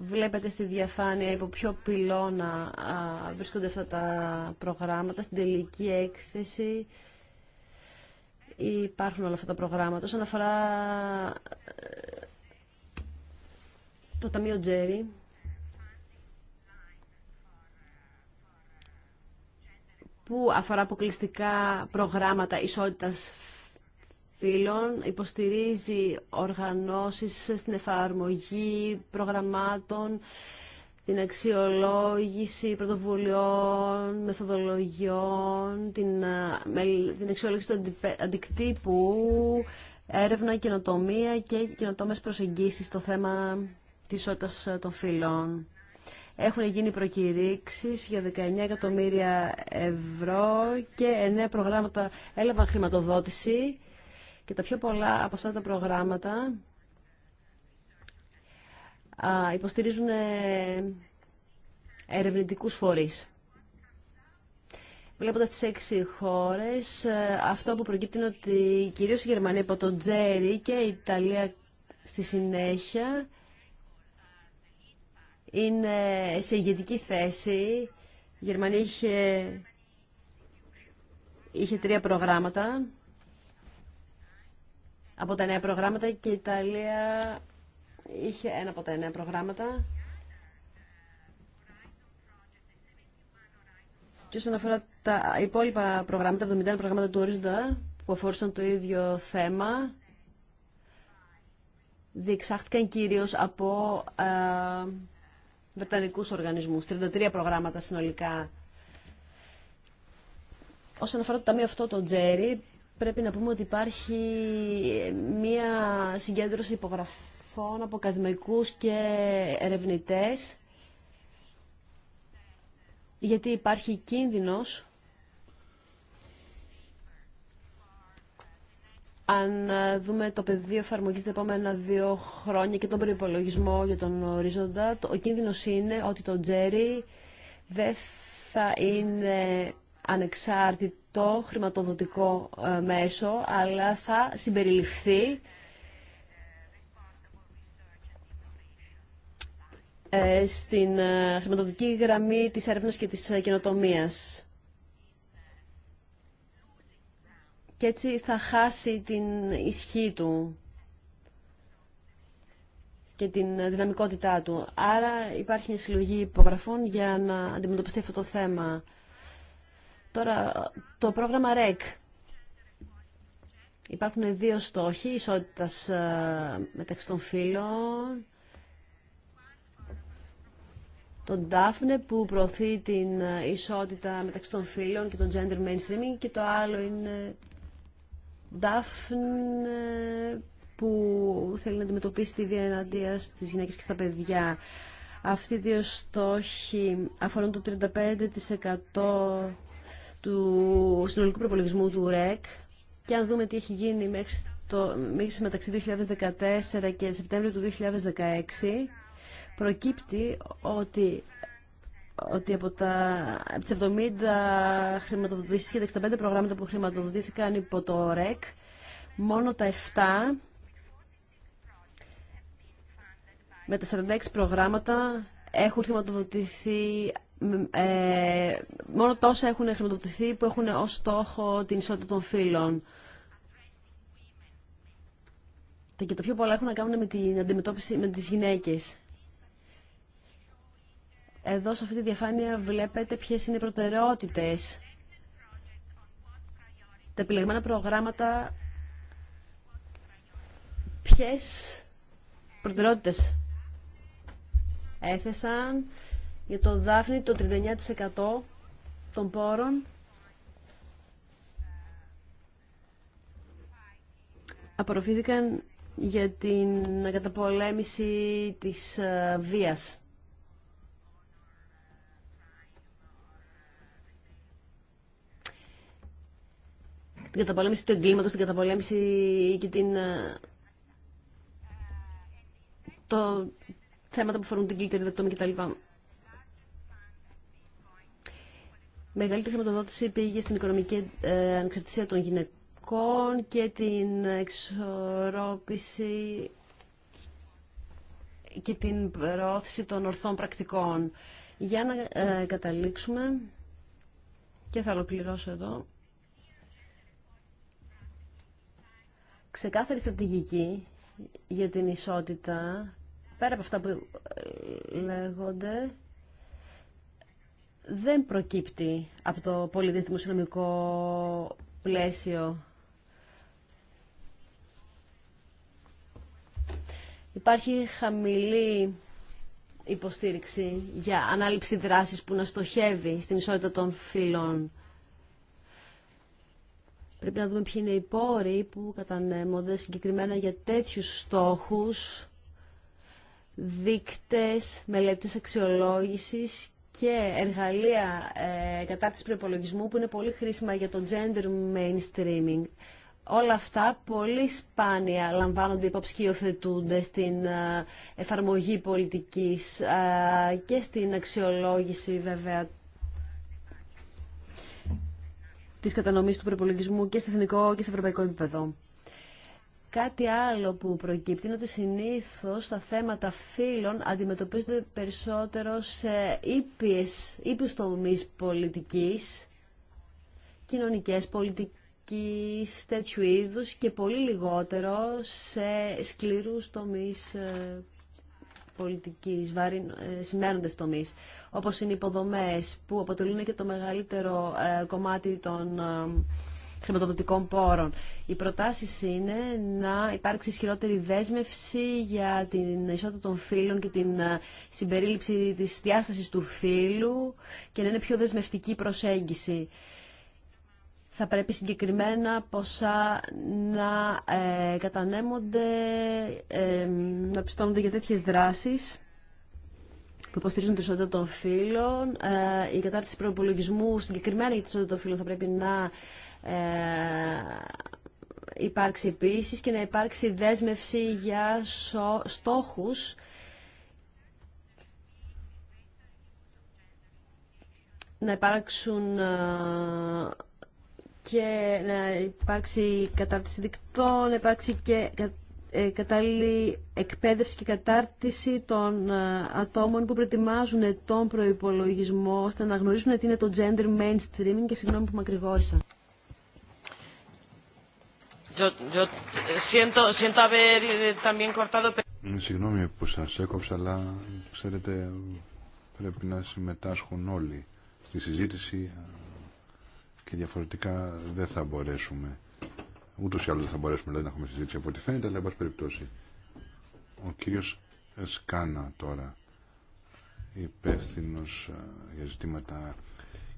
Βλέπετε στη διαφάνεια υπό ποιο πυλώνα βρίσκονται αυτά τα προγράμματα. Στην τελική έκθεση υπάρχουν όλα αυτά τα προγράμματα. Όσον αφορά ε, το Ταμείο Τζέρι, που αφορά αποκλειστικά προγράμματα ισότητας φίλων υποστηρίζει οργανώσεις στην εφαρμογή προγραμμάτων, την αξιολόγηση πρωτοβουλειών, μεθοδολογιών, την, ε, την αξιολόγηση του αντικτύπου, έρευνα, καινοτομία και καινοτόμες προσεγγίσεις στο θέμα της ισότητας των φύλων. Έχουν γίνει προκηρύξεις για 19 εκατομμύρια ευρώ και 9 προγράμματα έλαβαν χρηματοδότηση και τα πιο πολλά από αυτά τα προγράμματα υποστηρίζουν ε, ερευνητικούς φορείς. Βλέποντα τις έξι χώρε, ε, αυτό που προκύπτει είναι ότι κυρίως η Γερμανία από τον Τζέρι και η Ιταλία στη συνέχεια είναι σε ηγετική θέση. Η Γερμανία είχε, είχε τρία προγράμματα από τα νέα προγράμματα και η Ιταλία είχε ένα από τα νέα προγράμματα. Και όσον αφορά τα υπόλοιπα προγράμματα, 71 προγράμματα του ορίζοντα που αφορούσαν το ίδιο θέμα, διεξάχθηκαν κυρίως από ε, βρετανικούς οργανισμούς. 33 προγράμματα συνολικά. Όσον αφορά το ταμείο αυτό, το Τζέρι, πρέπει να πούμε ότι υπάρχει ε, μία συγκέντρωση υπογραφών από ακαδημαϊκούς και ερευνητές γιατί υπάρχει κίνδυνος αν ε, δούμε το πεδίο εφαρμογής τα επόμενα δύο χρόνια και τον προϋπολογισμό για τον ορίζοντα, ο κίνδυνος είναι ότι το Τζέρι δεν θα είναι ανεξάρτητο το χρηματοδοτικό ε, μέσο, αλλά θα συμπεριληφθεί ε, στην ε, χρηματοδοτική γραμμή της έρευνας και της καινοτομίας. Και έτσι θα χάσει την ισχύ του και την δυναμικότητά του. Άρα υπάρχει μια συλλογή υπογραφών για να αντιμετωπιστεί αυτό το θέμα. Τώρα, το πρόγραμμα REC. Υπάρχουν δύο στόχοι ισότητας ε, μεταξύ των φύλων. τον DAFNE που προωθεί την ε, ισότητα μεταξύ των φύλων και τον gender mainstreaming και το άλλο είναι DAFNE που θέλει να αντιμετωπίσει τη βία εναντία στις γυναίκες και στα παιδιά. Αυτοί οι δύο στόχοι αφορούν το 35% του συνολικού προπολογισμού του ΡΕΚ και αν δούμε τι έχει γίνει μέχρι, το, μέχρι μεταξύ 2014 και Σεπτέμβριο του 2016 προκύπτει ότι ότι από τα τις 70 χρηματοδοτήσεις και τα 65 προγράμματα που χρηματοδοτήθηκαν υπό το ΡΕΚ, μόνο τα 7 με τα 46 προγράμματα έχουν χρηματοδοτηθεί ε, μόνο τόσα έχουν χρηματοδοτηθεί που έχουν ως στόχο την ισότητα των φύλων. Και τα πιο πολλά έχουν να κάνουν με την αντιμετώπιση με τις γυναίκες. Εδώ σε αυτή τη διαφάνεια βλέπετε ποιες είναι οι προτεραιότητες. Τα επιλεγμένα προγράμματα, ποιες προτεραιότητες έθεσαν για το Δάφνη το 39% των πόρων απορροφήθηκαν για την καταπολέμηση της ε, βίας. Την καταπολέμηση του εγκλήματος, την καταπολέμηση και την... Ε, το θέματα που φορούν την κλίτερη δεκτόμη κτλ. Μεγαλύτερη χρηματοδότηση πήγε στην οικονομική ε, ανεξαρτησία των γυναικών και την εξορρόπηση και την προώθηση των ορθών πρακτικών. Για να ε, καταλήξουμε και θα ολοκληρώσω εδώ. Ξεκάθαρη στρατηγική για την ισότητα, πέρα από αυτά που ε, λέγονται, δεν προκύπτει από το πολιτικό πλαίσιο. Υπάρχει χαμηλή υποστήριξη για ανάληψη δράσης που να στοχεύει στην ισότητα των φύλων. Πρέπει να δούμε ποιοι είναι οι πόροι που κατανέμονται συγκεκριμένα για τέτοιους στόχους, δίκτες, μελέτες αξιολόγησης και εργαλεία ε, της προπολογισμού που είναι πολύ χρήσιμα για το gender mainstreaming. Όλα αυτά πολύ σπάνια λαμβάνονται υπόψη και υιοθετούνται στην ε, εφαρμογή πολιτικής ε, και στην αξιολόγηση βέβαια της κατανομής του προπολογισμού και σε εθνικό και σε ευρωπαϊκό επίπεδο. Κάτι άλλο που προκύπτει είναι ότι συνήθως τα θέματα φύλων αντιμετωπίζονται περισσότερο σε ήπιες, τομεί τομείς πολιτικής, κοινωνικές πολιτικής, τέτοιου είδους και πολύ λιγότερο σε σκληρούς τομείς ε, πολιτικής, βαρύ, ε, σημαίνοντες τομείς, όπως είναι οι υποδομές που αποτελούν και το μεγαλύτερο ε, κομμάτι των χρηματοδοτικών πόρων. Οι προτάσει είναι να υπάρξει ισχυρότερη δέσμευση για την ισότητα των φύλων και την ε, συμπερίληψη της διάσταση του φύλου και να είναι πιο δεσμευτική προσέγγιση. Θα πρέπει συγκεκριμένα ποσά να ε, κατανέμονται, ε, να πιστώνονται για τέτοιες δράσεις που υποστηρίζουν την ισότητα των φύλων. Ε, η κατάρτιση προπολογισμού συγκεκριμένα για την ισότητα των φύλων θα πρέπει να ε, υπάρξει επίση και να υπάρξει δέσμευση για στόχους να υπάρξουν ε, και να υπάρξει κατάρτιση δικτών, να υπάρξει και ε, κατάλληλη εκπαίδευση και κατάρτιση των ατόμων που προετοιμάζουν τον προϋπολογισμό ώστε να γνωρίζουν τι είναι το gender mainstreaming και συγγνώμη που μακρηγόρησα. Yo, yo eh, mm, Συγγνώμη που σα έκοψα, αλλά ξέρετε πρέπει να συμμετάσχουν όλοι στη συζήτηση ε, και διαφορετικά δεν θα μπορέσουμε. Ούτω ή άλλω δεν θα μπορέσουμε δηλαδή, να έχουμε συζήτηση από ό,τι φαίνεται, αλλά εν πάση περιπτώσει. Ο κύριο Σκάνα τώρα, υπεύθυνο ε, για ζητήματα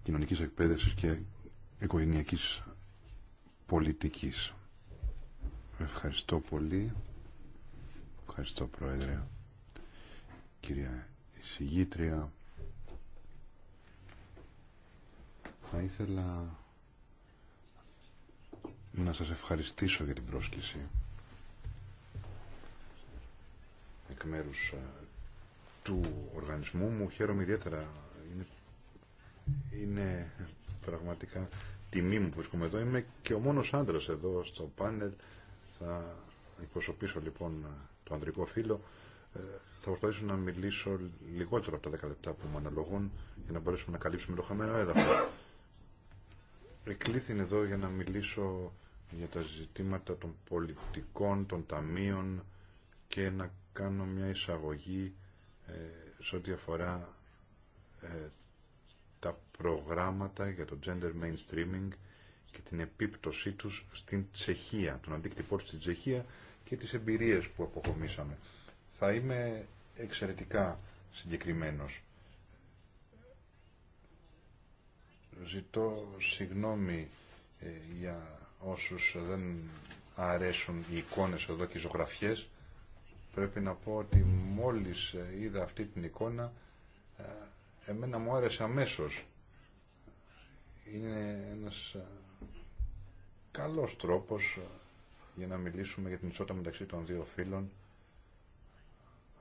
κοινωνική εκπαίδευση και οικογενειακή πολιτικής. Ευχαριστώ πολύ. Ευχαριστώ Πρόεδρε. Κυρία Εισηγήτρια. Θα ήθελα να σας ευχαριστήσω για την πρόσκληση εκ μέρους ε, του οργανισμού μου. Χαίρομαι ιδιαίτερα. Είναι, είναι πραγματικά τιμή μου που βρίσκομαι εδώ. Είμαι και ο μόνος άντρας εδώ στο πάνελ. Θα εκπροσωπήσω λοιπόν το ανδρικό φύλλο. Ε, θα προσπαθήσω να μιλήσω λιγότερο από τα 10 λεπτά που μου αναλογούν για να μπορέσουμε να καλύψουμε το χαμένο έδαφο. Εκλήθην εδώ για να μιλήσω για τα ζητήματα των πολιτικών, των ταμείων και να κάνω μια εισαγωγή ε, σε ό,τι αφορά ε, τα προγράμματα για το gender mainstreaming και την επίπτωσή τους στην Τσεχία, τον αντίκτυπό της στην Τσεχία και τις εμπειρίες που αποκομίσαμε. Θα είμαι εξαιρετικά συγκεκριμένος. Ζητώ συγγνώμη ε, για όσους δεν αρέσουν οι εικόνες εδώ και οι ζωγραφιές. Πρέπει να πω ότι μόλις ε, είδα αυτή την εικόνα ε, εμένα μου άρεσε αμέσως. Είναι ένας καλός τρόπος για να μιλήσουμε για την ισότητα μεταξύ των δύο φίλων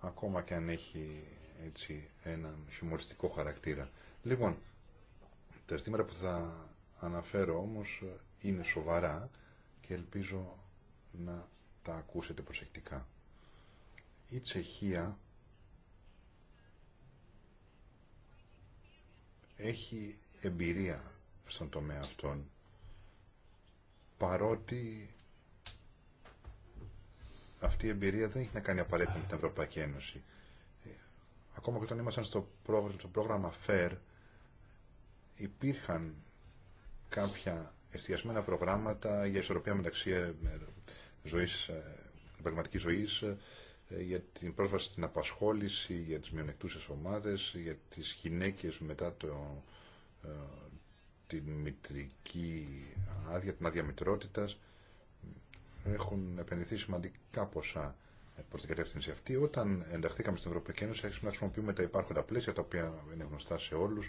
ακόμα και αν έχει έτσι ένα χιουμοριστικό χαρακτήρα. Λοιπόν, τα ζητήματα που θα αναφέρω όμως είναι σοβαρά και ελπίζω να τα ακούσετε προσεκτικά. Η Τσεχία έχει εμπειρία στον τομέα αυτών παρότι αυτή η εμπειρία δεν έχει να κάνει απαραίτητα με την Ευρωπαϊκή Ένωση. Ακόμα και όταν ήμασταν στο, πρόγραμμα FAIR, υπήρχαν κάποια εστιασμένα προγράμματα για ισορροπία μεταξύ ε, ζωής, ε, πραγματική ζωής, ε, για την πρόσβαση στην απασχόληση, για τις μειονεκτούσες ομάδες, για τις γυναίκες μετά το, τη μητρική άδεια, την άδεια μητρότητα, έχουν επενδυθεί σημαντικά ποσά προ την κατεύθυνση αυτή. Όταν ενταχθήκαμε στην Ευρωπαϊκή Ένωση, άρχισαμε να χρησιμοποιούμε τα υπάρχοντα πλαίσια, τα οποία είναι γνωστά σε όλου.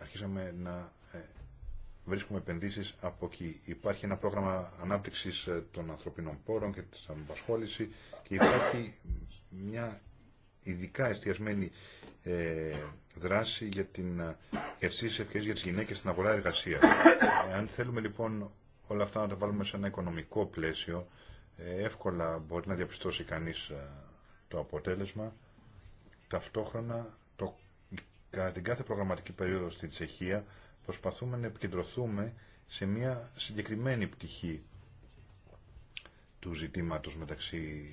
Αρχίσαμε να ε, βρίσκουμε επενδύσει από εκεί. Υπάρχει ένα πρόγραμμα ανάπτυξη ε, των ανθρωπίνων πόρων και τη απασχόληση και υπάρχει μια ειδικά εστιασμένη ε, δράση για την ε, ευξήση ευκαιρία για τις γυναίκες στην αγορά εργασίας. Ε, αν θέλουμε λοιπόν όλα αυτά να τα βάλουμε σε ένα οικονομικό πλαίσιο, εύκολα μπορεί να διαπιστώσει κανείς το αποτέλεσμα. Ταυτόχρονα, το, κατά την κάθε προγραμματική περίοδο στην Τσεχία, προσπαθούμε να επικεντρωθούμε σε μια συγκεκριμένη πτυχή του ζητήματος μεταξύ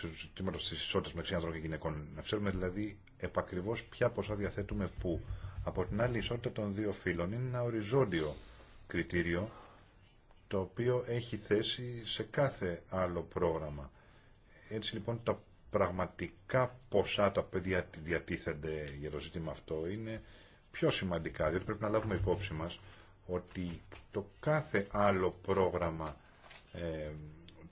του ζητήματο τη ισότητα μεταξύ ανδρών και γυναικών. Να ξέρουμε δηλαδή επακριβώ ποια ποσά διαθέτουμε πού. Από την άλλη, η ισότητα των δύο φύλων είναι ένα οριζόντιο κριτήριο το οποίο έχει θέση σε κάθε άλλο πρόγραμμα. Έτσι λοιπόν τα πραγματικά ποσά τα παιδιά διατίθενται για το ζήτημα αυτό είναι πιο σημαντικά, διότι πρέπει να λάβουμε υπόψη μας ότι το κάθε άλλο πρόγραμμα ε,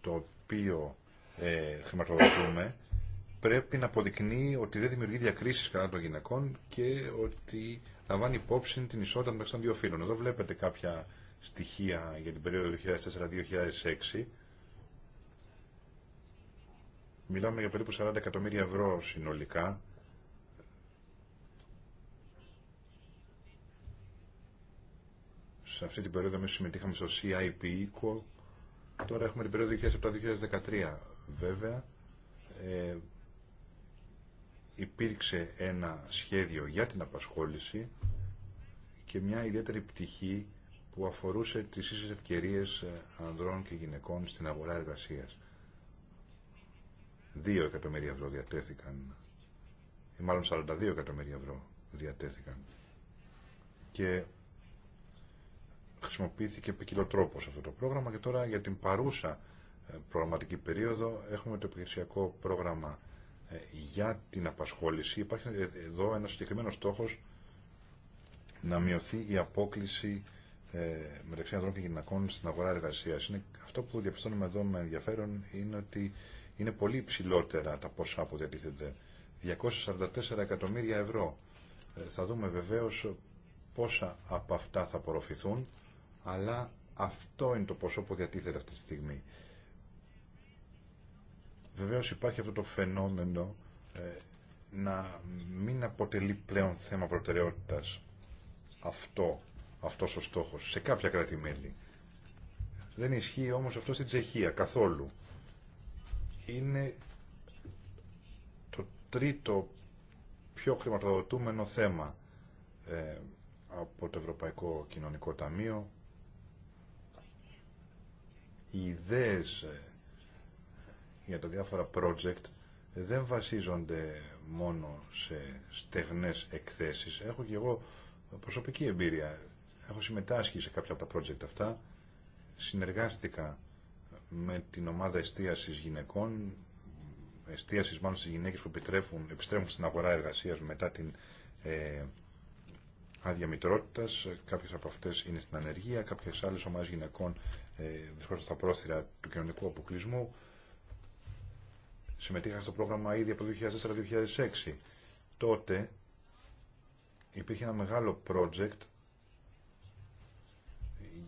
το οποίο ε, χρηματοδοτούμε πρέπει να αποδεικνύει ότι δεν δημιουργεί διακρίσεις κατά των γυναικών και ότι λαμβάνει υπόψη την ισότητα μεταξύ των δύο φύλων. Εδώ βλέπετε κάποια στοιχεία για την περίοδο 2004-2006. Μιλάμε για περίπου 40 εκατομμύρια ευρώ συνολικά. Σε αυτή την περίοδο εμείς συμμετείχαμε στο CIP Equal. Τώρα έχουμε την περίοδο 2007-2013 βέβαια ε, υπήρξε ένα σχέδιο για την απασχόληση και μια ιδιαίτερη πτυχή που αφορούσε τις ίσες ευκαιρίες ε, ανδρών και γυναικών στην αγορά εργασίας. Δύο εκατομμύρια ευρώ διατέθηκαν, ή ε, μάλλον 42 εκατομμύρια ευρώ διατέθηκαν. Και χρησιμοποιήθηκε ποικιλό τρόπο αυτό το πρόγραμμα και τώρα για την παρούσα ε, προγραμματική περίοδο. Έχουμε το επιχειρησιακό πρόγραμμα ε, για την απασχόληση. Υπάρχει ε, εδώ ένας συγκεκριμένος στόχος να μειωθεί η απόκληση μεταξύ ανδρών και γυναικών στην αγορά εργασίας. αυτό που διαπιστώνουμε εδώ με ενδιαφέρον είναι ότι είναι πολύ υψηλότερα τα ποσά που διατίθεται. 244 εκατομμύρια ευρώ. Θα δούμε βεβαίως πόσα από αυτά θα απορροφηθούν, αλλά αυτό είναι το ποσό που διατίθεται αυτή τη στιγμή. Βεβαίως υπάρχει αυτό το φαινόμενο ε, να μην αποτελεί πλέον θέμα προτεραιότητας αυτό, αυτός ο στόχος σε κάποια Δεν ισχύει όμως αυτό στην Τσεχία καθόλου. Είναι το τρίτο πιο χρηματοδοτούμενο θέμα ε, από το Ευρωπαϊκό Κοινωνικό Ταμείο. Οι ιδέες ε, για τα διάφορα project δεν βασίζονται μόνο σε στεγνές εκθέσεις. Έχω και εγώ προσωπική εμπειρία. Έχω συμμετάσχει σε κάποια από τα project αυτά. Συνεργάστηκα με την ομάδα εστίασης γυναικών, εστίασης μάλλον στις γυναίκες που επιτρέφουν, επιστρέφουν στην αγορά εργασίας μετά την ε, άδεια μητρότητας. Κάποιες από αυτές είναι στην ανεργία, κάποιες άλλες ομάδες γυναικών ε, στα πρόθυρα του κοινωνικού αποκλεισμού. Συμμετείχα στο πρόγραμμα ήδη από το 2004-2006. Τότε υπήρχε ένα μεγάλο project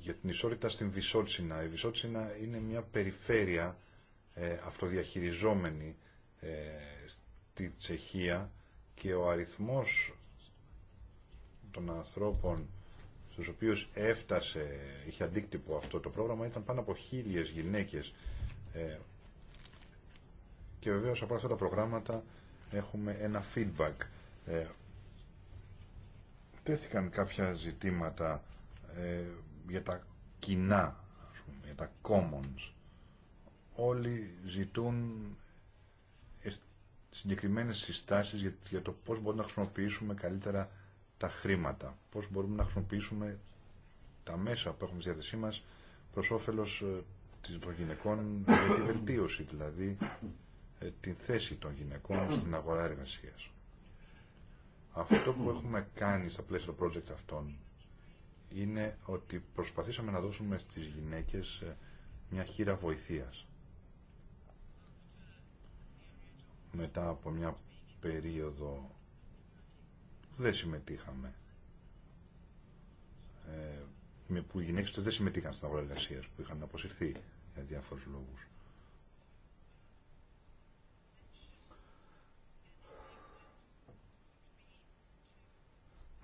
για την ισότητα στην Βυσότσινα. Η Βυσότσινα είναι μια περιφέρεια ε, αυτοδιαχειριζόμενη ε, στη Τσεχία και ο αριθμός των ανθρώπων στους οποίους έφτασε, είχε αντίκτυπο αυτό το πρόγραμμα, ήταν πάνω από χίλιες γυναίκες. Ε, και βεβαίως από αυτά τα προγράμματα έχουμε ένα feedback. Ε, τέθηκαν κάποια ζητήματα ε, για τα κοινά, για τα commons. Όλοι ζητούν συγκεκριμένες συστάσεις για, για το πώς μπορούμε να χρησιμοποιήσουμε καλύτερα τα χρήματα, πώς μπορούμε να χρησιμοποιήσουμε τα μέσα που έχουμε στη διάθεσή μας προς όφελος ε, των γυναικών για τη βελτίωση, δηλαδή ε, την θέση των γυναικών στην αγορά εργασίας. Αυτό που έχουμε κάνει στα πλαίσια των project αυτών είναι ότι προσπαθήσαμε να δώσουμε στις γυναίκες ε, μια χείρα βοηθείας. Μετά από μια περίοδο που δεν συμμετείχαμε, ε, που οι γυναίκες δεν συμμετείχαν στην αγορά εργασίας, που είχαν αποσυρθεί για διάφορους λόγους.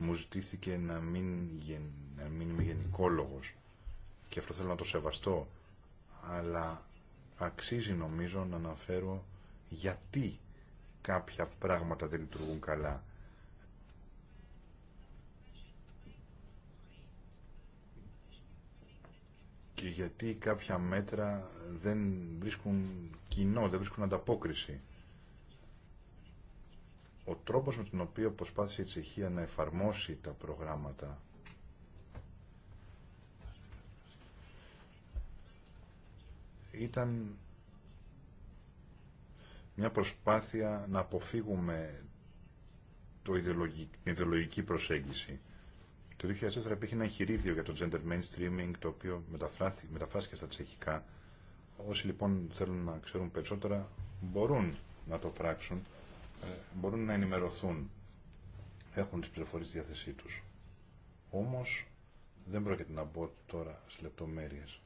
μου ζητήθηκε να μην, να μην είμαι γενικόλογος και αυτό θέλω να το σεβαστώ αλλά αξίζει νομίζω να αναφέρω γιατί κάποια πράγματα δεν λειτουργούν καλά. και γιατί κάποια μέτρα δεν βρίσκουν κοινό, δεν βρίσκουν ανταπόκριση ο τρόπος με τον οποίο προσπάθησε η Τσεχία να εφαρμόσει τα προγράμματα ήταν μια προσπάθεια να αποφύγουμε το ιδεολογική, την ιδεολογική προσέγγιση. Το 2004 υπήρχε ένα εγχειρίδιο για το gender mainstreaming, το οποίο μεταφράστηκε στα τσεχικά. Όσοι λοιπόν θέλουν να ξέρουν περισσότερα μπορούν να το πράξουν. Ε, μπορούν να ενημερωθούν, έχουν τις πληροφορίες στη διάθεσή τους. Όμως δεν πρόκειται να μπω τώρα σε λεπτομέρειες.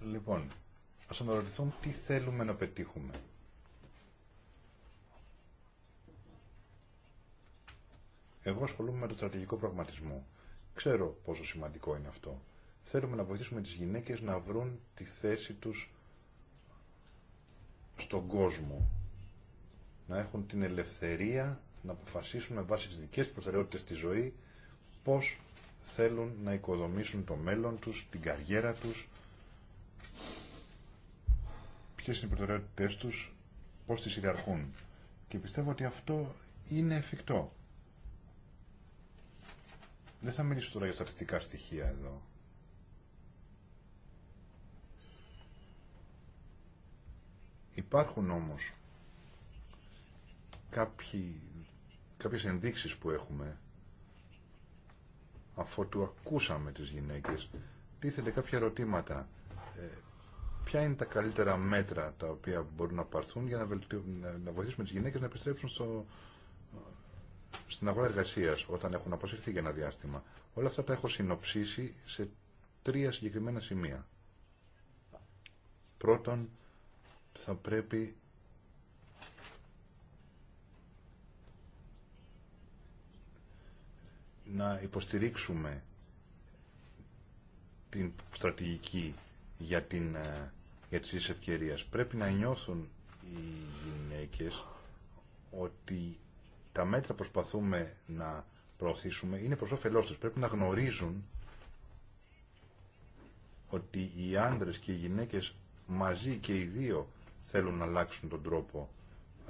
Λοιπόν, ας αναρωτηθούμε τι θέλουμε να πετύχουμε. Εγώ ασχολούμαι με το στρατηγικό πραγματισμό. Ξέρω πόσο σημαντικό είναι αυτό. Θέλουμε να βοηθήσουμε τις γυναίκες να βρουν τη θέση τους στον κόσμο να έχουν την ελευθερία να αποφασίσουν με βάση τις δικές τους προτεραιότητες στη ζωή πώς θέλουν να οικοδομήσουν το μέλλον τους, την καριέρα τους, ποιες είναι οι προτεραιότητες τους, πώς τις ιδιαρχούν Και πιστεύω ότι αυτό είναι εφικτό. Δεν θα μιλήσω τώρα για στατιστικά στοιχεία εδώ. Υπάρχουν όμως κάποιοι, κάποιες ενδείξεις που έχουμε του ακούσαμε τις γυναίκες τίθενται κάποια ερωτήματα ε, ποια είναι τα καλύτερα μέτρα τα οποία μπορούν να πάρθουν για να, βοηθήσουμε τις γυναίκες να επιστρέψουν στο... στην αγορά εργασίας όταν έχουν αποσυρθεί για ένα διάστημα όλα αυτά τα έχω συνοψίσει σε τρία συγκεκριμένα σημεία πρώτον θα πρέπει να υποστηρίξουμε την στρατηγική για, την, ε, για τις ευκαιρίες. Πρέπει να νιώθουν οι γυναίκες ότι τα μέτρα που προσπαθούμε να προωθήσουμε είναι προς όφελός τους. Πρέπει να γνωρίζουν ότι οι άντρες και οι γυναίκες μαζί και οι δύο θέλουν να αλλάξουν τον τρόπο,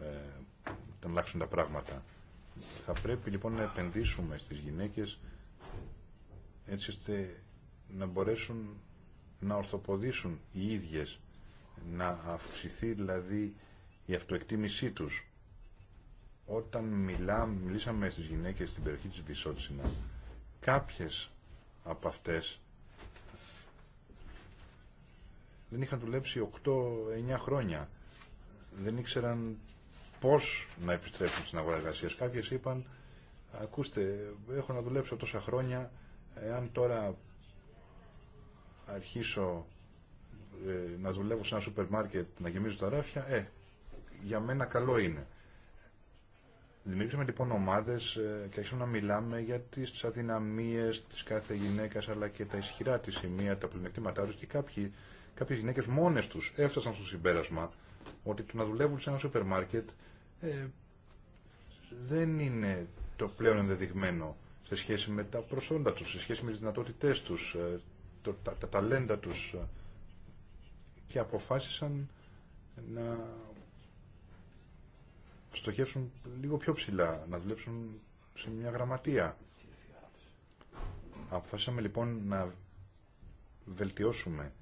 ε, να αλλάξουν τα πράγματα. Θα πρέπει λοιπόν να επενδύσουμε στις γυναίκες έτσι ώστε να μπορέσουν να ορθοποδήσουν οι ίδιες, να αυξηθεί δηλαδή η αυτοεκτίμησή τους. Όταν μιλά, μιλήσαμε στις γυναίκες στην περιοχή της Βυσότσινα, κάποιες από αυτές δεν είχαν δουλέψει 8-9 χρόνια. Δεν ήξεραν πώ να επιστρέψουν στην αγορά εργασία. Κάποιες είπαν, ακούστε, έχω να δουλέψω τόσα χρόνια, εάν τώρα αρχίσω ε, να δουλεύω σε ένα σούπερ μάρκετ, να γεμίζω τα ράφια, ε, για μένα καλό είναι. Δημιουργήσαμε λοιπόν ομάδε ε, και αρχίσαμε να μιλάμε για τι αδυναμίε τη κάθε γυναίκα αλλά και τα ισχυρά τη σημεία, τα πλεονεκτήματά του και κάποιοι κάποιες γυναίκες μόνες τους έφτασαν στο συμπέρασμα ότι το να δουλεύουν σε ένα σούπερ μάρκετ ε, δεν είναι το πλέον ενδεδειγμένο σε σχέση με τα προσόντα τους, σε σχέση με τις δυνατότητές τους, ε, το, τα, τα ταλέντα τους ε, και αποφάσισαν να στοχεύσουν λίγο πιο ψηλά, να δουλέψουν σε μια γραμματεία. Αποφάσισαμε λοιπόν να βελτιώσουμε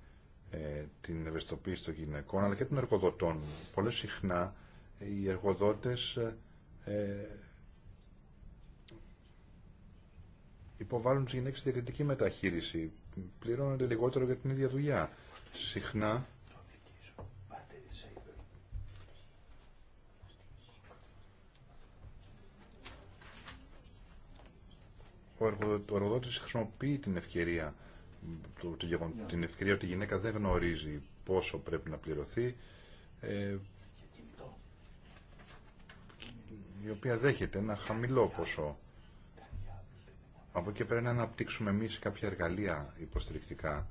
ε, την ευαισθητοποίηση των γυναικών αλλά και των εργοδοτών. Πολλές συχνά οι εργοδότες ε, υποβάλλουν τις γυναίκες στη διακριτική μεταχείριση. Πληρώνονται λιγότερο για την ίδια δουλειά. Συχνά ο εργοδότης χρησιμοποιεί την ευκαιρία το, ναι. την ευκαιρία ότι η γυναίκα δεν γνωρίζει πόσο πρέπει να πληρωθεί ε, η οποία δέχεται ένα χαμηλό ποσό. Από εκεί πρέπει να αναπτύξουμε εμείς κάποια εργαλεία υποστηρικτικά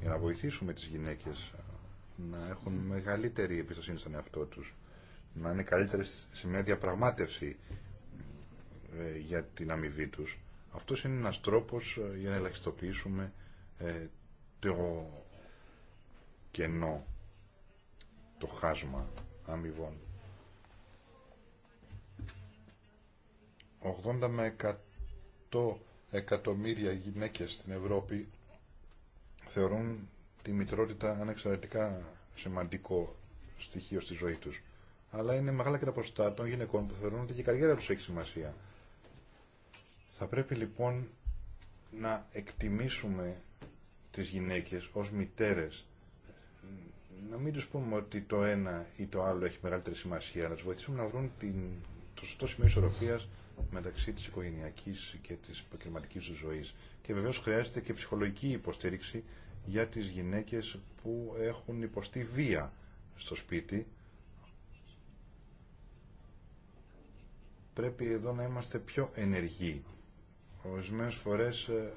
για να βοηθήσουμε τις γυναίκες ε, να έχουν μεγαλύτερη εμπιστοσύνη στον εαυτό τους, να είναι καλύτερες σε μια διαπραγμάτευση ε, για την αμοιβή τους. Αυτός είναι ένας τρόπος ε, για να ελαχιστοποιήσουμε ε, το κενό, το χάσμα αμοιβών. 80 με 100 εκατομμύρια γυναίκες στην Ευρώπη θεωρούν τη μητρότητα ανεξαρτητικά σημαντικό στοιχείο στη ζωή τους. Αλλά είναι μεγάλα και τα ποσοστά των γυναικών που θεωρούν ότι και η καριέρα τους έχει σημασία. Θα πρέπει λοιπόν να εκτιμήσουμε τις γυναίκες ως μητέρες να μην τους πούμε ότι το ένα ή το άλλο έχει μεγαλύτερη σημασία να τους βοηθήσουμε να βρουν την, το σωστό σημείο ισορροπίας μεταξύ της οικογενειακής και της επαγγελματική του ζωής και βεβαίως χρειάζεται και ψυχολογική υποστήριξη για τις γυναίκες που έχουν υποστεί βία στο σπίτι πρέπει εδώ να είμαστε πιο ενεργοί. Ορισμένε φορές ε,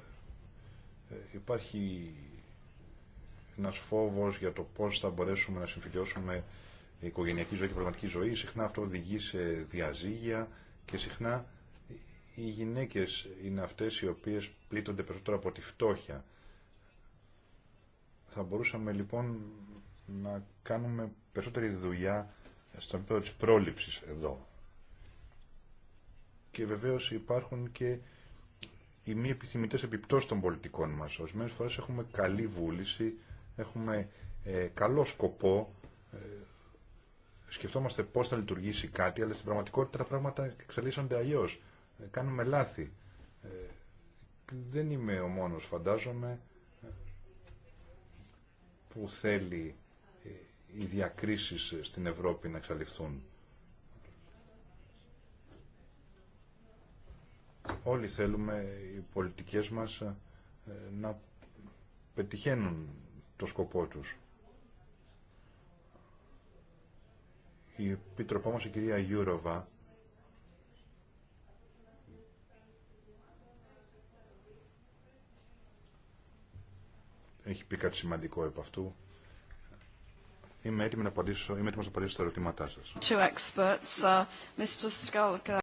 ε, υπάρχει ένας φόβος για το πώς θα μπορέσουμε να συμφιλιώσουμε η οικογενειακή ζωή και η πραγματική ζωή. Συχνά αυτό οδηγεί σε διαζύγια και συχνά οι γυναίκες είναι αυτές οι οποίες πλήττονται περισσότερο από τη φτώχεια. Θα μπορούσαμε λοιπόν να κάνουμε περισσότερη δουλειά στον επίπεδο της πρόληψης εδώ. Και βεβαίως υπάρχουν και οι μη επιθυμητές επιπτώσεις των πολιτικών μας. Ορισμένες φορές έχουμε καλή βούληση, έχουμε ε, καλό σκοπό, ε, σκεφτόμαστε πώς θα λειτουργήσει κάτι, αλλά στην πραγματικότητα τα πράγματα εξελίσσονται αλλιώ. Ε, κάνουμε λάθη. δεν είμαι ο μόνος, φαντάζομαι, που θέλει οι διακρίσεις στην Ευρώπη να εξαλειφθούν. Όλοι θέλουμε οι πολιτικές μας ε, να πετυχαίνουν το σκοπό τους. Η επίτροπά μας, η κυρία Γιούροβα, έχει πει κάτι σημαντικό επ' αυτού. Είμαι να απαντήσω, είμαι έτοιμος να απαντήσω στα ερωτήματά σας. Two experts, uh, Mr. Skalka.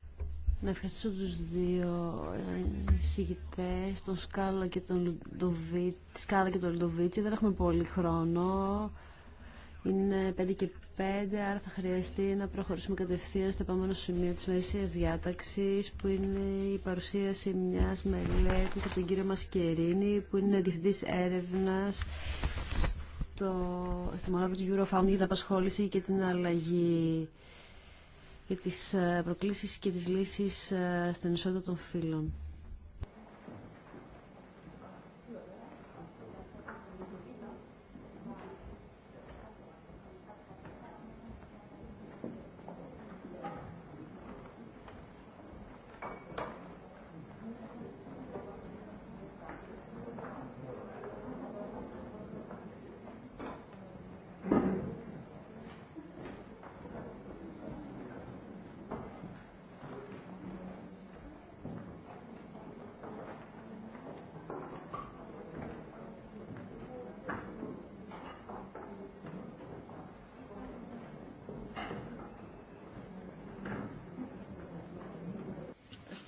Να ευχαριστήσω τους δύο ε, εισηγητές, τον Σκάλα και τον Λουντοβίτσι. Σκάλα και τον Δεν έχουμε πολύ χρόνο. Είναι 5 και 5, άρα θα χρειαστεί να προχωρήσουμε κατευθείαν στο επόμενο σημείο της μερισίας διάταξης, που είναι η παρουσίαση μιας μελέτης από τον κύριο Μασκερίνη, που είναι διευθυντής έρευνας στο, στη μονάδα του Eurofound για την απασχόληση και την αλλαγή για τις ε, προκλήσεις και τις λύσεις ε, στην ισότητα των φύλων.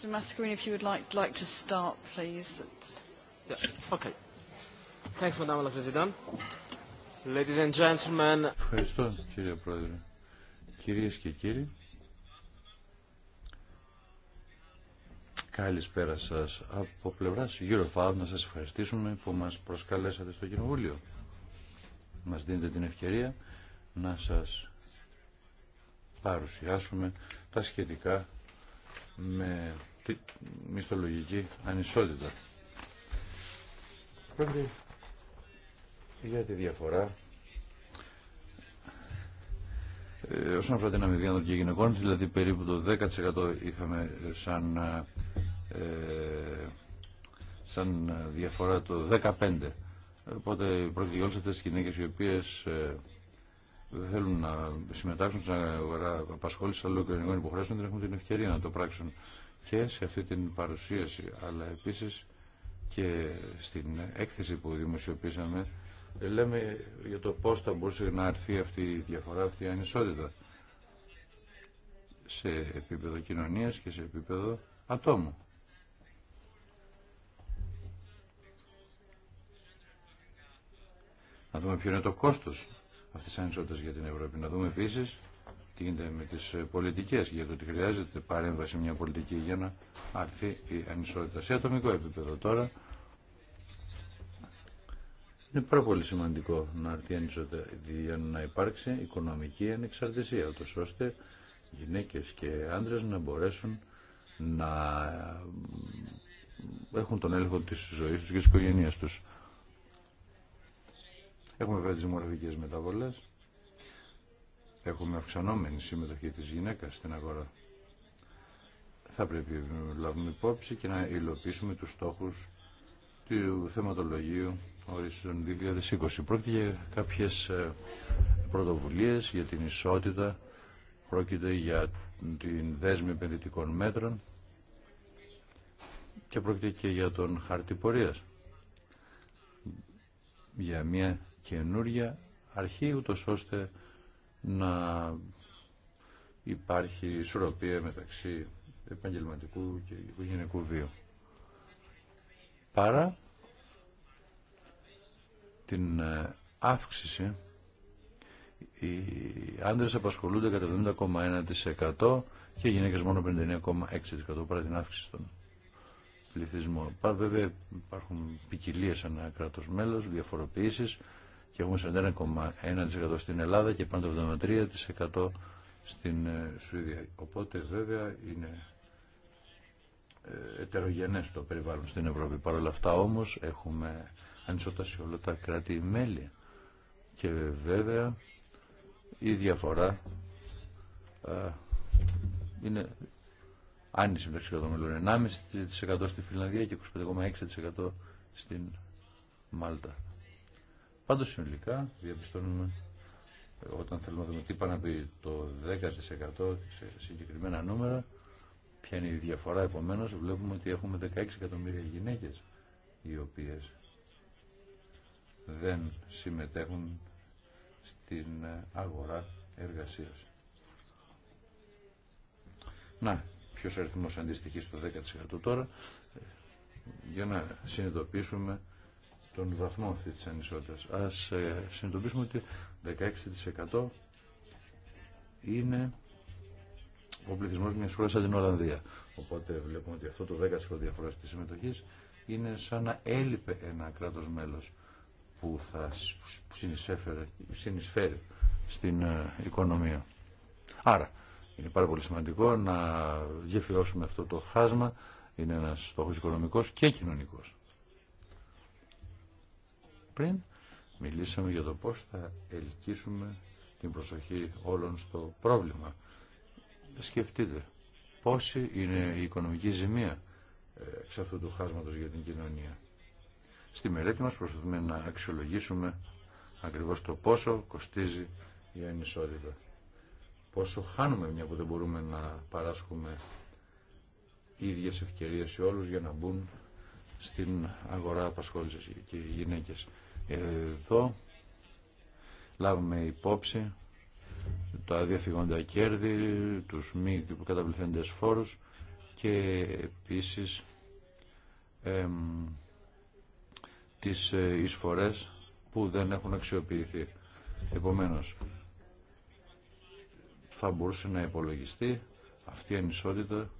Mr. Mascarini, if you would like, like to start, please. Okay. Thanks, Madame la President. Ladies and gentlemen. Ευχαριστώ, κύριε Πρόεδρε. Κυρίες και κύριοι, καλησπέρα σας. Από πλευράς Eurofound να σας ευχαριστήσουμε που μας προσκαλέσατε στο Κοινοβούλιο. Μας δίνετε την ευκαιρία να σας παρουσιάσουμε τα σχετικά με μισθολογική ανισότητα. Πρώτη, για τη διαφορά ε, όσον αφορά την αμοιβή ανδρών και γυναικών, δηλαδή περίπου το 10% είχαμε σαν, ε, σαν διαφορά το 15%. Οπότε πρόκειται για όλες αυτές τις γυναίκες οι οποίες ε, δεν θέλουν να συμμετάσχουν στην αγορά απασχόληση αλλά και υποχρέσεων δεν έχουν την ευκαιρία να το πράξουν και σε αυτή την παρουσίαση, αλλά επίσης και στην έκθεση που δημοσιοποίησαμε, λέμε για το πώς θα μπορούσε να έρθει αυτή η διαφορά, αυτή η ανισότητα σε επίπεδο κοινωνίας και σε επίπεδο ατόμου. Να δούμε ποιο είναι το κόστος αυτής της ανισότητας για την Ευρώπη. Να δούμε επίσης τι γίνεται με τις πολιτικές, για το ότι χρειάζεται παρέμβαση μια πολιτική για να αρθεί η ανισότητα. Σε ατομικό επίπεδο τώρα είναι πάρα πολύ σημαντικό να αρθεί η ανισότητα για να υπάρξει οικονομική ανεξαρτησία, ούτως ώστε γυναίκες και άντρες να μπορέσουν να έχουν τον έλεγχο της ζωής τους και της οικογένειας τους. Έχουμε βέβαια τις μορφικές μεταβολές έχουμε αυξανόμενη συμμετοχή της γυναίκας στην αγορά. Θα πρέπει να λάβουμε υπόψη και να υλοποιήσουμε τους στόχους του θεματολογίου ορίστον 2020. Πρόκειται για κάποιες ε, πρωτοβουλίες για την ισότητα, πρόκειται για την δέσμη επενδυτικών μέτρων και πρόκειται και για τον χάρτη πορείας. Για μια καινούρια αρχή, ούτως ώστε να υπάρχει ισορροπία μεταξύ επαγγελματικού και οικογενειακού βίου. Παρά την ε, αύξηση οι άντρες απασχολούνται κατά 70,1% και οι γυναίκες μόνο 59,6% παρά την αύξηση των πληθυσμών. Βέβαια υπάρχουν ποικιλίε ανά κράτος μέλος, διαφοροποιήσεις και έχουμε 41,1% στην Ελλάδα και πάνω το 73% στην ε, Σουηδία. Οπότε βέβαια είναι ε, ετερογενές το περιβάλλον στην Ευρώπη. Παρ' όλα αυτά όμως έχουμε ανισότητα σε όλα τα κράτη-μέλη και βέβαια η διαφορά ε, είναι άνιση μεταξύ των μελών. 1,5% στη Φιλανδία και 25,6% στην Μάλτα. Πάντω συνολικά διαπιστώνουμε όταν θέλουμε να δούμε τι πάνε να το 10% σε συγκεκριμένα νούμερα, ποια είναι η διαφορά επομένω. βλέπουμε ότι έχουμε 16 εκατομμύρια γυναίκες οι οποίες δεν συμμετέχουν στην αγορά εργασία. Να, ποιο αριθμό αντιστοιχεί στο 10% τώρα, για να συνειδητοποιήσουμε τον βαθμό αυτή της ανισότητας. Ας ε, συνειδητοποιήσουμε ότι 16% είναι ο πληθυσμός μιας χώρας σαν την Ολλανδία. Οπότε βλέπουμε ότι αυτό το 10% διαφορά της συμμετοχής είναι σαν να έλειπε ένα κράτος μέλος που θα συνεισφέρει στην ε, οικονομία. Άρα, είναι πάρα πολύ σημαντικό να γεφυρώσουμε αυτό το χάσμα. Είναι ένας στόχος οικονομικός και κοινωνικός. Πριν μιλήσαμε για το πώς θα ελκύσουμε την προσοχή όλων στο πρόβλημα. Σκεφτείτε, πόση είναι η οικονομική ζημία σε αυτού του χάσματος για την κοινωνία. Στη μελέτη μας προσπαθούμε να αξιολογήσουμε ακριβώς το πόσο κοστίζει η ανισότητα. Πόσο χάνουμε μια που δεν μπορούμε να παράσχουμε ίδιες ευκαιρίες σε όλους για να μπουν στην αγορά απασχόλησης και οι γυναίκες. Εδώ λάβουμε υπόψη τα διαφυγόντα κέρδη, τους μη καταβληθέντες φόρους και επίσης εμ, τις ε, εισφορές που δεν έχουν αξιοποιηθεί. Επομένως, θα μπορούσε να υπολογιστεί αυτή η ανισότητα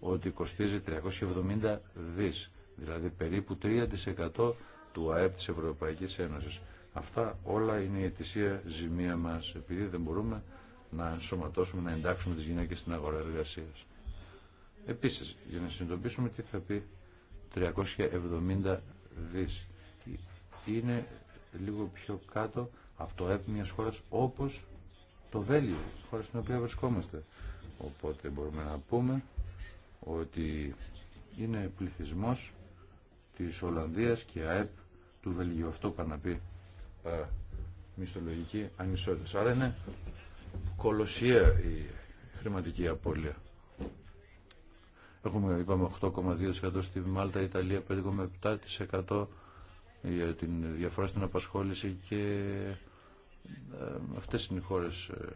ότι κοστίζει 370 δις, δηλαδή περίπου 3% του ΑΕΠ της Ευρωπαϊκής Ένωσης. Αυτά όλα είναι η αιτησία ζημία μας, επειδή δεν μπορούμε να ενσωματώσουμε, να εντάξουμε τις γυναίκες στην αγορά εργασία. Επίσης, για να συνειδητοποιήσουμε τι θα πει 370 δις. Είναι λίγο πιο κάτω από το ΑΕΠ μιας χώρας όπως το Βέλιο, χώρα στην οποία βρισκόμαστε. Οπότε μπορούμε να πούμε ότι είναι πληθυσμός της Ολλανδίας και ΑΕΠ του Βελγίου. Αυτό πάνε να πει ε, μισθολογική ανισότητα. Άρα είναι κολοσία η χρηματική απώλεια. Έχουμε, είπαμε, 8,2% στη Μάλτα, η Ιταλία 5,7% για την διαφορά στην απασχόληση και ε, αυτές είναι οι χώρες ε,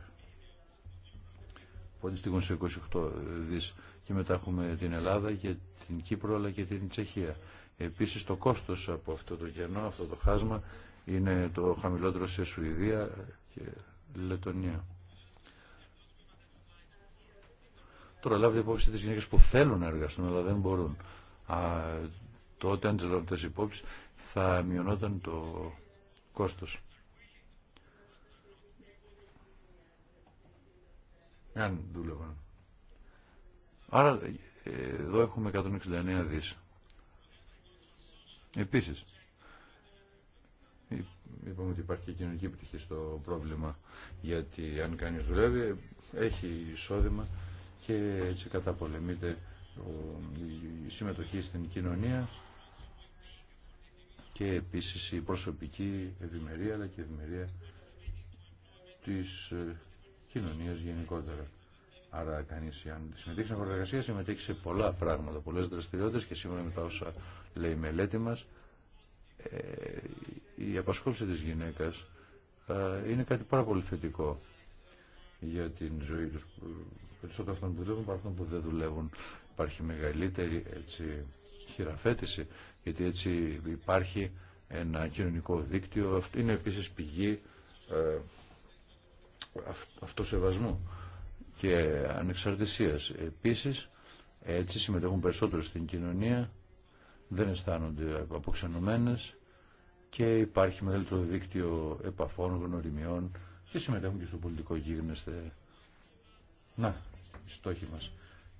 που αντιστοιχούν σε 28 δις και μετά έχουμε την Ελλάδα και την Κύπρο αλλά και την Τσεχία. Επίσης το κόστος από αυτό το κενό, αυτό το χάσμα, είναι το χαμηλότερο σε Σουηδία και Λετωνία. Τώρα λάβετε υπόψη τις γυναίκες που θέλουν να εργαστούν αλλά δεν μπορούν. Α, τότε αν τις λάβετε υπόψη θα μειωνόταν το κόστος. Αν δούλευαν. Άρα ε, εδώ έχουμε 169 δις. Επίσης, είπαμε ότι υπάρχει και κοινωνική πτυχή στο πρόβλημα, γιατί αν κάνει δουλεύει, έχει εισόδημα και έτσι καταπολεμείται η συμμετοχή στην κοινωνία και επίσης η προσωπική ευημερία αλλά και η ευημερία της ε, κοινωνίας γενικότερα. Άρα κανείς αν συμμετέχει στην εργασία συμμετέχει σε πολλά πράγματα, πολλές δραστηριότητες και σήμερα με τα όσα λέει η μελέτη μας, ε, η απασχόληση της γυναίκας ε, είναι κάτι πάρα πολύ θετικό για την ζωή τους. Περισσότερο αυτών που δουλεύουν παρά αυτών που δεν δουλεύουν. Υπάρχει μεγαλύτερη έτσι, χειραφέτηση, γιατί έτσι υπάρχει ένα κοινωνικό δίκτυο. Αυτό είναι επίσης πηγή ε, αυτοσεβασμού και ανεξαρτησίας. Επίσης, έτσι συμμετέχουν περισσότερο στην κοινωνία δεν αισθάνονται αποξενωμένε και υπάρχει μεγαλύτερο δίκτυο επαφών, γνωριμιών και συμμετέχουν και στο πολιτικό γίγνεσθε. Να, οι στόχοι μας.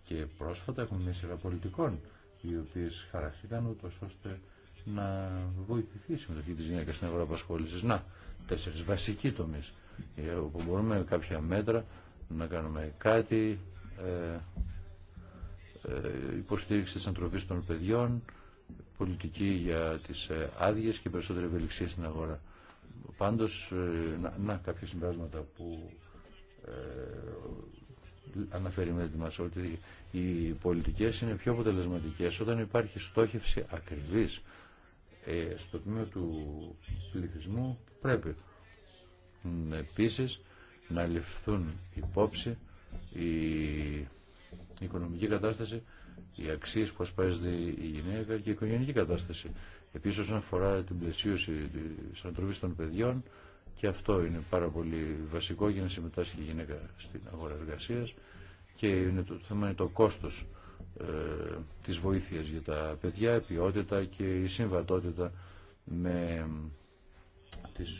Και πρόσφατα έχουμε μια σειρά πολιτικών οι οποίε χαράχτηκαν τόσο ώστε να βοηθηθεί η συμμετοχή τη γυναίκα στην αγορά απασχόληση. Να, τέσσερι βασικοί τομεί, ε, όπου μπορούμε με κάποια μέτρα να κάνουμε κάτι, ε, ε, υποστήριξη τη ανθρωπής των παιδιών, πολιτική για τις ε, άδειε και περισσότερη ευελιξία στην αγορά. Πάντως, ε, να, να κάποια συμπράσματα που ε, αναφέρει με μας ότι οι πολιτικές είναι πιο αποτελεσματικές όταν υπάρχει στόχευση ακριβής ε, στο τμήμα του πληθυσμού πρέπει επίσης να ληφθούν υπόψη η οικονομική κατάσταση οι αξίε που ασπάζεται η γυναίκα και η οικογενειακή κατάσταση. Επίση, όσον αφορά την πλαισίωση τη ανατροπή των παιδιών, και αυτό είναι πάρα πολύ βασικό για να συμμετάσχει η γυναίκα στην αγορά εργασία και είναι το, θέμα είναι το κόστο ε, τη βοήθεια για τα παιδιά, η ποιότητα και η συμβατότητα με τις,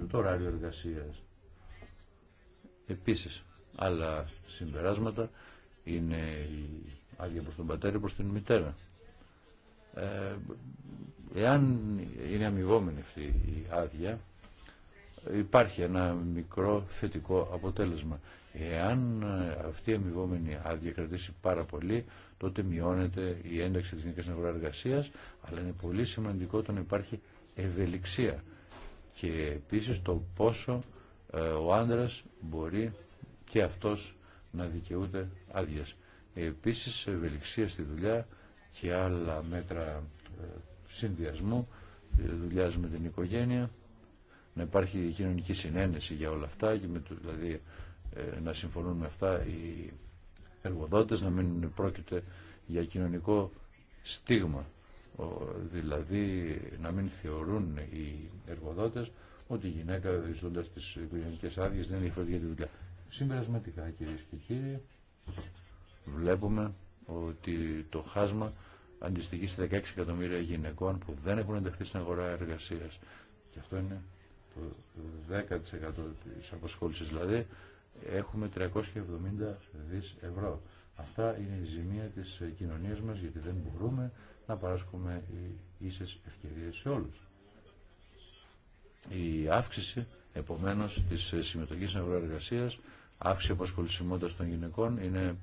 ε, το ωράριο εργασία. Επίση άλλα συμπεράσματα είναι η άδεια προς τον πατέρα προς την μητέρα. Ε, εάν είναι αμοιβόμενη αυτή η άδεια, υπάρχει ένα μικρό θετικό αποτέλεσμα. Εάν ε, αυτή η αμοιβόμενη άδεια κρατήσει πάρα πολύ, τότε μειώνεται η ένταξη της γενικής εργασίας αλλά είναι πολύ σημαντικό το να υπάρχει ευελιξία και επίσης το πόσο ε, ο άντρας μπορεί και αυτός να δικαιούται άδειας. Επίσης ευελιξία στη δουλειά και άλλα μέτρα ε, συνδυασμού ε, δουλειά με την οικογένεια να υπάρχει κοινωνική συνένεση για όλα αυτά με το, δηλαδή ε, να συμφωνούν με αυτά οι εργοδότες να μην πρόκειται για κοινωνικό στίγμα δηλαδή να μην θεωρούν οι εργοδότες ότι η γυναίκα ζώντα τις οικογενεικές άδειες δεν είναι διαφορετική τη δουλειά. Συμπερασματικά κυρίες και κύριοι βλέπουμε ότι το χάσμα αντιστοιχεί σε 16 εκατομμύρια γυναικών που δεν έχουν ενταχθεί στην αγορά εργασίας. Και αυτό είναι το 10% της απασχόλησης. Δηλαδή έχουμε 370 δις ευρώ. Αυτά είναι η ζημία της κοινωνίας μας γιατί δεν μπορούμε να παράσχουμε ίσες ευκαιρίες σε όλους. Η αύξηση, επομένως, της συμμετοχής στην αγορά εργασίας, αύξηση απασχολησιμότητας των γυναικών είναι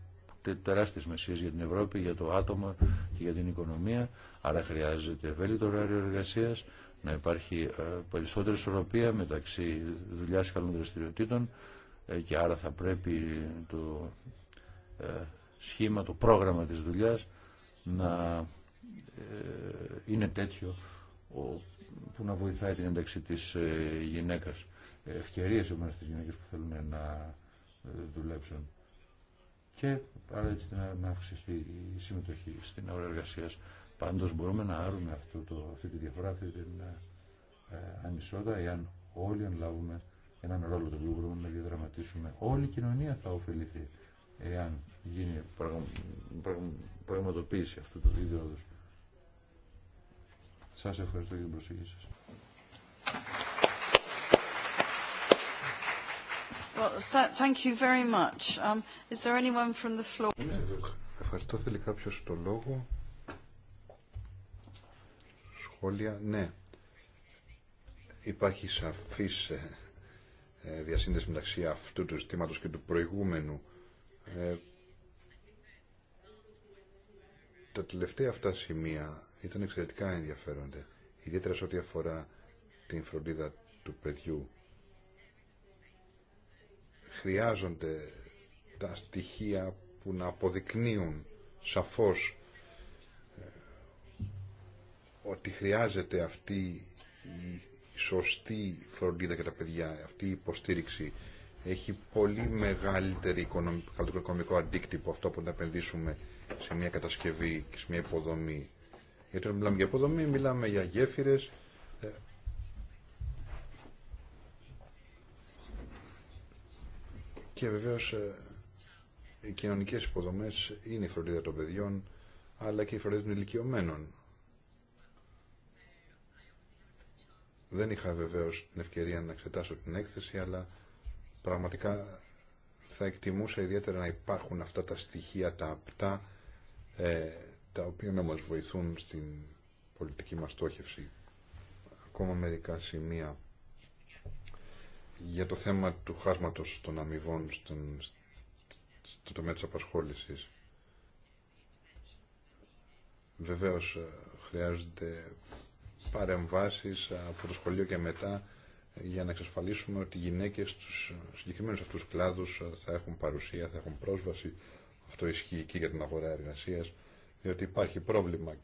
τεράστιε μεσίε για την Ευρώπη, για το άτομο και για την οικονομία, άρα χρειάζεται ευέλικτο ωράριο εργασία, να υπάρχει ε, περισσότερη ισορροπία μεταξύ δουλειά και άλλων δραστηριοτήτων ε, και άρα θα πρέπει το ε, σχήμα, το πρόγραμμα της δουλειά, να είναι τέτοιο που να βοηθάει την ένταξη της γυναίκας. Ευκαιρίες όμως στις γυναίκες που θέλουν να δουλέψουν και άρα έτσι να αυξηθεί η συμμετοχή στην αγορά εργασία. Πάντως μπορούμε να άρουμε αυτό το, αυτή τη διαφορά, αυτή την ε, ανισότητα, εάν όλοι ανλάβουμε έναν ρόλο τον οποίο μπορούμε να διαδραματίσουμε. Όλη η κοινωνία θα ωφεληθεί εάν γίνει πραγματοποίηση αυτού του βίντεο. Σας ευχαριστώ για την προσοχή σα Well, thank you very much. Um, is there anyone from the floor? Ευχαριστώ. Θέλει κάποιο το λόγο. Σχόλια. Ναι. Υπάρχει σαφή ε, ε, διασύνδεση μεταξύ αυτού του ζητήματο και του προηγούμενου. Ε, τα τελευταία αυτά σημεία ήταν εξαιρετικά ενδιαφέροντα, ιδιαίτερα σε ό,τι αφορά την φροντίδα του παιδιού χρειάζονται τα στοιχεία που να αποδεικνύουν σαφώς ε, ότι χρειάζεται αυτή η σωστή φροντίδα για τα παιδιά, αυτή η υποστήριξη έχει πολύ μεγαλύτερο οικονομικό αντίκτυπο αυτό που να επενδύσουμε σε μια κατασκευή και σε μια υποδομή. Γιατί όταν μιλάμε για υποδομή, μιλάμε για γέφυρες, Και βεβαίως ε, οι κοινωνικέ υποδομέ είναι η φροντίδα των παιδιών αλλά και η φροντίδα των ηλικιωμένων. Δεν είχα βεβαίω την ευκαιρία να εξετάσω την έκθεση αλλά πραγματικά θα εκτιμούσα ιδιαίτερα να υπάρχουν αυτά τα στοιχεία, τα απτά ε, τα οποία να μας βοηθούν στην πολιτική μας στόχευση. Ακόμα μερικά σημεία για το θέμα του χάσματος των αμοιβών στον, στο τομέα της απασχόλησης. Βεβαίως ε, χρειάζονται παρεμβάσεις από το σχολείο και μετά για να εξασφαλίσουμε ότι οι γυναίκες στους συγκεκριμένους αυτούς κλάδους ε, θα έχουν παρουσία, θα έχουν πρόσβαση. Αυτό ισχύει και για την αγορά εργασίας, διότι υπάρχει πρόβλημα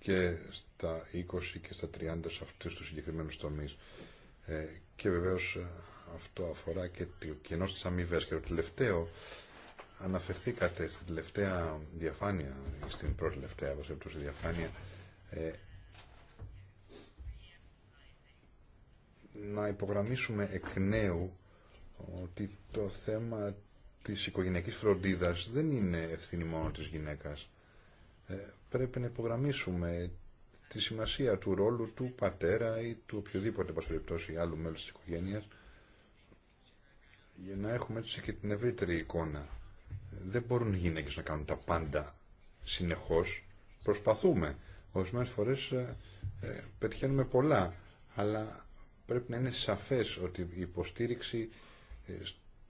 και στα 20 και στα 30 σε αυτούς τους συγκεκριμένους τομείς. Ε, και βεβαίως ε, αυτό αφορά και το κενό στις αμοιβές Και το τελευταίο, αναφερθήκατε στην τελευταία διαφάνεια, στην πρώτη τελευταία βασίλισσα διαφάνεια, ε, να υπογραμμίσουμε εκ νέου ότι το θέμα της οικογενειακής φροντίδας δεν είναι ευθύνη μόνο της γυναίκας. Ε, πρέπει να υπογραμμίσουμε τη σημασία του ρόλου του πατέρα ή του οποιοδήποτε περιπτώσει άλλου μέλους της οικογένειας για να έχουμε έτσι και την ευρύτερη εικόνα. Δεν μπορούν οι γυναίκες να κάνουν τα πάντα συνεχώς. Προσπαθούμε. Ορισμένε φορές ε, ε, πετυχαίνουμε πολλά, αλλά πρέπει να είναι σαφές ότι η υποστήριξη ε,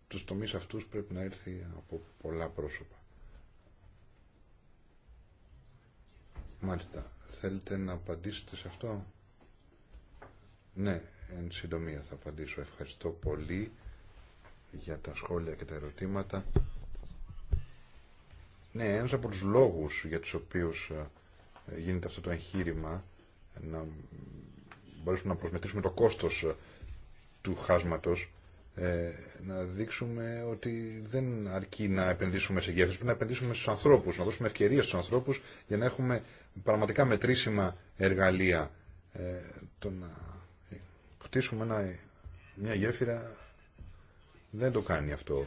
στους τομείς αυτούς πρέπει να έρθει από πολλά πρόσωπα. Μάλιστα. Θέλετε να απαντήσετε σε αυτό. Ναι, εν συντομία θα απαντήσω. Ευχαριστώ πολύ για τα σχόλια και τα ερωτήματα. Ναι, ένας από τους λόγους για τους οποίους ε, γίνεται αυτό το εγχείρημα να μπορέσουμε να προσμετρήσουμε το κόστος ε, του χάσματος ε, να δείξουμε ότι δεν αρκεί να επενδύσουμε σε γέφυρες, πρέπει να επενδύσουμε στους ανθρώπους, να δώσουμε ευκαιρίες στους ανθρώπους για να έχουμε πραγματικά μετρήσιμα εργαλεία. Ε, το να χτίσουμε ένα, μια γέφυρα δεν το κάνει αυτό.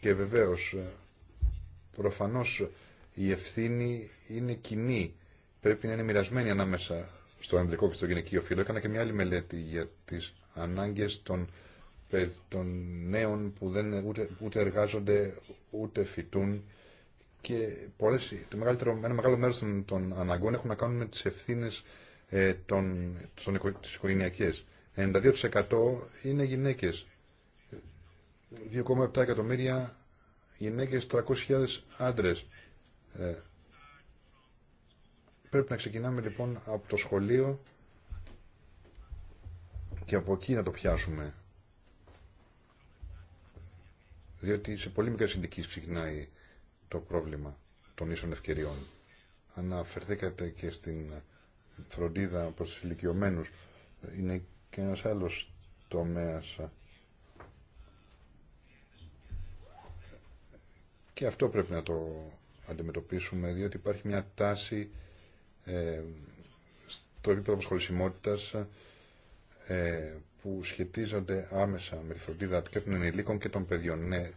Και βεβαίως, ε, προφανώς η ευθύνη είναι κοινή. Πρέπει να είναι μοιρασμένη ανάμεσα στο ανδρικό και στο γυναικείο φύλλο. Έκανα και μια άλλη μελέτη για τις ανάγκες των ε, των νέων που δεν ούτε, εργάζονται ούτε φοιτούν και πολλές, το μεγαλύτερο, ένα μεγάλο μέρος των, των αναγκών έχουν να κάνουν με τις ευθύνες ε, των, των, οικογενειακές. 92% είναι γυναίκες. 2,7 εκατομμύρια γυναίκες, 300.000 άντρες. Ε, πρέπει να ξεκινάμε λοιπόν από το σχολείο και από εκεί να το πιάσουμε διότι σε πολύ μικρές ηλικίες ξεκινάει το πρόβλημα των ίσων ευκαιριών. Αναφερθήκατε και στην φροντίδα προς τους ηλικιωμένους. Είναι και ένας άλλος τομέας. Και αυτό πρέπει να το αντιμετωπίσουμε, διότι υπάρχει μια τάση ε, στο επίπεδο απασχολησιμότητας ε, που σχετίζονται άμεσα με τη φροντίδα και των ενηλίκων και των παιδιών. Ναι,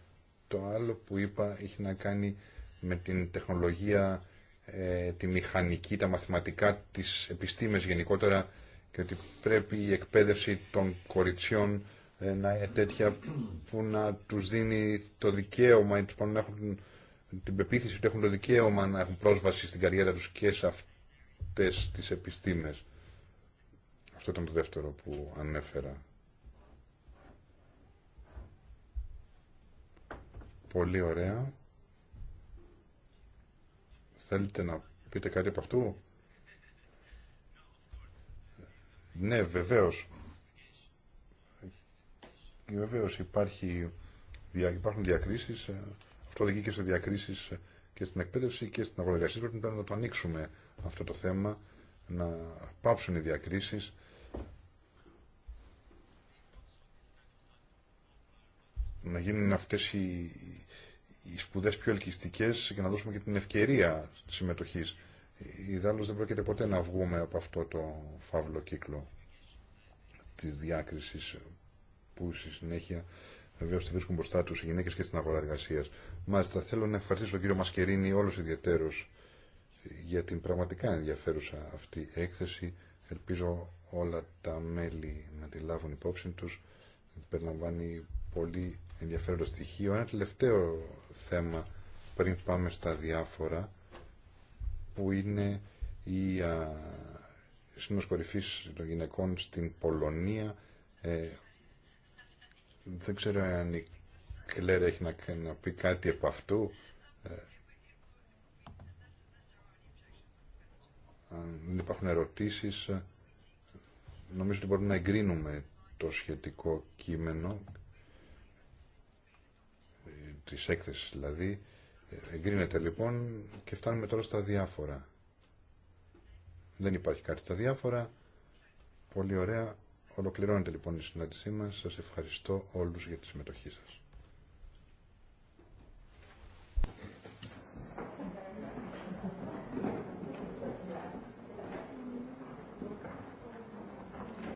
το άλλο που είπα έχει να κάνει με την τεχνολογία, ε, τη μηχανική, τα μαθηματικά, τις επιστήμες γενικότερα και ότι πρέπει η εκπαίδευση των κοριτσιών ε, να είναι τέτοια που να τους δίνει το δικαίωμα, πάνω να έχουν την πεποίθηση ότι έχουν το δικαίωμα να έχουν πρόσβαση στην καριέρα τους και σε αυτές τις επιστήμες. Αυτό ήταν το δεύτερο που ανέφερα. Πολύ ωραία. Θέλετε να πείτε κάτι από αυτού? Ναι, βεβαίως. Βεβαίως υπάρχει, υπάρχουν διακρίσεις. Ε, αυτό οδηγεί και σε διακρίσεις ε, και στην εκπαίδευση και στην αγορά Πρέπει να το ανοίξουμε αυτό το θέμα, να πάψουν οι διακρίσεις να γίνουν αυτές οι, οι σπουδές πιο ελκυστικές και να δώσουμε και την ευκαιρία συμμετοχής. Ιδάλλως δεν πρόκειται ποτέ να βγούμε από αυτό το φαύλο κύκλο της διάκρισης που στη συνέχεια βεβαίω τη βρίσκουν μπροστά του οι γυναίκε και στην αγορά εργασία. Μάλιστα, θέλω να ευχαριστήσω τον κύριο Μασκερίνη όλους ιδιαίτερω για την πραγματικά ενδιαφέρουσα αυτή έκθεση. Ελπίζω όλα τα μέλη να τη λάβουν υπόψη του. Περιλαμβάνει πολύ ενδιαφέροντα στοιχείο. Ένα τελευταίο θέμα πριν πάμε στα διάφορα που είναι η Σύνος Κορυφής των Γυναικών στην Πολωνία. Ε, δεν ξέρω αν η Κλέρα έχει να, να πει κάτι από αυτού. Ε, αν δεν υπάρχουν ερωτήσεις, ε, νομίζω ότι μπορούμε να εγκρίνουμε το σχετικό κείμενο της έκθεσης δηλαδή εγκρίνεται λοιπόν και φτάνουμε τώρα στα διάφορα δεν υπάρχει κάτι στα διάφορα πολύ ωραία ολοκληρώνεται λοιπόν η συνάντησή μας σας ευχαριστώ όλους για τη συμμετοχή σας